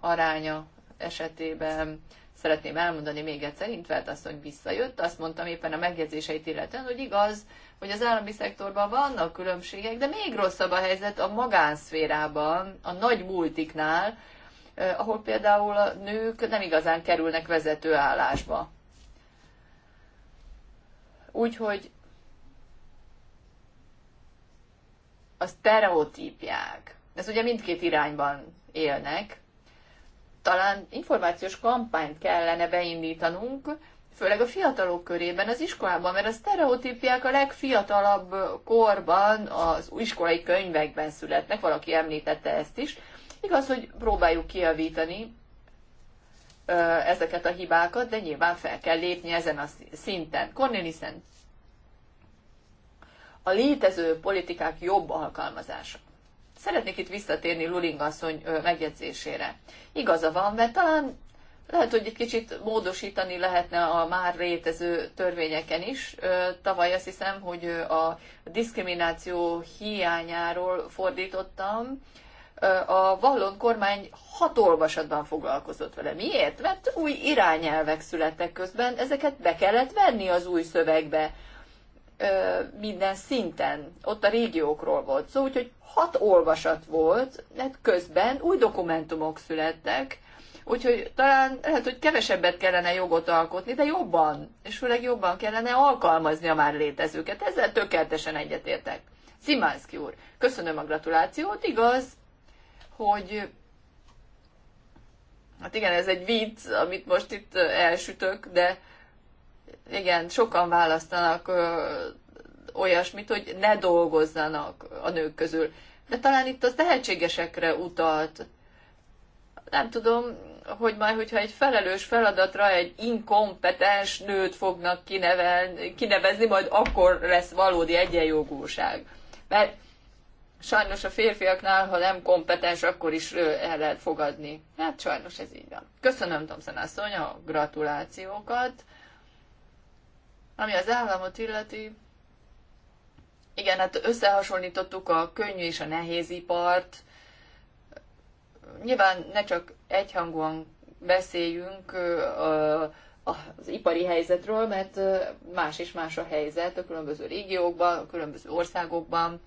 aránya esetében, szeretném elmondani még egyszer, Intvert asszony visszajött, azt mondtam éppen a megjegyzéseit illetően, hogy igaz, hogy az állami szektorban vannak különbségek, de még rosszabb a helyzet a magánszférában, a nagy multiknál, ahol például a nők nem igazán kerülnek vezető állásba. Úgyhogy a sztereotípják, ez ugye mindkét irányban élnek, talán információs kampányt kellene beindítanunk, főleg a fiatalok körében, az iskolában, mert a sztereotípiák a legfiatalabb korban az iskolai könyvekben születnek, valaki említette ezt is, Igaz, hogy próbáljuk kiavítani ezeket a hibákat, de nyilván fel kell lépni ezen a szinten. Cornelisen, a létező politikák jobb alkalmazása. Szeretnék itt visszatérni Luling asszony megjegyzésére. Igaza van, mert talán lehet, hogy egy kicsit módosítani lehetne a már létező törvényeken is. Tavaly azt hiszem, hogy a diszkrimináció hiányáról fordítottam, a vallon kormány hat olvasatban foglalkozott vele. Miért? Mert új irányelvek születtek közben, ezeket be kellett venni az új szövegbe minden szinten. Ott a régiókról volt szó, úgyhogy hat olvasat volt, mert hát közben új dokumentumok születtek, úgyhogy talán lehet, hogy kevesebbet kellene jogot alkotni, de jobban, és főleg jobban kellene alkalmazni a már létezőket. Ezzel tökéletesen egyetértek. Szimánszki úr, köszönöm a gratulációt, igaz, hogy hát igen, ez egy vicc, amit most itt elsütök, de igen, sokan választanak ö, olyasmit, hogy ne dolgozzanak a nők közül. De talán itt az tehetségesekre utalt. Nem tudom, hogy majd, hogyha egy felelős feladatra egy inkompetens nőt fognak kinevelni, kinevezni, majd akkor lesz valódi egyenjogúság. Mert sajnos a férfiaknál, ha nem kompetens, akkor is el lehet fogadni. Hát sajnos ez így van. Köszönöm, Tomszen asszony, a gratulációkat. Ami az államot illeti, igen, hát összehasonlítottuk a könnyű és a nehéz ipart. Nyilván ne csak egyhangúan beszéljünk az ipari helyzetről, mert más és más a helyzet a különböző régiókban, a különböző országokban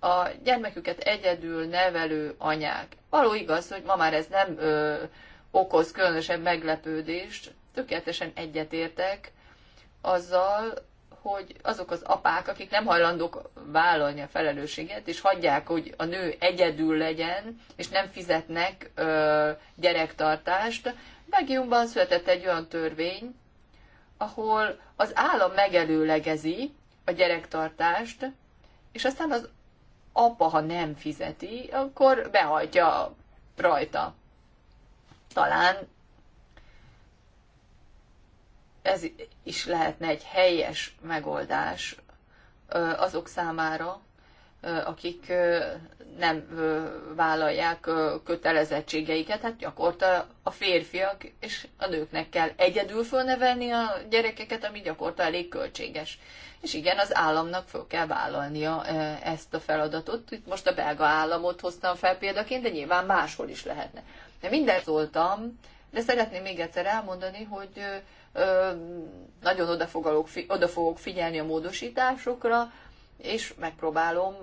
a gyermeküket egyedül nevelő anyák. Való igaz, hogy ma már ez nem ö, okoz különösebb meglepődést, tökéletesen egyetértek azzal, hogy azok az apák, akik nem hajlandók vállalni a felelősséget, és hagyják, hogy a nő egyedül legyen, és nem fizetnek ö, gyerektartást. Belgiumban született egy olyan törvény, ahol az állam megelőlegezi a gyerektartást, és aztán az apa, ha nem fizeti, akkor behagyja rajta. Talán ez is lehetne egy helyes megoldás azok számára, akik nem vállalják kötelezettségeiket, hát gyakorta a férfiak és a nőknek kell egyedül fölnevelni a gyerekeket, ami gyakorta elég költséges és igen, az államnak föl kell vállalnia ezt a feladatot. Itt most a belga államot hoztam fel példaként, de nyilván máshol is lehetne. De mindent szóltam, de szeretném még egyszer elmondani, hogy nagyon oda, fogok figyelni a módosításokra, és megpróbálom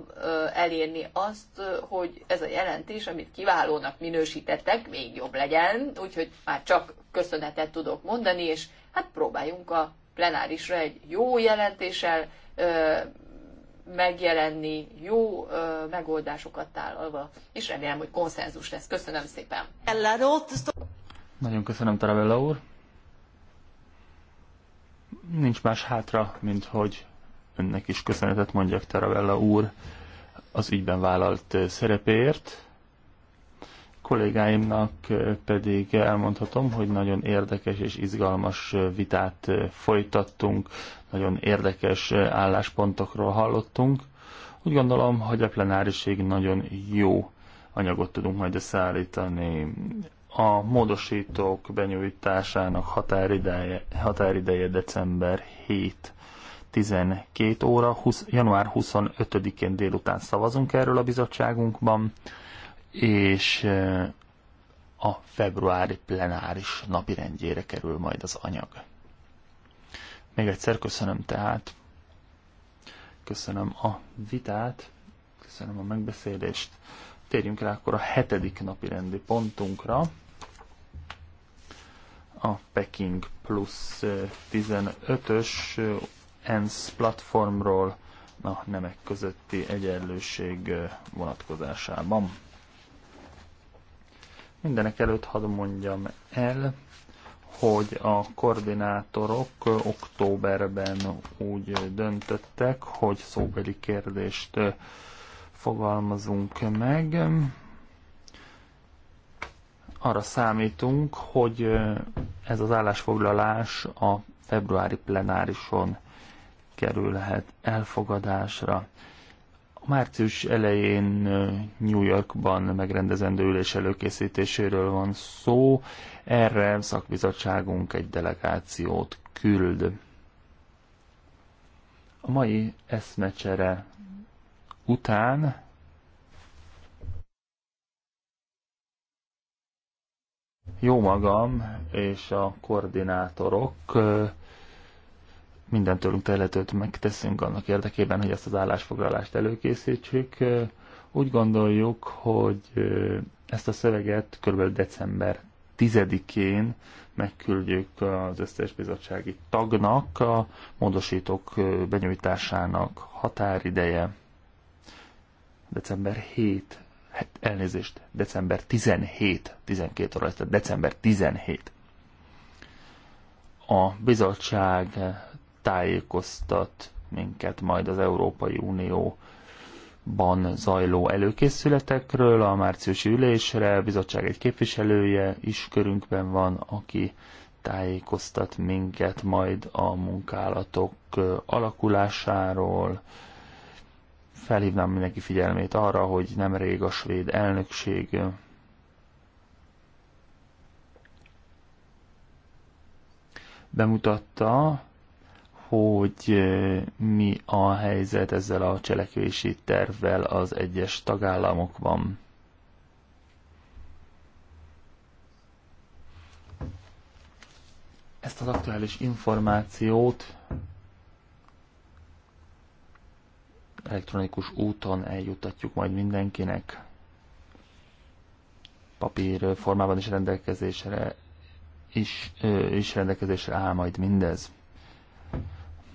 elérni azt, hogy ez a jelentés, amit kiválónak minősítettek, még jobb legyen, úgyhogy már csak köszönetet tudok mondani, és hát próbáljunk a plenárisra egy jó jelentéssel megjelenni, jó ö, megoldásokat tálalva, és remélem, hogy konszenzus lesz. Köszönöm szépen! Nagyon köszönöm, Tarabella úr! Nincs más hátra, mint hogy önnek is köszönetet mondjak, Tarabella úr, az ügyben vállalt szerepéért kollégáimnak pedig elmondhatom, hogy nagyon érdekes és izgalmas vitát folytattunk, nagyon érdekes álláspontokról hallottunk. Úgy gondolom, hogy a plenáriség nagyon jó anyagot tudunk majd összeállítani. A módosítók benyújtásának határideje, határideje december 7. 12 óra, 20, január 25-én délután szavazunk erről a bizottságunkban és a februári plenáris rendjére kerül majd az anyag. Még egyszer köszönöm tehát, köszönöm a vitát, köszönöm a megbeszélést. Térjünk rá akkor a hetedik napi rendi pontunkra, a Peking Plus 15-ös ENSZ platformról a nemek közötti egyenlőség vonatkozásában. Mindenek előtt hadd mondjam el, hogy a koordinátorok októberben úgy döntöttek, hogy szóbeli kérdést fogalmazunk meg. Arra számítunk, hogy ez az állásfoglalás a februári plenárison kerülhet elfogadásra. Március elején New Yorkban megrendezendő ülés előkészítéséről van szó. Erre szakbizottságunk egy delegációt küld. A mai eszmecsere után jó magam és a koordinátorok minden tőlünk telhetőt megteszünk annak érdekében, hogy ezt az állásfoglalást előkészítsük. Úgy gondoljuk, hogy ezt a szöveget kb. december 10-én megküldjük az összes bizottsági tagnak a módosítók benyújtásának határideje december 7, elnézést, december 17, 12 óra, tehát december 17. A bizottság tájékoztat minket majd az Európai Unióban zajló előkészületekről. A márciusi ülésre a bizottság egy képviselője is körünkben van, aki tájékoztat minket majd a munkálatok alakulásáról. Felhívnám mindenki figyelmét arra, hogy nemrég a svéd elnökség bemutatta hogy eh, mi a helyzet ezzel a cselekvési tervvel az egyes tagállamokban. Ezt az aktuális információt elektronikus úton eljutatjuk majd mindenkinek. Papír formában is rendelkezésre is, is rendelkezésre áll majd mindez.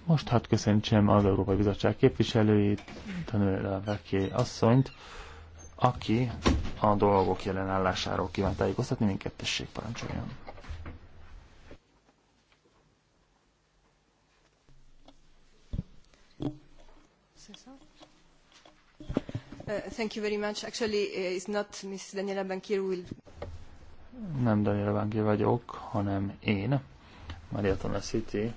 Most hát köszöntsem az Európai Bizottság képviselőjét, tanulja Veké asszonyt, aki a dolgok jelenállásáról kíván tájékoztatni, minket tessék parancsoljon. Uh, thank you very much. Actually, uh, it's not Miss Daniela Bankier who will... Nem Daniela Bankier vagyok, hanem én, Maria Tonasiti,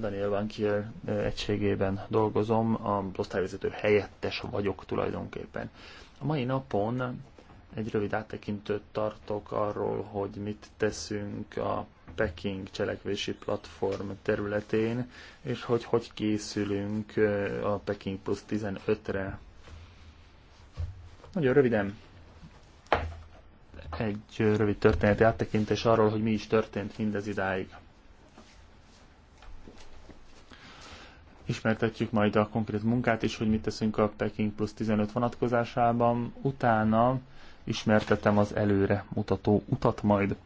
Daniel Bankier eh, egységében dolgozom, a osztályvezető helyettes vagyok tulajdonképpen. A mai napon egy rövid áttekintőt tartok arról, hogy mit teszünk a Peking cselekvési platform területén, és hogy hogy készülünk eh, a Peking plusz 15-re. Nagyon röviden egy rövid történeti áttekintés arról, hogy mi is történt mindez idáig. ismertetjük majd a konkrét munkát is, hogy mit teszünk a Peking plusz 15 vonatkozásában. Utána ismertetem az előre mutató utat majd.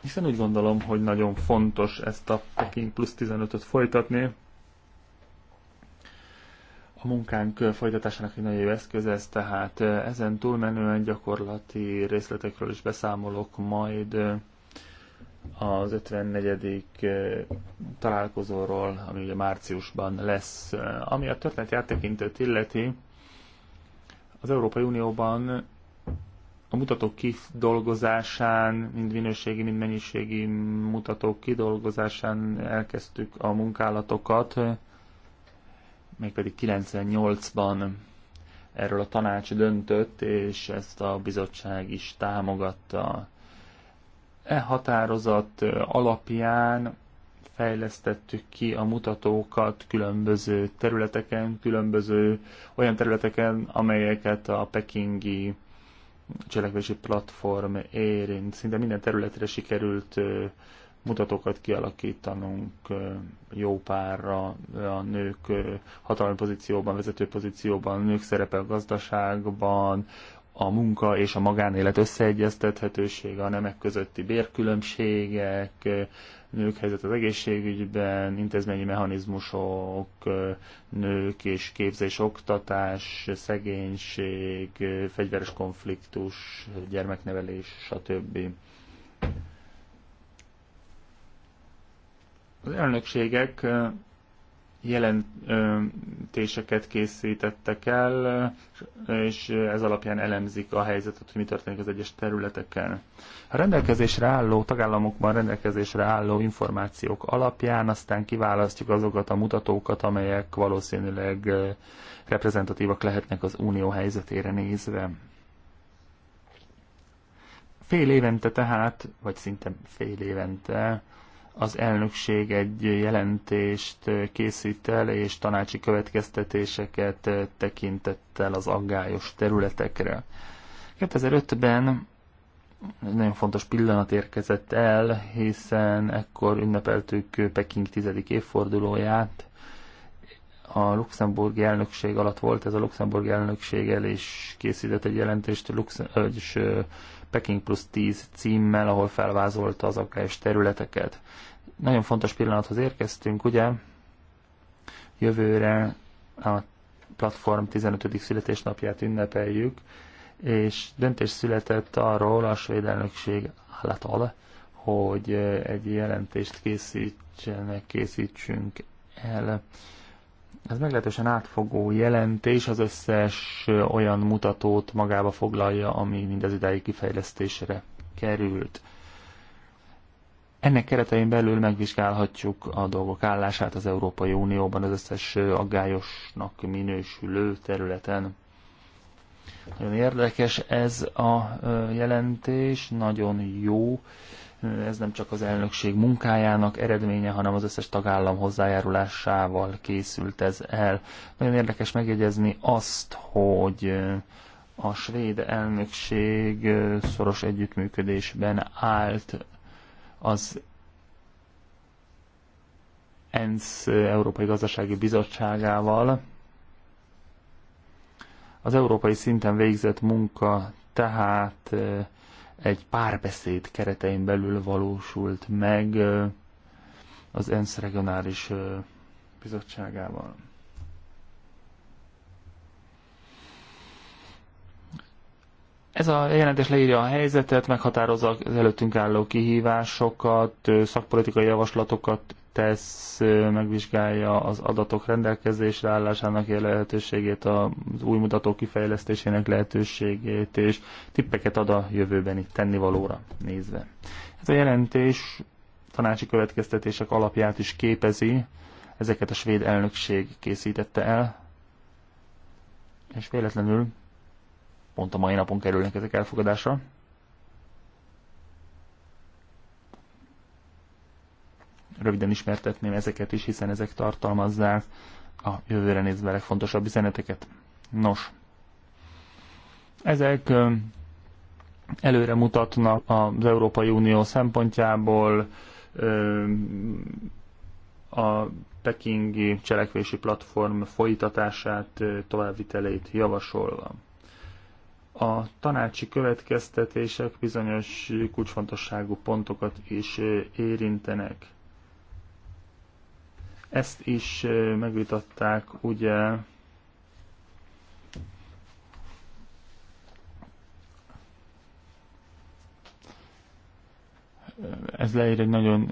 Hiszen úgy gondolom, hogy nagyon fontos ezt a Peking plusz 15-öt folytatni. A munkánk folytatásának egy nagyon jó eszköz ez, tehát ezen túlmenően gyakorlati részletekről is beszámolok majd az 54. Eh, találkozóról, ami ugye márciusban lesz. Eh, ami a történeti áttekintőt illeti, az Európai Unióban a mutatók kidolgozásán, mind minőségi, mind mennyiségi mutatók kidolgozásán elkezdtük a munkálatokat, mégpedig 98-ban erről a tanács döntött, és ezt a bizottság is támogatta. E határozat alapján fejlesztettük ki a mutatókat különböző területeken, különböző olyan területeken, amelyeket a pekingi cselekvési platform érint. Szinte minden területre sikerült mutatókat kialakítanunk jó párra, a nők hatalmi pozícióban, vezető pozícióban, a nők szerepe a gazdaságban, a munka és a magánélet összeegyeztethetősége, a nemek közötti bérkülönbségek, nők helyzet az egészségügyben, intézményi mechanizmusok, nők és képzés, oktatás, szegénység, fegyveres konfliktus, gyermeknevelés, stb. Az elnökségek jelentéseket készítettek el, és ez alapján elemzik a helyzetet, hogy mi történik az egyes területeken. A rendelkezésre álló, tagállamokban rendelkezésre álló információk alapján aztán kiválasztjuk azokat a mutatókat, amelyek valószínűleg reprezentatívak lehetnek az unió helyzetére nézve. Fél évente tehát, vagy szinte fél évente az elnökség egy jelentést készít el, és tanácsi következtetéseket tekintettel az aggályos területekre. 2005-ben egy nagyon fontos pillanat érkezett el, hiszen ekkor ünnepeltük Peking 10. évfordulóját. A luxemburgi elnökség alatt volt ez a luxemburgi elnökség el, és készített egy jelentést, Lux- és Peking plusz 10 címmel, ahol felvázolta az aktuális területeket. Nagyon fontos pillanathoz érkeztünk, ugye? Jövőre a platform 15. születésnapját ünnepeljük, és döntés született arról a svéd elnökség által, hogy egy jelentést készítsenek, készítsünk el ez meglehetősen átfogó jelentés, az összes olyan mutatót magába foglalja, ami mindez idei kifejlesztésre került. Ennek keretein belül megvizsgálhatjuk a dolgok állását az Európai Unióban az összes aggályosnak minősülő területen. Nagyon érdekes ez a jelentés, nagyon jó ez nem csak az elnökség munkájának eredménye, hanem az összes tagállam hozzájárulásával készült ez el. Nagyon érdekes megjegyezni azt, hogy eh, a svéd elnökség eh, szoros együttműködésben állt az ENSZ eh, Európai Gazdasági Bizottságával. Az európai szinten végzett munka tehát egy párbeszéd keretein belül valósult meg az ENSZ regionális bizottságával. Ez a jelentés leírja a helyzetet, meghatározza az előttünk álló kihívásokat, szakpolitikai javaslatokat tesz, megvizsgálja az adatok rendelkezésre állásának lehetőségét, az új mutatók kifejlesztésének lehetőségét, és tippeket ad a jövőbeni tennivalóra nézve. Ez a jelentés tanácsi következtetések alapját is képezi, ezeket a svéd elnökség készítette el, és véletlenül pont a mai napon kerülnek ezek elfogadásra. röviden ismertetném ezeket is, hiszen ezek tartalmazzák a jövőre nézve legfontosabb üzeneteket. Nos, ezek előre mutatnak az Európai Unió szempontjából a pekingi cselekvési platform folytatását, továbbvitelét javasolva. A tanácsi következtetések bizonyos kulcsfontosságú pontokat is érintenek. Ezt is megvitatták, ugye, ez leír egy nagyon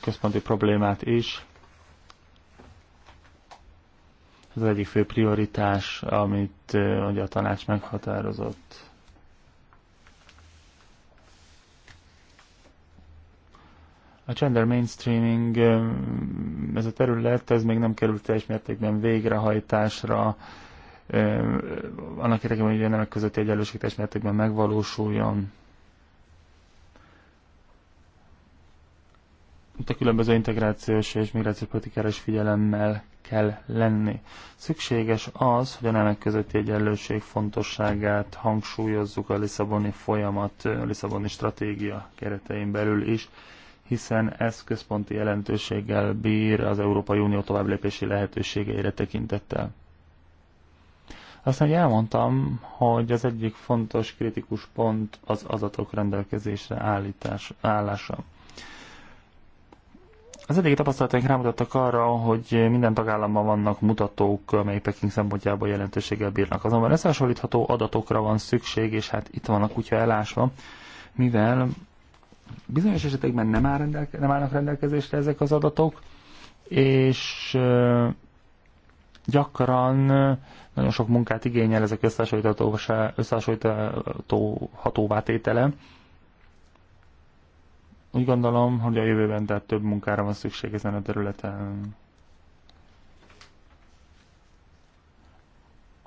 központi problémát is. Ez az egyik fő prioritás, amit ugye a tanács meghatározott. A gender mainstreaming, ez a terület, ez még nem került teljes mértékben végrehajtásra, annak érdekében, hogy a nemek közötti egyenlőség teljes mértékben megvalósuljon. Itt a különböző integrációs és migrációs politikára is figyelemmel kell lenni. Szükséges az, hogy a nemek közötti egyenlőség fontosságát hangsúlyozzuk a Lisszaboni folyamat, a Lisszaboni stratégia keretein belül is hiszen ez központi jelentőséggel bír az Európai Unió továbblépési lehetőségeire tekintettel. Aztán hogy elmondtam, hogy az egyik fontos kritikus pont az adatok rendelkezésre állítás, állása. Az eddigi tapasztalataink rámutattak arra, hogy minden tagállamban vannak mutatók, amelyek Peking szempontjából jelentőséggel bírnak. Azonban összehasonlítható adatokra van szükség, és hát itt van a kutya elásva, mivel Bizonyos esetekben nem, áll rendelke, nem állnak rendelkezésre ezek az adatok, és gyakran nagyon sok munkát igényel ezek összehasonlítható, összehasonlítható hatóvá tétele. Úgy gondolom, hogy a jövőben tehát több munkára van szükség ezen a területen.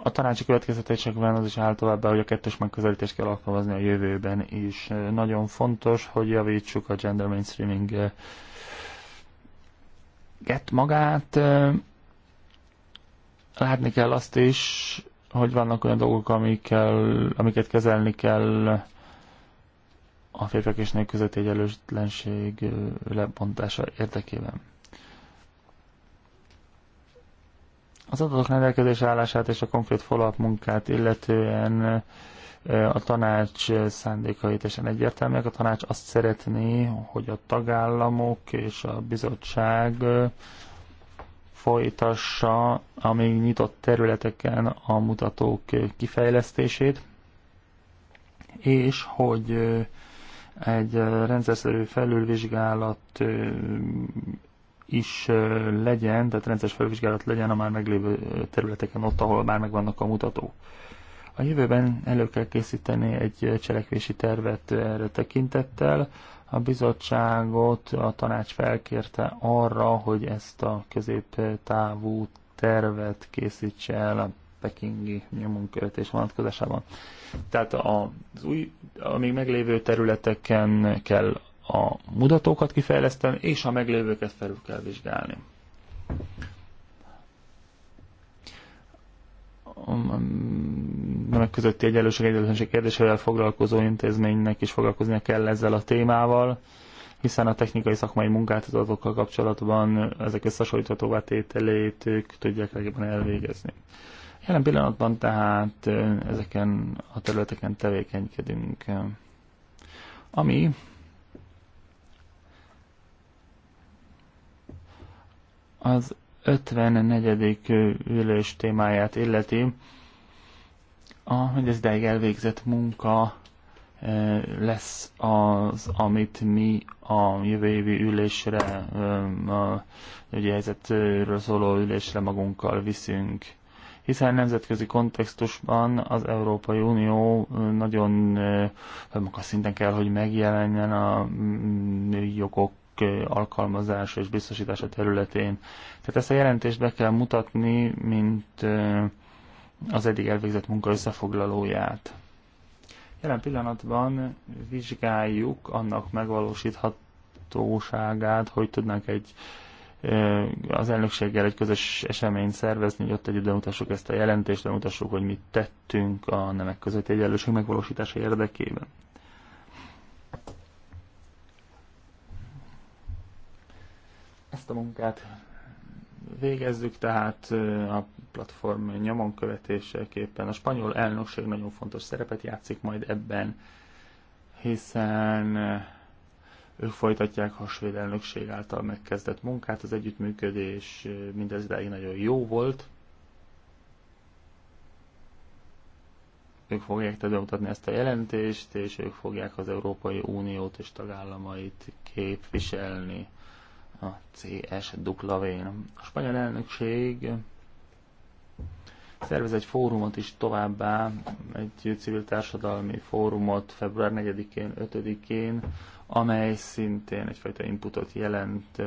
A tanácsi következetésekben az is áll továbbá, hogy a kettős megközelítést kell alkalmazni a jövőben is. Nagyon fontos, hogy javítsuk a gender mainstreaming eh, get magát. Eh, látni kell azt is, hogy vannak olyan dolgok, amikkel, amiket kezelni kell a férfiak és nők közötti egyenlőtlenség eh, lebontása érdekében. Az adatok rendelkezés állását és a konkrét follow-up munkát illetően a tanács szándékai és egyértelműek. A tanács azt szeretné, hogy a tagállamok és a bizottság folytassa a még nyitott területeken a mutatók kifejlesztését, és hogy egy rendszerszerű felülvizsgálat is legyen, tehát rendszeres felvizsgálat legyen a már meglévő területeken ott, ahol már megvannak a mutatók. A jövőben elő kell készíteni egy cselekvési tervet erre tekintettel. A bizottságot a tanács felkérte arra, hogy ezt a középtávú tervet készítse el a pekingi nyomunkövetés vonatkozásában. Tehát az új, a még meglévő területeken kell a mutatókat kifejlesztem, és a meglévőket felül kell vizsgálni. A nemek közötti egyenlőség egyenlőség kérdésével foglalkozó intézménynek is foglalkoznia kell ezzel a témával, hiszen a technikai szakmai munkát az kapcsolatban ezek összehasonlítható tételét ők tudják legjobban elvégezni. Jelen pillanatban tehát ezeken a területeken tevékenykedünk. Ami az 54. ülés témáját illeti, ahogy ez ideig elvégzett munka lesz az, amit mi a jövő évi ülésre, a ügyi helyzetről szóló ülésre magunkkal viszünk. Hiszen nemzetközi kontextusban az Európai Unió nagyon magas szinten kell, hogy megjelenjen a jogok alkalmazása és biztosítása területén. Tehát ezt a jelentést be kell mutatni, mint az eddig elvégzett munka összefoglalóját. Jelen pillanatban vizsgáljuk annak megvalósíthatóságát, hogy tudnánk egy az elnökséggel egy közös eseményt szervezni, hogy ott együtt bemutassuk ezt a jelentést, bemutassuk, hogy mit tettünk a nemek közötti egyenlőség megvalósítása érdekében. ezt a munkát végezzük, tehát a platform nyomon követéseképpen a spanyol elnökség nagyon fontos szerepet játszik majd ebben, hiszen ők folytatják a svéd elnökség által megkezdett munkát, az együttműködés mindez idáig nagyon jó volt. Ők fogják tudom mutatni ezt a jelentést, és ők fogják az Európai Uniót és tagállamait képviselni a CS Duklavén. A spanyol elnökség szervez egy fórumot is továbbá, egy civil társadalmi fórumot február 4-én, 5-én, amely szintén egyfajta inputot jelent,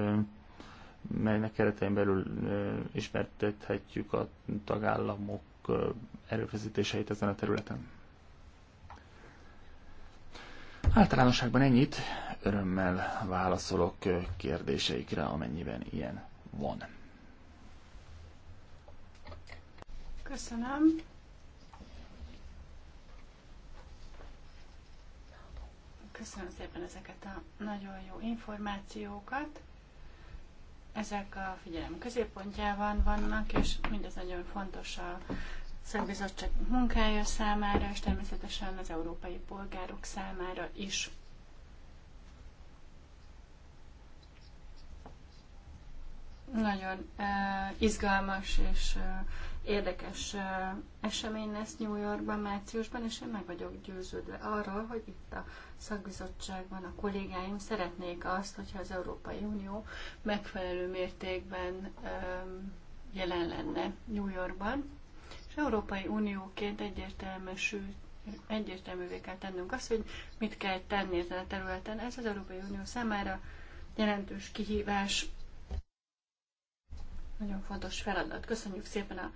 melynek keretein belül ismertethetjük a tagállamok erőfeszítéseit ezen a területen. Általánosságban ennyit örömmel válaszolok kérdéseikre, amennyiben ilyen van. Köszönöm. Köszönöm szépen ezeket a nagyon jó információkat. Ezek a figyelem középpontjában vannak, és mindez nagyon fontos a szakbizottság munkája számára, és természetesen az európai polgárok számára is. Nagyon izgalmas és érdekes esemény lesz New Yorkban márciusban, és én meg vagyok győződve arról, hogy itt a szakbizottságban a kollégáim szeretnék azt, hogyha az Európai Unió megfelelő mértékben jelen lenne New Yorkban. És Európai Unióként egyértelműsült egyértelművé kell tennünk azt, hogy mit kell tenni ezen a területen. Ez az Európai Unió számára jelentős kihívás nagyon fontos feladat. Köszönjük szépen a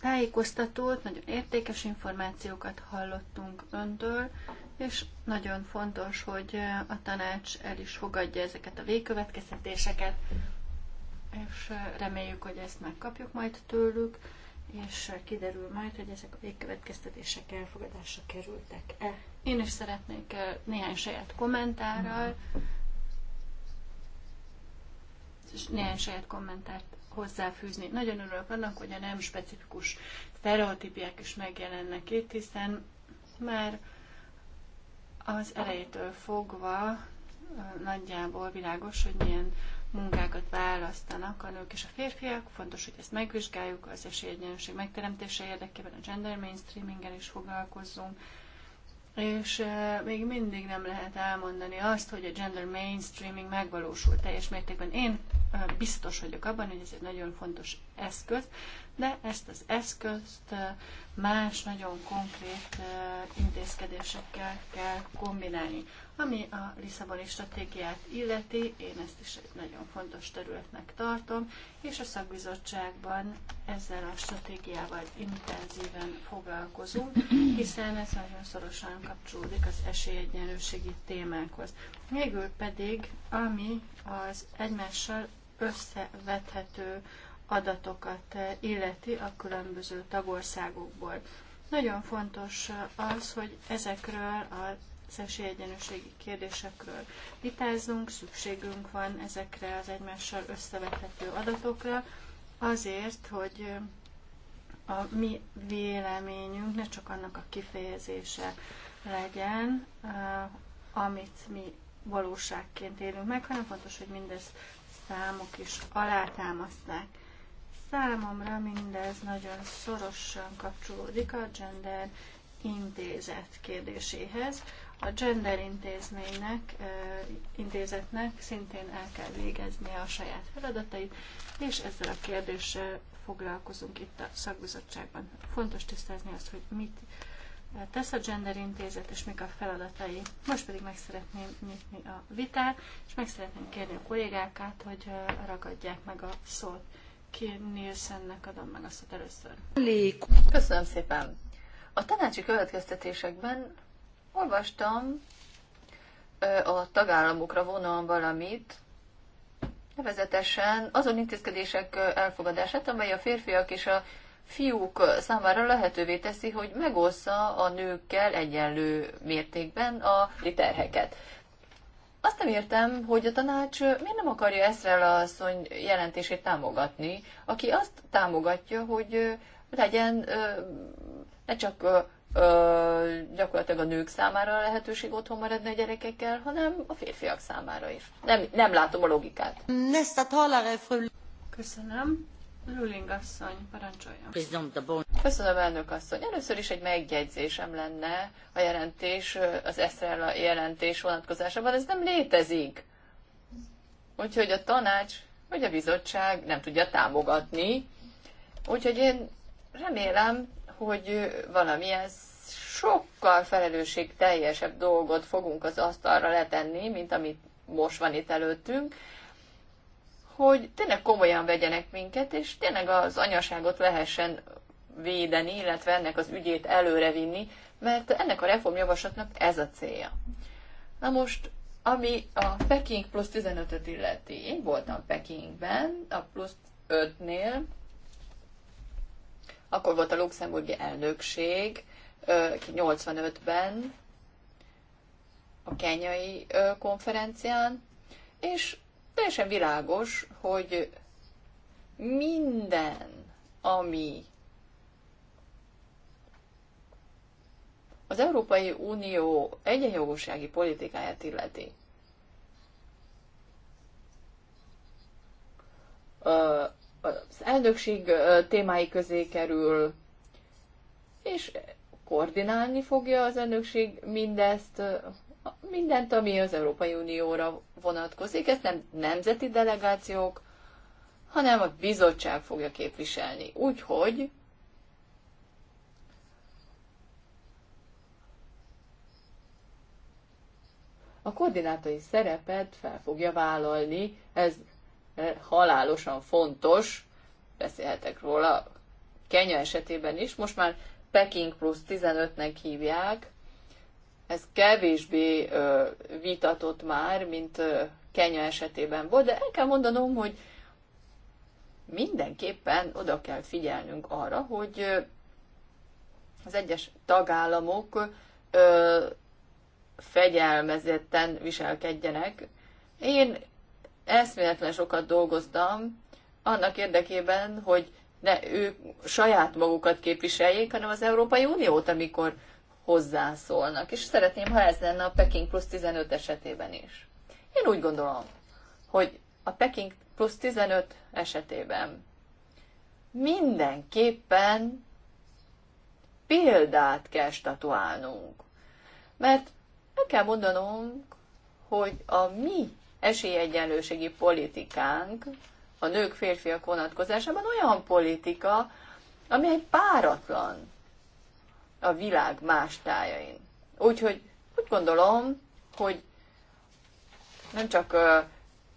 tájékoztatót, nagyon értékes információkat hallottunk öntől, és nagyon fontos, hogy a tanács el is fogadja ezeket a végkövetkeztetéseket, és reméljük, hogy ezt megkapjuk majd tőlük, és kiderül majd, hogy ezek a végkövetkeztetések elfogadásra kerültek-e. Én is szeretnék eh, néhány saját kommentárral és néhány saját kommentárt hozzáfűzni. Nagyon örülök annak, hogy a nem specifikus stereotípiák is megjelennek itt, hiszen már az elejétől fogva nagyjából világos, hogy milyen munkákat választanak a nők és a férfiak. Fontos, hogy ezt megvizsgáljuk, az esélyegyenlőség megteremtése érdekében a gender mainstreaming is foglalkozzunk, és eh, még mindig nem lehet elmondani azt, hogy a gender mainstreaming megvalósul teljes mértékben. Én eh, biztos vagyok abban, hogy ez egy nagyon fontos eszköz, de ezt az eszközt eh, más nagyon konkrét intézkedésekkel kell kombinálni. Ami a Lisszaboni stratégiát illeti, én ezt is egy nagyon fontos területnek tartom, és a szakbizottságban ezzel a stratégiával intenzíven foglalkozunk, hiszen ez nagyon szorosan kapcsolódik az esélyegyenlőségi témákhoz. Végül pedig, ami az egymással összevethető adatokat illeti a különböző tagországokból. Nagyon fontos az, hogy ezekről az esélyegyenlőségi kérdésekről vitázzunk, szükségünk van ezekre az egymással összevethető adatokra, azért, hogy a mi véleményünk ne csak annak a kifejezése legyen, eh, amit mi valóságként élünk meg, hanem fontos, hogy mindezt számok is alátámasztják. Számomra mindez nagyon szorosan kapcsolódik a gender intézet kérdéséhez. A gender intézménynek, intézetnek szintén el kell végeznie a saját feladatait, és ezzel a kérdéssel foglalkozunk itt a szakbizottságban. Fontos tisztázni azt, hogy mit tesz a Gender Intézet, és mik a feladatai. Most pedig meg szeretném nyitni a vitát, és meg szeretném kérni a kollégákat, hogy ragadják meg a szót. Nielsennek adom meg azt először. Köszönöm szépen. A tanácsi következtetésekben olvastam a tagállamokra vonal valamit, nevezetesen azon intézkedések elfogadását, amely a férfiak és a fiúk számára lehetővé teszi, hogy megossza a nőkkel egyenlő mértékben a terheket. Azt nem értem, hogy a tanács miért nem akarja Eszrel asszony jelentését támogatni, aki azt támogatja, hogy legyen ne csak gyakorlatilag a nők számára a lehetőség otthon maradni a gyerekekkel, hanem a férfiak számára is. Nem, nem látom a logikát. Köszönöm. Luling asszony, parancsoljon. Köszönöm, elnök asszony. Először is egy megjegyzésem lenne a jelentés, az Eszrella jelentés vonatkozásában. Ez nem létezik. Úgyhogy a tanács vagy a bizottság nem tudja támogatni. Úgyhogy én remélem, hogy valamilyen sokkal felelősség teljesebb dolgot fogunk az asztalra letenni, mint amit most van itt előttünk hogy tényleg komolyan vegyenek minket, és tényleg az anyaságot lehessen védeni, illetve ennek az ügyét előrevinni, mert ennek a reformjavaslatnak ez a célja. Na most, ami a Peking plusz 15-öt illeti, én voltam Pekingben, a plusz 5-nél, akkor volt a luxemburgi elnökség, 85-ben, a kenyai konferencián, és teljesen világos, hogy minden, ami az Európai Unió egyenjogúsági politikáját illeti, az elnökség témái közé kerül, és koordinálni fogja az elnökség mindezt mindent, ami az Európai Unióra vonatkozik, ezt nem nemzeti delegációk, hanem a bizottság fogja képviselni. Úgyhogy a koordinátori szerepet fel fogja vállalni, ez e, halálosan fontos, beszélhetek róla, Kenya esetében is, most már Peking plusz 15-nek hívják, ez kevésbé vitatott már, mint Kenya esetében volt, de el kell mondanom, hogy mindenképpen oda kell figyelnünk arra, hogy az egyes tagállamok fegyelmezetten viselkedjenek. Én eszméletlen sokat dolgoztam annak érdekében, hogy ne ők saját magukat képviseljék, hanem az Európai Uniót, amikor hozzászólnak. És szeretném, ha ez lenne a Peking plusz 15 esetében is. Én úgy gondolom, hogy a Peking plusz 15 esetében mindenképpen példát kell statuálnunk. Mert meg kell mondanom, hogy a mi esélyegyenlőségi politikánk a nők-férfiak vonatkozásában olyan politika, ami egy páratlan a világ más tájain. Úgyhogy úgy gondolom, hogy nem csak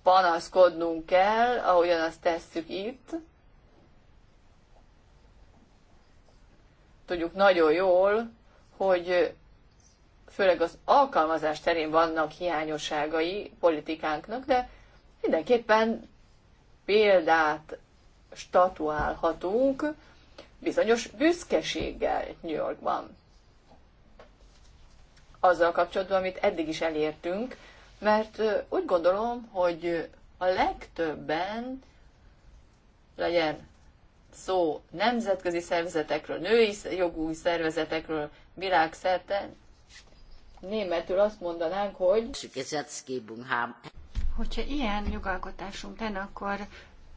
panaszkodnunk kell, ahogyan azt tesszük itt, tudjuk nagyon jól, hogy főleg az alkalmazás terén vannak hiányosságai politikánknak, de mindenképpen példát statuálhatunk, bizonyos büszkeséggel New Yorkban. Azzal kapcsolatban, amit eddig is elértünk, mert úgy gondolom, hogy a legtöbben legyen szó nemzetközi szervezetekről, női jogú szervezetekről világszerte, németül azt mondanánk, hogy hogyha ilyen jogalkotásunk lenne, akkor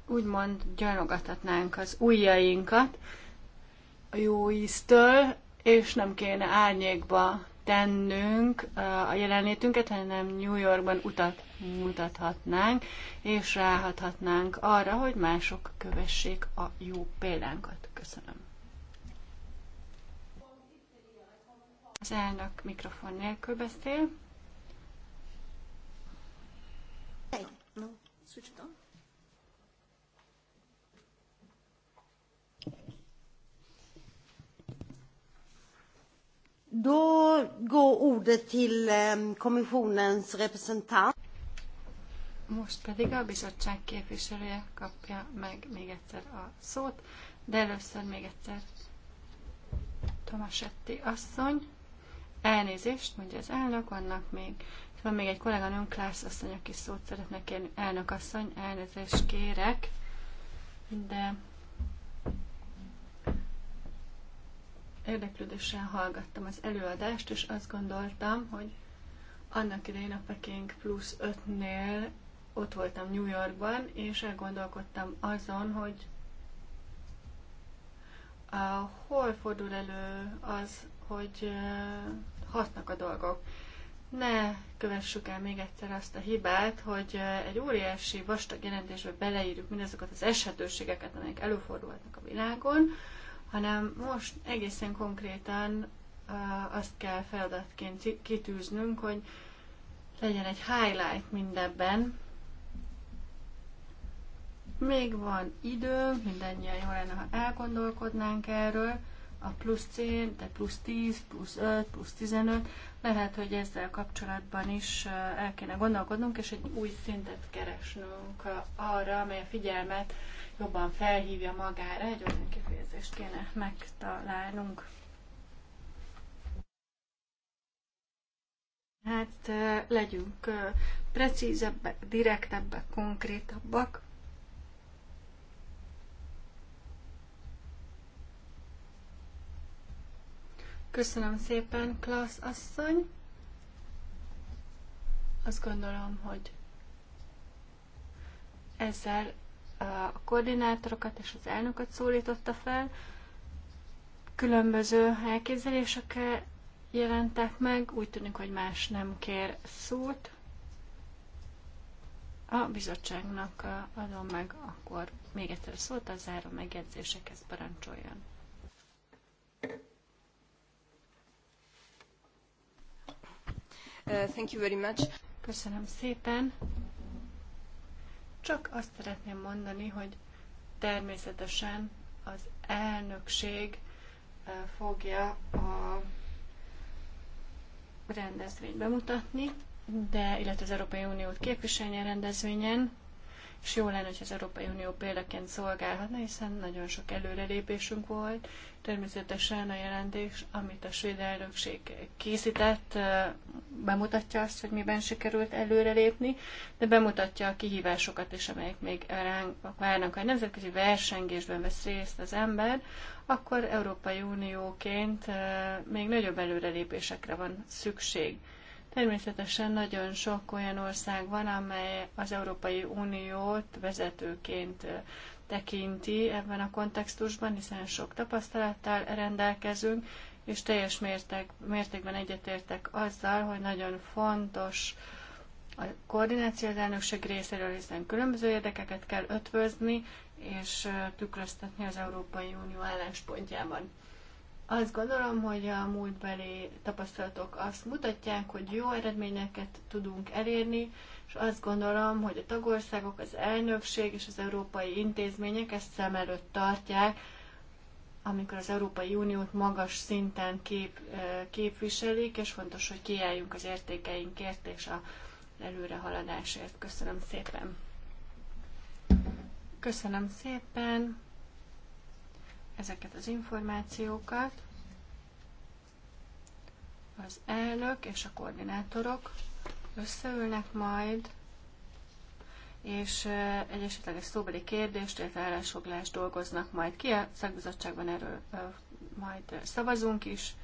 úgymond gyalogathatnánk az ujjainkat, jó íztől, és nem kéne árnyékba tennünk a jelenlétünket, hanem New Yorkban utat mutathatnánk, és ráhathatnánk arra, hogy mások kövessék a jó példánkat. Köszönöm. Az elnök mikrofon nélkül beszél. Hey, no, switch it on. Då går ordet till ehm, kommissionens representant. Most pedig a bizottság képviselője kapja meg még egyszer a szót, de először még egyszer Tomasetti asszony. Elnézést, mondja az elnök, vannak még. Van még egy kolléganőm, Klász asszony, aki szót szeretne kérni. Elnök asszony, elnézést kérek, de Érdeklődéssel hallgattam az előadást, és azt gondoltam, hogy annak idején a Peking plusz 5-nél ott voltam New Yorkban, és elgondolkodtam azon, hogy uh, hol fordul elő az, hogy uh, hatnak a dolgok. Ne kövessük el még egyszer azt a hibát, hogy uh, egy óriási vastag jelentésbe beleírjuk mindazokat az eshetőségeket, amelyek előfordulhatnak a világon, uh, hanem most egészen konkrétan azt kell feladatként kitűznünk, hogy legyen egy highlight mindebben. Még van időnk, mindannyian jó lenne, ha elgondolkodnánk erről, a plusz C, de plusz 10, plusz 5, plusz 15, lehet, hogy ezzel kapcsolatban is el kéne gondolkodnunk, és egy új szintet keresnünk arra, amely a figyelmet jobban felhívja magára, egy olyan kifejezést kéne megtalálnunk. Hát legyünk precízebbek, direktebbek, konkrétabbak. Köszönöm szépen, Klassz asszony. Azt gondolom, hogy ezzel a koordinátorokat és az elnököt szólította fel. Különböző elképzelésekkel jelentek meg, úgy tűnik, hogy más nem kér szót. A bizottságnak adom meg, akkor még egyszer szót a záró megjegyzésekhez parancsoljon. Uh, thank you very much. Köszönöm szépen. Csak azt szeretném mondani, hogy természetesen az elnökség uh, fogja a rendezvényt bemutatni, de illetve az Európai Uniót képviselni a rendezvényen és jó lenne, hogy az Európai Unió példaként szolgálhatna, hiszen nagyon sok előrelépésünk volt. Természetesen a jelentés, amit a svéd elnökség készített, bemutatja azt, hogy miben sikerült előrelépni, de bemutatja a kihívásokat is, amelyek még ránk várnak. Ha nemzetközi versengésben vesz részt az ember, akkor Európai Unióként még nagyobb előrelépésekre van szükség. Természetesen nagyon sok olyan ország van, amely az Európai Uniót vezetőként tekinti ebben a kontextusban, hiszen sok tapasztalattal rendelkezünk, és teljes mérték, mértékben egyetértek azzal, hogy nagyon fontos a koordináció az elnökség részéről, hiszen különböző érdekeket kell ötvözni, és tükröztetni az Európai Unió álláspontjában. Azt gondolom, hogy a múltbeli tapasztalatok azt mutatják, hogy jó eredményeket tudunk elérni, és azt gondolom, hogy a tagországok, az elnökség és az európai intézmények ezt szem előtt tartják, amikor az Európai Uniót magas szinten kép, képviselik, és fontos, hogy kiálljunk az értékeinkért és a előrehaladásért. Köszönöm szépen! Köszönöm szépen! ezeket az információkat az elnök és a koordinátorok összeülnek majd, és egy esetleges szóbeli kérdést, illetve állásfoglalást dolgoznak majd ki. A szakbizottságban erről majd szavazunk is,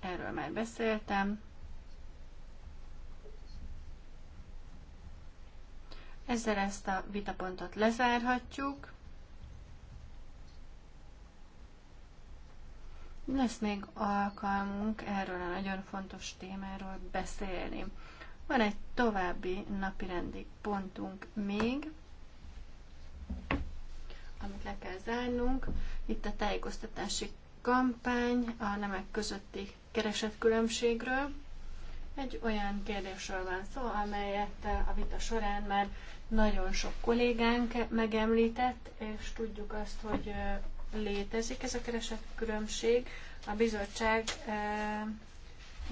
erről már beszéltem. Ezzel ezt a vitapontot lezárhatjuk. lesz még alkalmunk erről a nagyon fontos témáról beszélni. Van egy további napirendi pontunk még, amit le kell zárnunk. Itt a tájékoztatási kampány a nemek közötti keresetkülönbségről. Egy olyan kérdésről van szó, amelyet a vita során már nagyon sok kollégánk megemlített, és tudjuk azt, hogy létezik ez a keresett különbség. A bizottság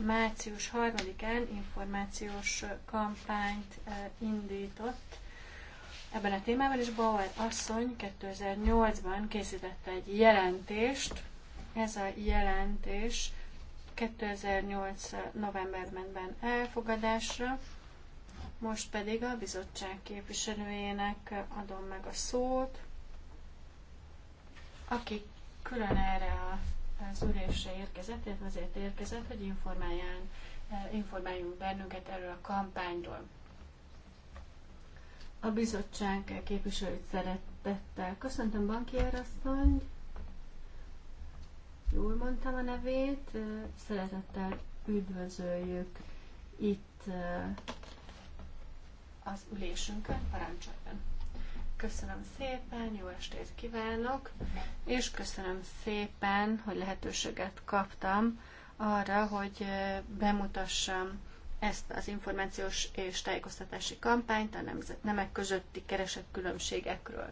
március 3-án információs kampányt indított ebben a témában, és Bauer asszony 2008-ban készítette egy jelentést. Ez a jelentés 2008. novemberben elfogadásra. Most pedig a bizottság képviselőjének adom meg a szót aki külön erre az ülésre érkezett, illetve azért érkezett, hogy informálján, e, informáljunk bennünket erről a kampányról. A bizottság képviselőt szeretettel köszöntöm, Banki Erasszony. Jól mondtam a nevét. E, szeretettel üdvözöljük itt e, az ülésünkön. Parancsoljon! Köszönöm szépen, jó estét kívánok, és köszönöm szépen, hogy lehetőséget kaptam arra, hogy bemutassam ezt az információs és tájékoztatási kampányt a nemek közötti keresett különbségekről.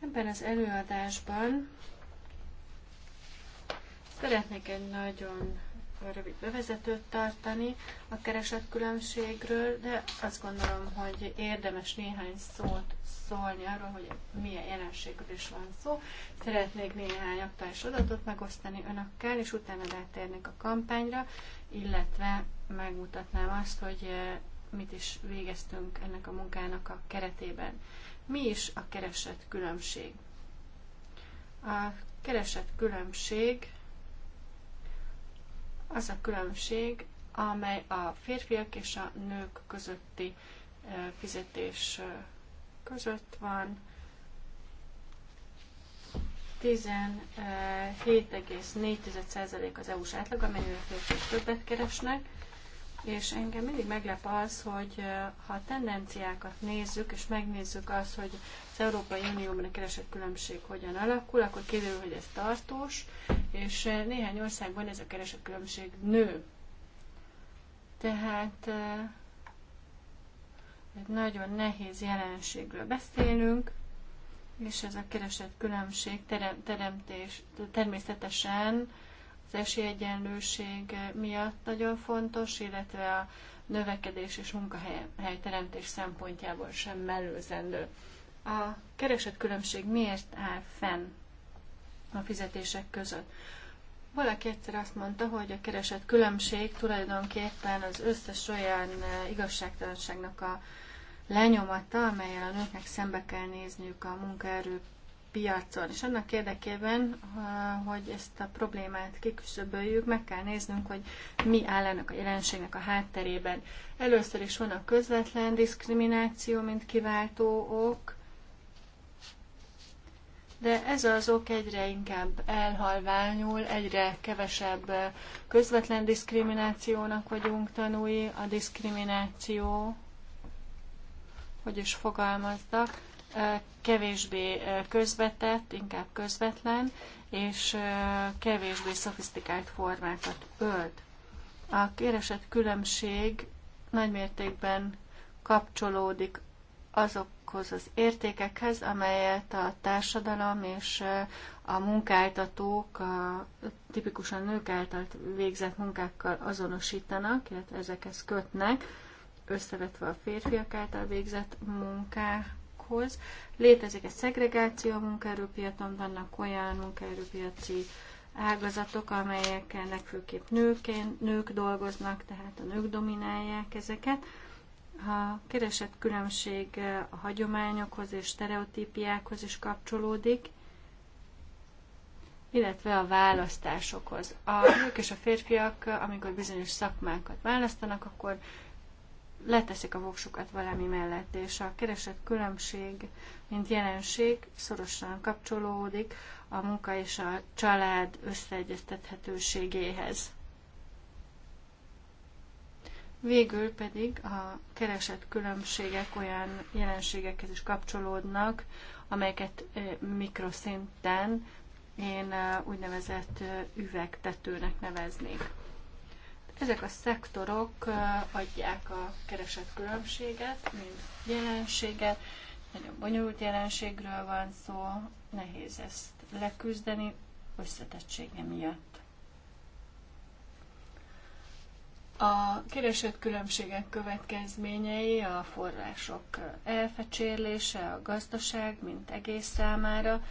Ebben az előadásban szeretnék egy nagyon rövid bevezetőt tartani a keresetkülönbségről, de azt gondolom, hogy érdemes néhány szót szólni arról, hogy milyen jelenségről is van szó. Szeretnék néhány aktuális adatot megosztani önökkel, és utána rátérnék a kampányra, illetve megmutatnám azt, hogy eh, mit is végeztünk ennek a munkának a keretében. Mi is a keresett különbség? A keresett különbség az a különbség, amely a férfiak és a nők közötti fizetés között van. 17,4% az EU-s átlag, a férfiak többet keresnek. És engem mindig meglep az, hogy ha a tendenciákat nézzük, és megnézzük azt, hogy az Európai Unióban a keresett különbség hogyan alakul, akkor kiderül, hogy ez tartós, és néhány országban ez a keresett különbség nő. Tehát egy nagyon nehéz jelenségről beszélünk, és ez a keresett különbség teremtés természetesen az esélyegyenlőség miatt nagyon fontos, illetve a növekedés és munkahelyteremtés szempontjából sem mellőzendő. A keresett különbség miért áll fenn a fizetések között? Valaki egyszer azt mondta, hogy a keresett különbség tulajdonképpen az összes olyan e, igazságtalanságnak a lenyomata, amelyel a nőknek szembe kell nézniük a munkaerő piacon. És annak érdekében, hogy ezt a problémát kiküszöböljük, meg kell néznünk, hogy mi áll ennek a jelenségnek a hátterében. Először is van a közvetlen diszkrimináció, mint kiváltó ok, de ez az ok egyre inkább elhalványul, egyre kevesebb közvetlen diszkriminációnak vagyunk tanulni, a diszkrimináció, hogy is fogalmaztak, kevésbé közvetett, inkább közvetlen, és kevésbé szofisztikált formákat ölt. A kéresett különbség nagymértékben kapcsolódik azokhoz az értékekhez, amelyet a társadalom és a munkáltatók a tipikusan nők által végzett munkákkal azonosítanak, illetve ezekhez kötnek, összevetve a férfiak által végzett munkához munkához. Létezik egy szegregáció a munkaerőpiacon, vannak olyan munkaerőpiaci ágazatok, amelyeken legfőképp nőként, nők dolgoznak, tehát a nők dominálják ezeket. A keresett különbség a hagyományokhoz és stereotípiákhoz is kapcsolódik, illetve a választásokhoz. A nők és a férfiak, amikor bizonyos szakmákat választanak, akkor leteszik a voksukat valami mellett, és a keresett különbség, mint jelenség szorosan kapcsolódik a munka és a család összeegyeztethetőségéhez. Végül pedig a keresett különbségek olyan jelenségekhez is kapcsolódnak, amelyeket mikroszinten én úgynevezett üvegtetőnek neveznék. Ezek a szektorok adják a keresett különbséget, mint jelenséget. Nagyon bonyolult jelenségről van szó, nehéz ezt leküzdeni összetettsége miatt. A keresett különbségek következményei a források elfecsérlése, a gazdaság, mint egész számára,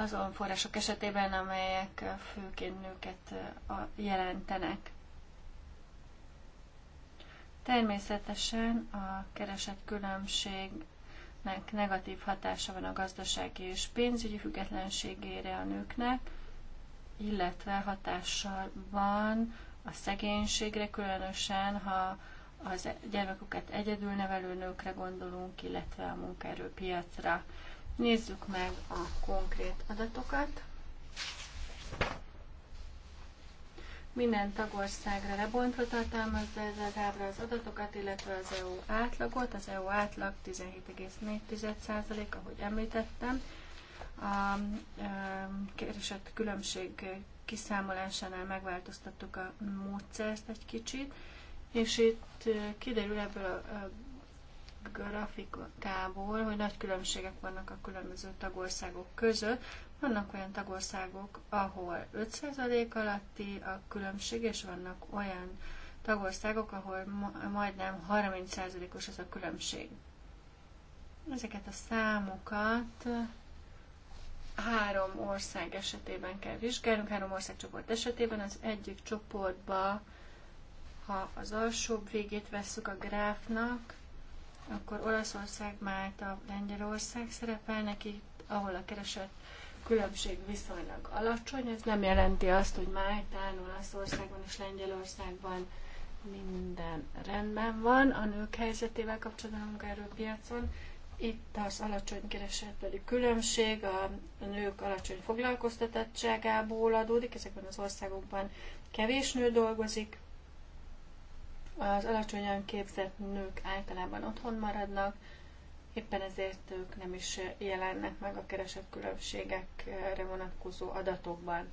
azon források esetében, amelyek főként nőket jelentenek. Természetesen a keresett különbségnek negatív hatása van a gazdasági és pénzügyi függetlenségére a nőknek, illetve hatással van a szegénységre, különösen ha az gyermekeket egyedül nevelő nőkre gondolunk, illetve a munkaerőpiacra. Nézzük meg a konkrét adatokat. Minden tagországra lebontva tartalmazza ez az ábra az adatokat, illetve az EU átlagot. Az EU átlag 17,4%, ahogy említettem. A keresett különbség kiszámolásánál megváltoztattuk a módszert egy kicsit, és itt eh, kiderül ebből a grafikából, hogy nagy különbségek vannak a különböző tagországok között. Vannak olyan tagországok, ahol 5% alatti a különbség, és vannak olyan tagországok, ahol majdnem 30%-os ez a különbség. Ezeket a számokat három ország esetében kell vizsgálnunk, három országcsoport esetében. Az egyik csoportba, ha az alsóbb végét vesszük a gráfnak, akkor Olaszország, Málta, Lengyelország szerepelnek itt, ahol a keresett különbség viszonylag alacsony. Ez nem jelenti azt, hogy Máltán, Olaszországban és Lengyelországban minden rendben van a nők helyzetével kapcsolatban a munkaerőpiacon. Itt az alacsony keresetbeli különbség a nők alacsony foglalkoztatottságából adódik, ezekben az országokban kevés nő dolgozik, az alacsonyan képzett nők általában otthon maradnak, éppen ezért ők nem is jelennek meg a keresett különbségekre vonatkozó adatokban.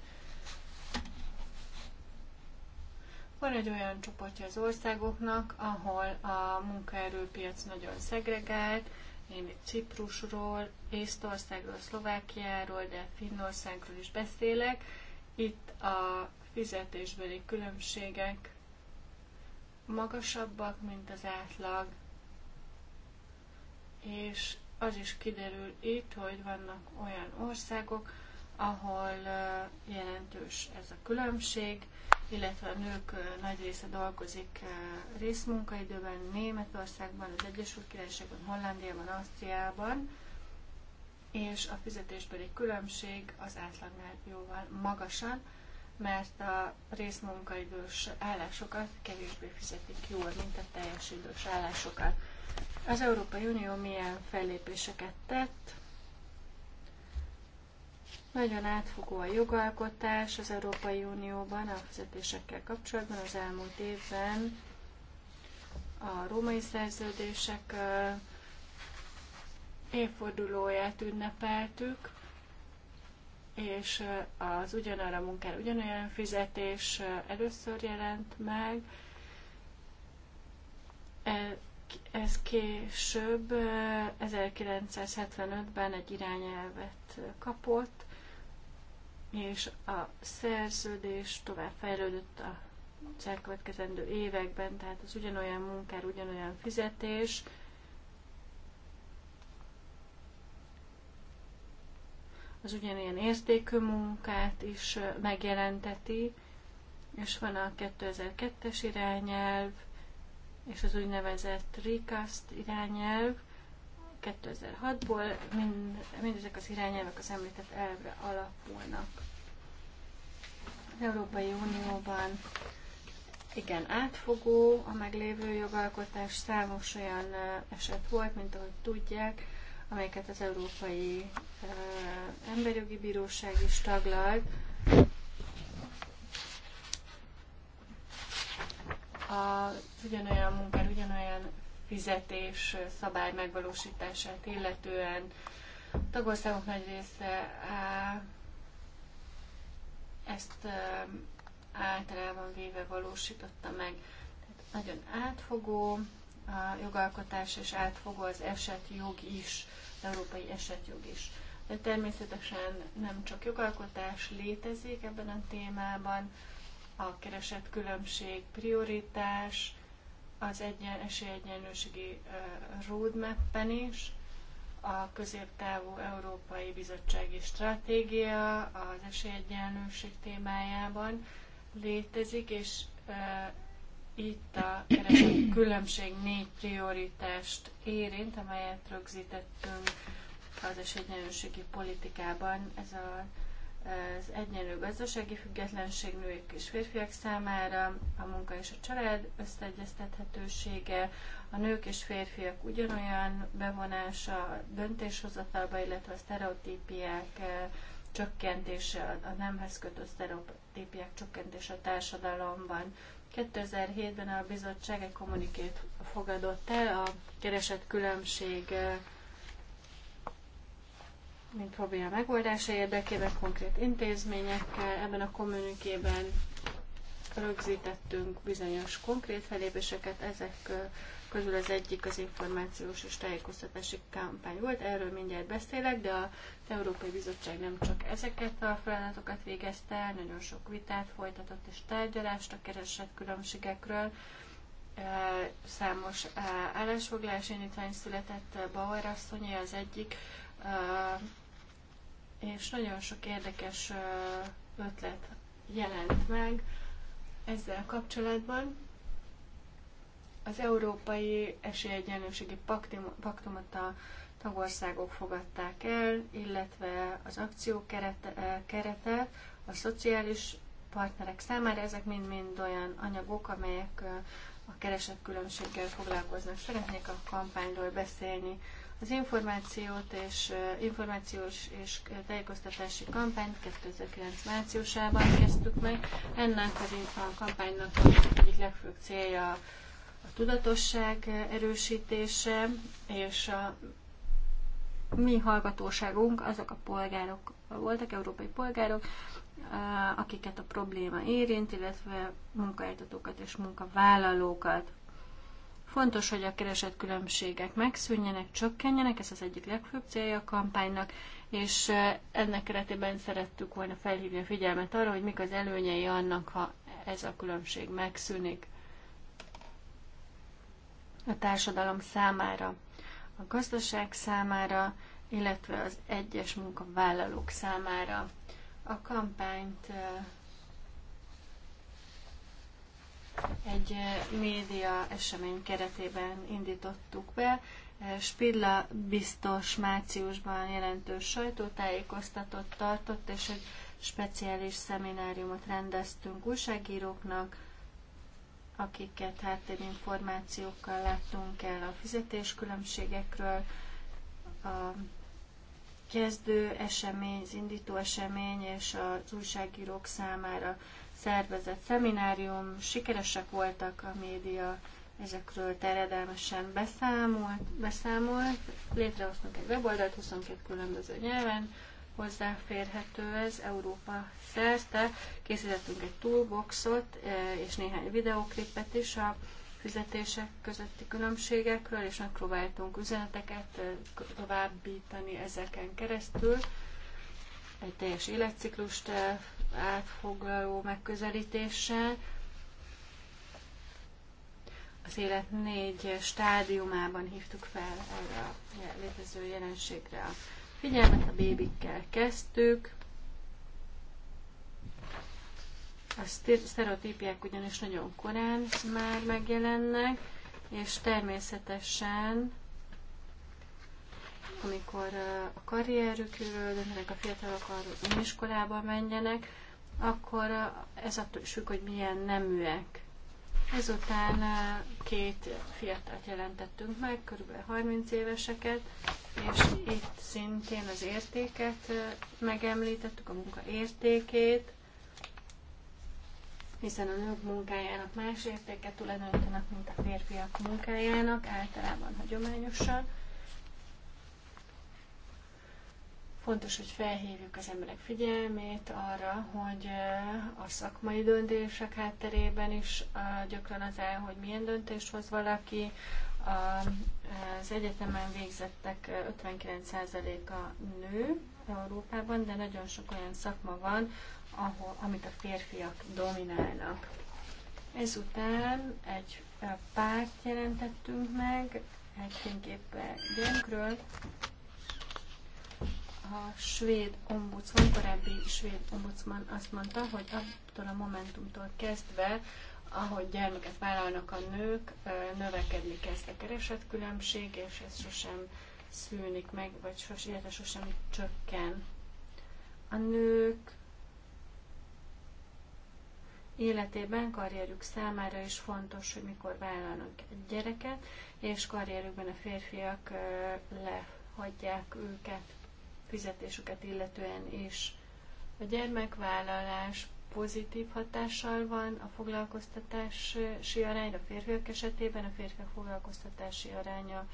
Van egy olyan csoportja az országoknak, ahol a munkaerőpiac nagyon szegregált, én itt Ciprusról, Észtországról, Szlovákiáról, de Finnországról is beszélek. Itt a fizetésbeli különbségek magasabbak, mint az átlag, és az is kiderül itt, hogy vannak olyan országok, ahol jelentős ez a különbség, illetve a nők nagy része dolgozik részmunkaidőben Németországban, az Egyesült Királyságban, Hollandiában, Ausztriában, és a fizetésbeli különbség az átlagnál jóval magasan, mert a részmunkaidős állásokat kevésbé fizetik jól, mint a teljes idős állásokat. Az Európai Unió milyen fellépéseket tett? Nagyon átfogó a jogalkotás az Európai Unióban a fizetésekkel kapcsolatban. Az elmúlt évben a római szerződések évfordulóját ünnepeltük, és az ugyanarra a munkára ugyanolyan fizetés először jelent meg, e, ez később 1975-ben egy irányelvet kapott, és a szerződés tovább fejlődött a elkövetkezendő években, tehát az ugyanolyan munkár, ugyanolyan fizetés, az ugyanilyen értékű munkát is megjelenteti, és van a 2002-es irányelv, és az úgynevezett recast irányelv 2006-ból, mind, mindezek az irányelvek az említett elvre alapulnak. Az Európai Unióban igen, átfogó a meglévő jogalkotás, számos olyan eset volt, mint ahogy tudják, amelyeket az Európai emberjogi bíróság is taglalt. A ugyanolyan munkán, ugyanolyan fizetés szabály megvalósítását illetően a tagországok nagy része ezt általában véve valósította meg. Tehát nagyon átfogó a jogalkotás, és átfogó az esetjog is, az európai esetjog is de természetesen nem csak jogalkotás létezik ebben a témában, a keresett különbség prioritás, az egyen, esélyegyenlőségi roadmap is, a középtávú Európai Bizottsági Stratégia az esélyegyenlőség témájában létezik, és uh, itt a keresett különbség négy prioritást érint, amelyet rögzítettünk az esélyegyenlőségi politikában ez a, az egyenlő gazdasági függetlenség nők és férfiak számára, a munka és a család összeegyeztethetősége, a nők és férfiak ugyanolyan bevonása a döntéshozatalba, illetve a sztereotípiák eh, csökkentése, a nemhez kötött sztereotípiák csökkentése a társadalomban. 2007-ben a bizottság egy kommunikét fogadott el a keresett különbség eh, mint probléma megoldása érdekében konkrét intézményekkel. Ebben a kommunikében rögzítettünk bizonyos konkrét felépéseket, ezek közül az egyik az információs és tájékoztatási kampány volt, erről mindjárt beszélek, de az Európai Bizottság nem csak ezeket a feladatokat végezte el, nagyon sok vitát folytatott és tárgyalást a keresett különbségekről, számos állásfoglalási indítvány született, Bauer asszonyi az egyik, és nagyon sok érdekes ötlet jelent meg ezzel kapcsolatban. Az Európai Esélyegyenlőségi Paktumot a tagországok fogadták el, illetve az akció akciókeretet, a szociális partnerek számára ezek mind-mind olyan anyagok, amelyek a keresett különbséggel foglalkoznak. Szeretnék a kampányról beszélni. Az információt és információs és tájékoztatási kampányt 2009 márciusában kezdtük meg. Ennek pedig a kampánynak az egyik legfőbb célja a tudatosság erősítése, és a mi hallgatóságunk azok a polgárok voltak, európai polgárok, akiket a probléma érint, illetve munkáltatókat és munkavállalókat. Fontos, hogy a keresett különbségek megszűnjenek, csökkenjenek, ez az egyik legfőbb célja a kampánynak, és ennek keretében szerettük volna felhívni a figyelmet arra, hogy mik az előnyei annak, ha ez a különbség megszűnik a társadalom számára, a gazdaság számára, illetve az egyes munkavállalók számára. A kampányt egy eh, média esemény keretében indítottuk be. Eh, Spilla biztos márciusban jelentős sajtótájékoztatót tartott, és egy speciális szemináriumot rendeztünk újságíróknak, akiket háttérinformációkkal láttunk el a fizetéskülönbségekről. A kezdő esemény, az indító esemény és az újságírók számára szervezett szeminárium, sikeresek voltak a média, ezekről terjedelmesen beszámolt, beszámolt. Létrehoztunk egy weboldalt 22 különböző nyelven, hozzáférhető ez Európa szerte. Készítettünk egy toolboxot e, és néhány videóklipet is a fizetések közötti különbségekről, és megpróbáltunk üzeneteket e, továbbítani ezeken keresztül egy teljes életciklust átfoglaló megközelítéssel. Az élet négy stádiumában hívtuk fel erre a létező jelenségre a figyelmet, a bébikkel kezdtük. A sztereotípiák ugyanis nagyon korán már megjelennek, és természetesen amikor a karrierükről döntenek a fiatalok, arról iskolába menjenek, akkor ez attól is függ, hogy milyen neműek. Ezután két fiatalt jelentettünk meg, kb. 30 éveseket, és itt szintén az értéket megemlítettük, a munka értékét, hiszen a nők munkájának más értéket tulajdonítanak, mint a férfiak munkájának, általában hagyományosan. Fontos, hogy felhívjuk az emberek figyelmét arra, hogy a szakmai döntések hátterében is gyakran az el, hogy milyen döntést hoz valaki. Az egyetemen végzettek 59%-a nő Európában, de nagyon sok olyan szakma van, ahol, amit a férfiak dominálnak. Ezután egy párt jelentettünk meg, egy fénykép gyönkről, a svéd ombudsman, korábbi svéd ombudsman azt mondta, hogy attól a momentumtól kezdve, ahogy gyermeket vállalnak a nők, növekedni kezd a keresetkülönbség, és ez sosem szűnik meg, vagy sos, illetve sosem csökken. A nők életében, karrierük számára is fontos, hogy mikor vállalnak egy gyereket, és karrierükben a férfiak lehagyják őket fizetésüket illetően is. A gyermekvállalás pozitív hatással van a foglalkoztatási arány a férfiak esetében, a férfiak foglalkoztatási aránya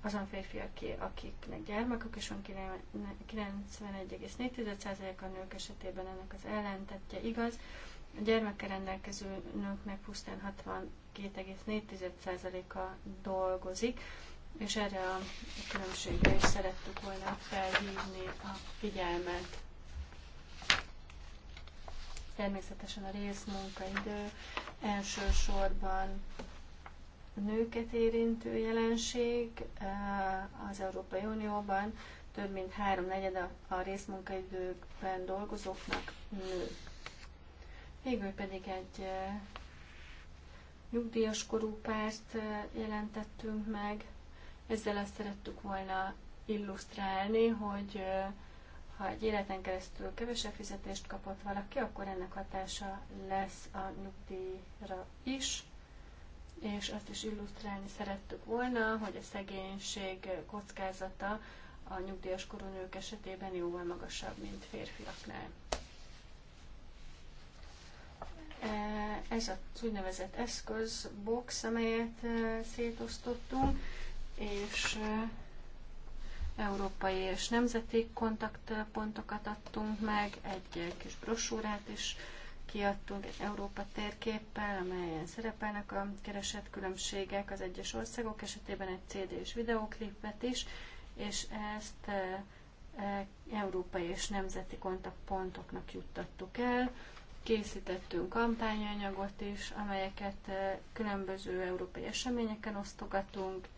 azon férfiak, akiknek gyermekük, és van 91,4% a nők esetében ennek az ellentetje igaz. A gyermekkel rendelkező nőknek pusztán 62,4%-a dolgozik, és erre a különbségre is szerettük volna felhívni a figyelmet. Természetesen a részmunkaidő elsősorban a nőket érintő jelenség eh, az Európai Unióban több mint háromnegyed a részmunkaidőkben dolgozóknak nő. Végül pedig egy eh, nyugdíjas korú párt eh, jelentettünk meg, ezzel azt szerettük volna illusztrálni, hogy ha egy életen keresztül kevesebb fizetést kapott valaki, akkor ennek hatása lesz a nyugdíjra is, és azt is illusztrálni szerettük volna, hogy a szegénység kockázata a nyugdíjas korú nők esetében jóval magasabb, mint férfiaknál. E, ez az úgynevezett eszközbox, amelyet e, szétosztottunk és európai és nemzeti kontaktpontokat adtunk meg, egy kis brosúrát is kiadtunk egy Európa térképpel, amelyen szerepelnek a keresett különbségek az egyes országok esetében egy CD és videóklipet is, és ezt európai és nemzeti kontaktpontoknak juttattuk el. Készítettünk kampányanyagot is, amelyeket különböző európai eseményeken osztogatunk,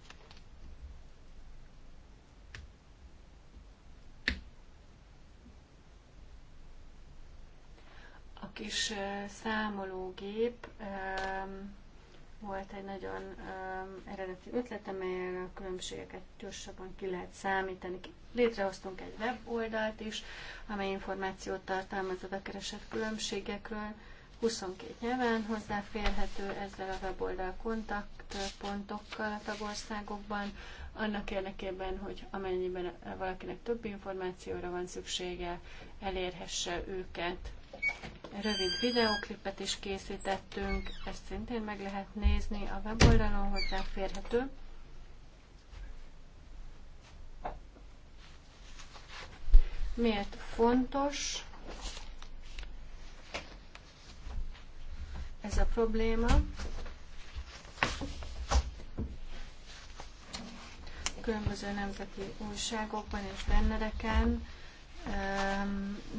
kis számológép volt egy nagyon eredeti ötlet, amelyen a különbségeket gyorsabban ki lehet számítani. Létrehoztunk egy weboldalt is, amely információt tartalmazott a keresett különbségekről. 22 nyelven hozzáférhető ezzel a weboldal kontaktpontokkal a tagországokban, annak érdekében, hogy amennyiben valakinek több információra van szüksége, elérhesse őket rövid videóklipet is készítettünk, ezt szintén meg lehet nézni a weboldalon, hozzáférhető. Miért fontos ez a probléma? Különböző nemzeti újságokban és bennedeken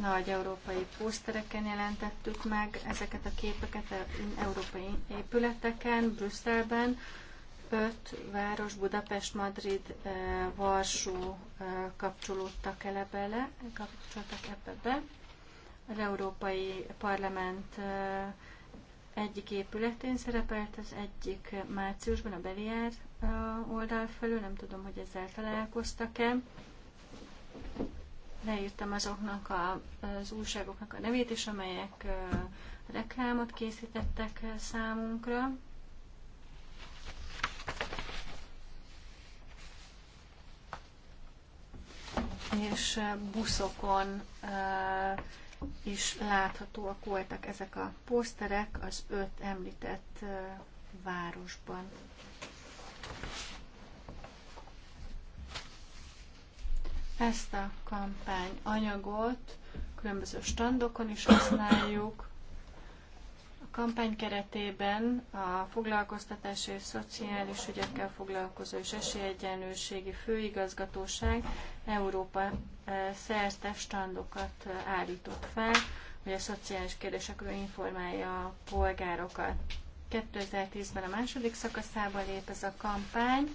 nagy európai pósztereken jelentettük meg ezeket a képeket e- európai épületeken, Brüsszelben, öt város, Budapest, Madrid, e, Varsó e, kapcsolódtak ele bele, kapcsoltak ebbe be. Az Európai Parlament egyik épületén szerepelt az egyik márciusban a Beliár oldal felül, nem tudom, hogy ezzel találkoztak-e leírtam azoknak a, az újságoknak a nevét is, amelyek reklámot készítettek számunkra. És buszokon is láthatóak voltak ezek a poszterek az öt említett városban. Ezt a kampány anyagot különböző standokon is használjuk. A kampány keretében a foglalkoztatási és szociális ügyekkel foglalkozó és esélyegyenlőségi főigazgatóság Európa eh, szerte standokat eh, állított fel, hogy a szociális kérdésekről informálja a polgárokat. 2010-ben a második szakaszában lép ez a kampány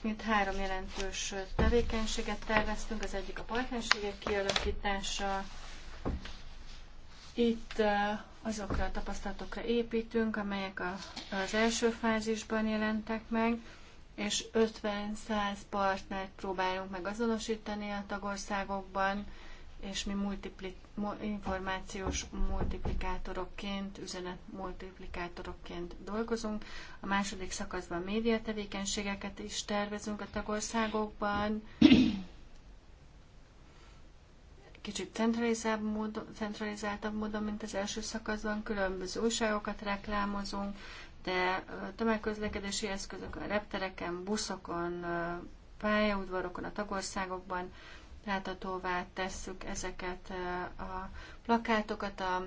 mint három jelentős tevékenységet terveztünk, az egyik a partnerségek kialakítása. Itt azokra a tapasztalatokra építünk, amelyek az első fázisban jelentek meg, és 50-100 partnert próbálunk meg azonosítani a tagországokban, és mi multipli, információs multiplikátorokként, üzenet multiplikátorokként dolgozunk. A második szakaszban média tevékenységeket is tervezünk a tagországokban. Kicsit centralizált módon, centralizáltabb módon, mint az első szakaszban. Különböző újságokat reklámozunk, de tömegközlekedési eszközökön, reptereken, buszokon, pályaudvarokon, a tagországokban láthatóvá tesszük ezeket a plakátokat a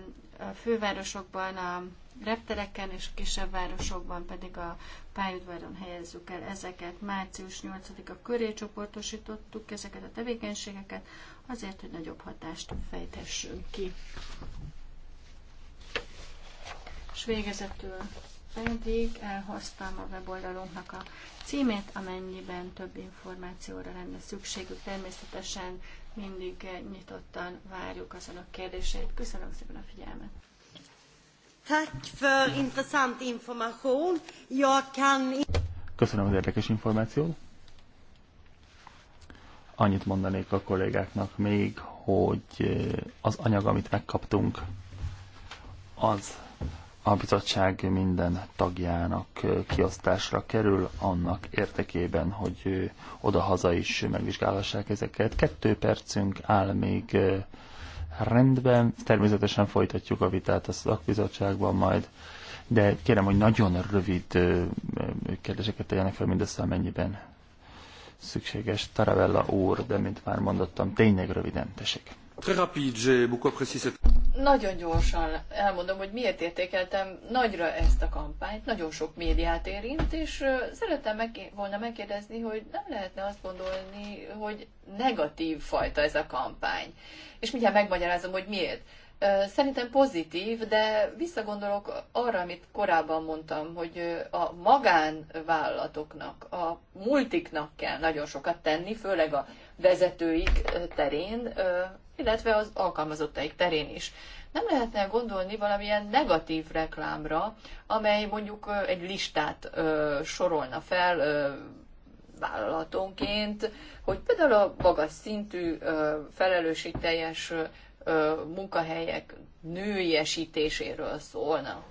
fővárosokban, a reptereken és a kisebb városokban pedig a pályaudvaron helyezzük el ezeket. Március 8-a köré csoportosítottuk ezeket a tevékenységeket azért, hogy nagyobb hatást fejthessünk ki. És végezetül pedig elhoztam a weboldalunknak a címét, amennyiben több információra lenne szükségük. Természetesen mindig nyitottan várjuk az önök kérdéseit. Köszönöm szépen a figyelmet! Tack för intressant information. Jag kan... Köszönöm az érdekes információt. Annyit mondanék a kollégáknak még, hogy eh, az anyag, amit megkaptunk, az a bizottság minden tagjának kiosztásra kerül, annak érdekében, hogy oda-haza is megvizsgálhassák ezeket. Kettő percünk áll még rendben, természetesen folytatjuk a vitát a szakbizottságban majd, de kérem, hogy nagyon rövid kérdéseket tegyenek fel mindössze, amennyiben szükséges. Taravella úr, de mint már mondottam, tényleg röviden, tessék. Nagyon gyorsan elmondom, hogy miért értékeltem nagyra ezt a kampányt. Nagyon sok médiát érint, és szerettem meg, volna megkérdezni, hogy nem lehetne azt gondolni, hogy negatív fajta ez a kampány. És mindjárt megmagyarázom, hogy miért. Szerintem pozitív, de visszagondolok arra, amit korábban mondtam, hogy a magánvállalatoknak, a multiknak kell nagyon sokat tenni, főleg a vezetőik terén, illetve az alkalmazottaik terén is. Nem lehetne gondolni valamilyen negatív reklámra, amely mondjuk egy listát ö, sorolna fel ö, vállalatonként, hogy például a magas szintű ö, felelősségteljes ö, munkahelyek nőiesítéséről szólna.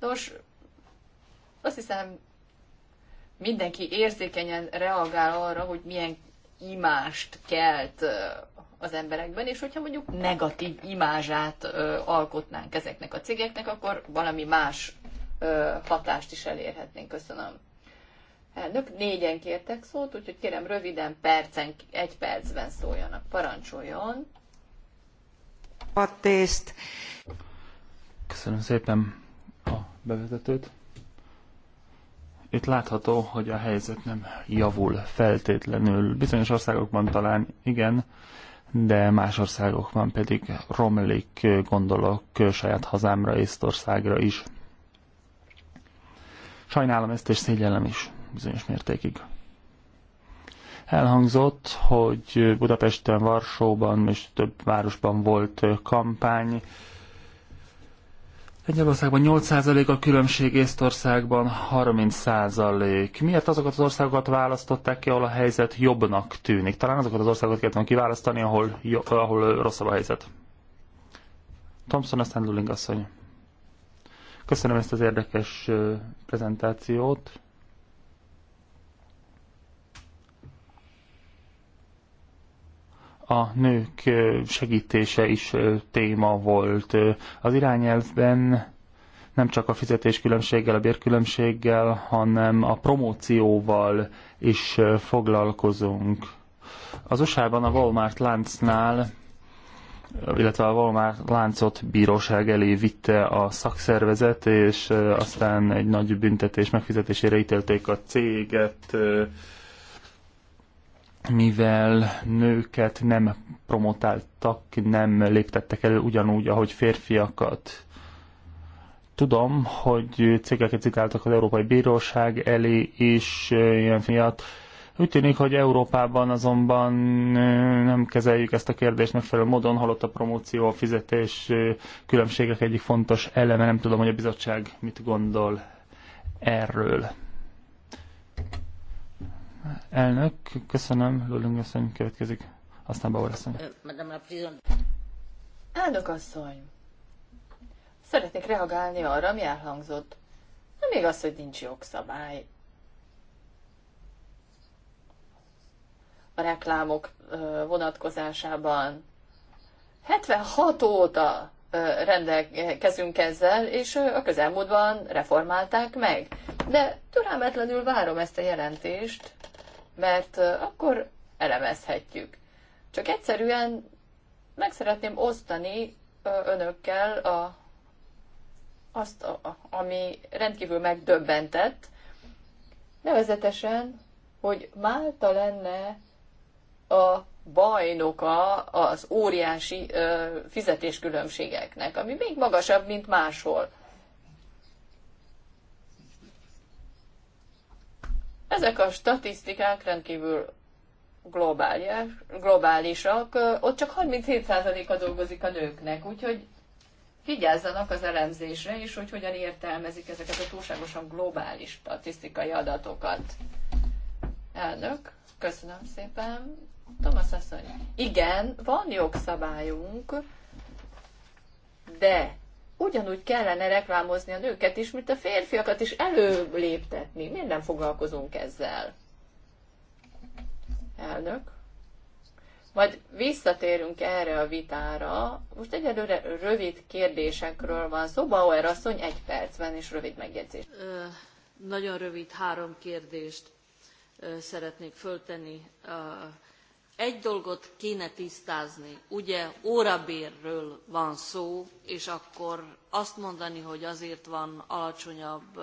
Nos, azt hiszem, mindenki érzékenyen reagál arra, hogy milyen imást kelt az emberekben, és hogyha mondjuk negatív imázsát alkotnánk ezeknek a cégeknek, akkor valami más hatást is elérhetnénk. Köszönöm. Elnök, négyen kértek szót, úgyhogy kérem röviden percen, egy percben szóljanak. Parancsoljon. A Köszönöm szépen a bevezetőt. Itt látható, hogy a helyzet nem javul feltétlenül. Bizonyos országokban talán igen, de más országokban pedig romlik, gondolok saját hazámra, Észtországra is. Sajnálom ezt, és szégyellem is bizonyos mértékig. Elhangzott, hogy Budapesten, Varsóban és több városban volt kampány, Lengyelországban 8% a különbség, Észtországban 30%. Miért azokat az országokat választották ki, ahol a helyzet jobbnak tűnik? Talán azokat az országokat kellett kiválasztani, ahol, jobb, ahol rosszabb a helyzet. Thompson, aztán Luling asszony. Köszönöm ezt az érdekes prezentációt. a nők segítése is téma volt. Az irányelvben nem csak a fizetéskülönbséggel, a bérkülönbséggel, hanem a promócióval is foglalkozunk. Az USA-ban a Walmart láncnál illetve a Walmart láncot bíróság elé vitte a szakszervezet, és aztán egy nagy büntetés megfizetésére ítélték a céget, mivel nőket nem promotáltak, nem léptettek elő ugyanúgy, ahogy férfiakat. Tudom, hogy cégeket citáltak az Európai Bíróság elé és ilyen fiat. Úgy tűnik, hogy Európában azonban nem kezeljük ezt a kérdést megfelelő módon, holott a promóció, a fizetés különbségek egyik fontos eleme. Nem tudom, hogy a bizottság mit gondol erről. Elnök, köszönöm, Luling asszony következik, aztán Bauer asszony. Elnök asszony, szeretnék reagálni arra, ami elhangzott. Nem még az, hogy nincs jogszabály. A reklámok vonatkozásában 76 óta rendelkezünk ezzel, és a közelmúltban reformálták meg. De türelmetlenül várom ezt a jelentést, mert akkor elemezhetjük. Csak egyszerűen meg szeretném osztani önökkel a, azt, ami rendkívül megdöbbentett, nevezetesen, hogy Málta lenne a bajnoka az óriási ö, fizetéskülönbségeknek, ami még magasabb, mint máshol. Ezek a statisztikák rendkívül globálisak, ott csak 37%-a dolgozik a nőknek, úgyhogy vigyázzanak az elemzésre is, hogy hogyan értelmezik ezeket a túlságosan globális statisztikai adatokat. Elnök, köszönöm szépen. Thomas mondja, igen, van jogszabályunk, de ugyanúgy kellene reklámozni a nőket is, mint a férfiakat is előléptetni. Miért nem foglalkozunk ezzel? Elnök. Majd visszatérünk erre a vitára. Most egyelőre rövid kérdésekről van szó. Bauer asszony egy percben és rövid megjegyzés. Ö, nagyon rövid három kérdést ö, szeretnék föltenni. A egy dolgot kéne tisztázni, ugye órabérről van szó, és akkor azt mondani, hogy azért van alacsonyabb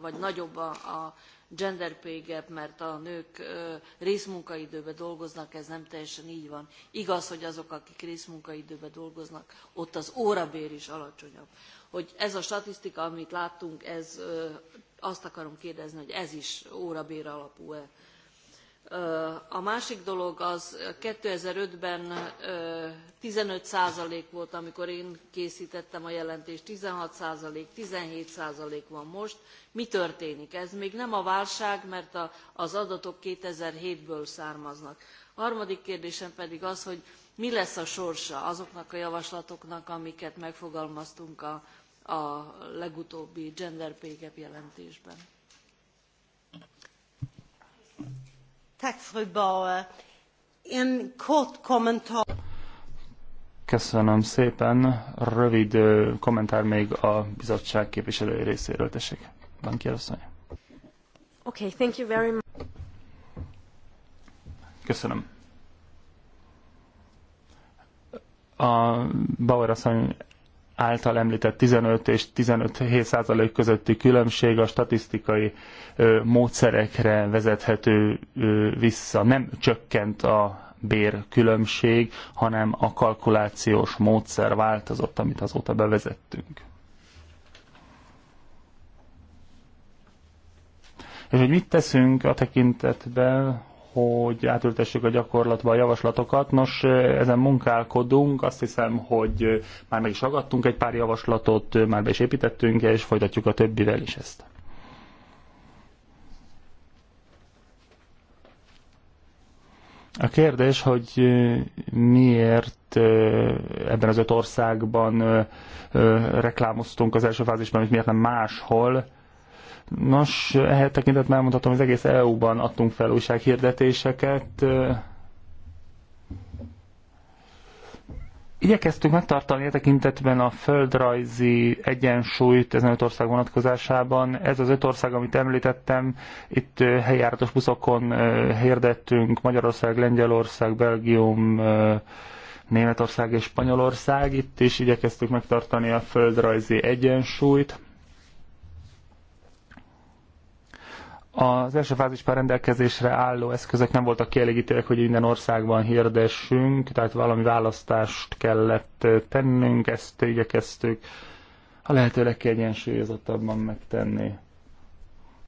vagy nagyobb a, gender pay gap, mert a nők részmunkaidőben dolgoznak, ez nem teljesen így van. Igaz, hogy azok, akik részmunkaidőben dolgoznak, ott az órabér is alacsonyabb. Hogy ez a statisztika, amit láttunk, ez, azt akarom kérdezni, hogy ez is órabér alapú-e a másik dolog az 2005-ben 15 százalék volt, amikor én készítettem a jelentést, 16 százalék, 17 százalék van most. Mi történik? Ez még nem a válság, mert a, az adatok 2007-ből származnak. A harmadik kérdésem pedig az, hogy mi lesz a sorsa azoknak a javaslatoknak, amiket megfogalmaztunk a, a legutóbbi gender pay gap jelentésben. Köszönöm szépen. Rövid kommentár még a bizottság képviselői részéről. Tessék, Banki asszony. Okay, thank you very much. Köszönöm. A Bauer asszony által említett 15 és 15 százalék közötti különbség a statisztikai módszerekre vezethető vissza. Nem csökkent a bérkülönbség, hanem a kalkulációs módszer változott, amit azóta bevezettünk. És hogy mit teszünk a tekintetben, hogy átültessük a gyakorlatba a javaslatokat. Nos, ezen munkálkodunk, azt hiszem, hogy már meg is ragadtunk egy pár javaslatot, már be is építettünk, és folytatjuk a többivel is ezt. A kérdés, hogy miért ebben az öt országban reklámoztunk az első fázisban, és miért nem máshol, Nos, ehhez tekintetben elmondhatom, hogy az egész EU-ban adtunk fel újsághirdetéseket. Igyekeztünk megtartani e tekintetben a földrajzi egyensúlyt ezen öt ország vonatkozásában. Ez az öt ország, amit említettem, itt helyjáratos buszokon hirdettünk Magyarország, Lengyelország, Belgium, Németország és Spanyolország. Itt is igyekeztük megtartani a földrajzi egyensúlyt Az első fázisban rendelkezésre álló eszközök nem voltak kielégítőek, hogy minden országban hirdessünk, tehát valami választást kellett tennünk, ezt igyekeztük a lehető legkiegyensúlyozottabban megtenni.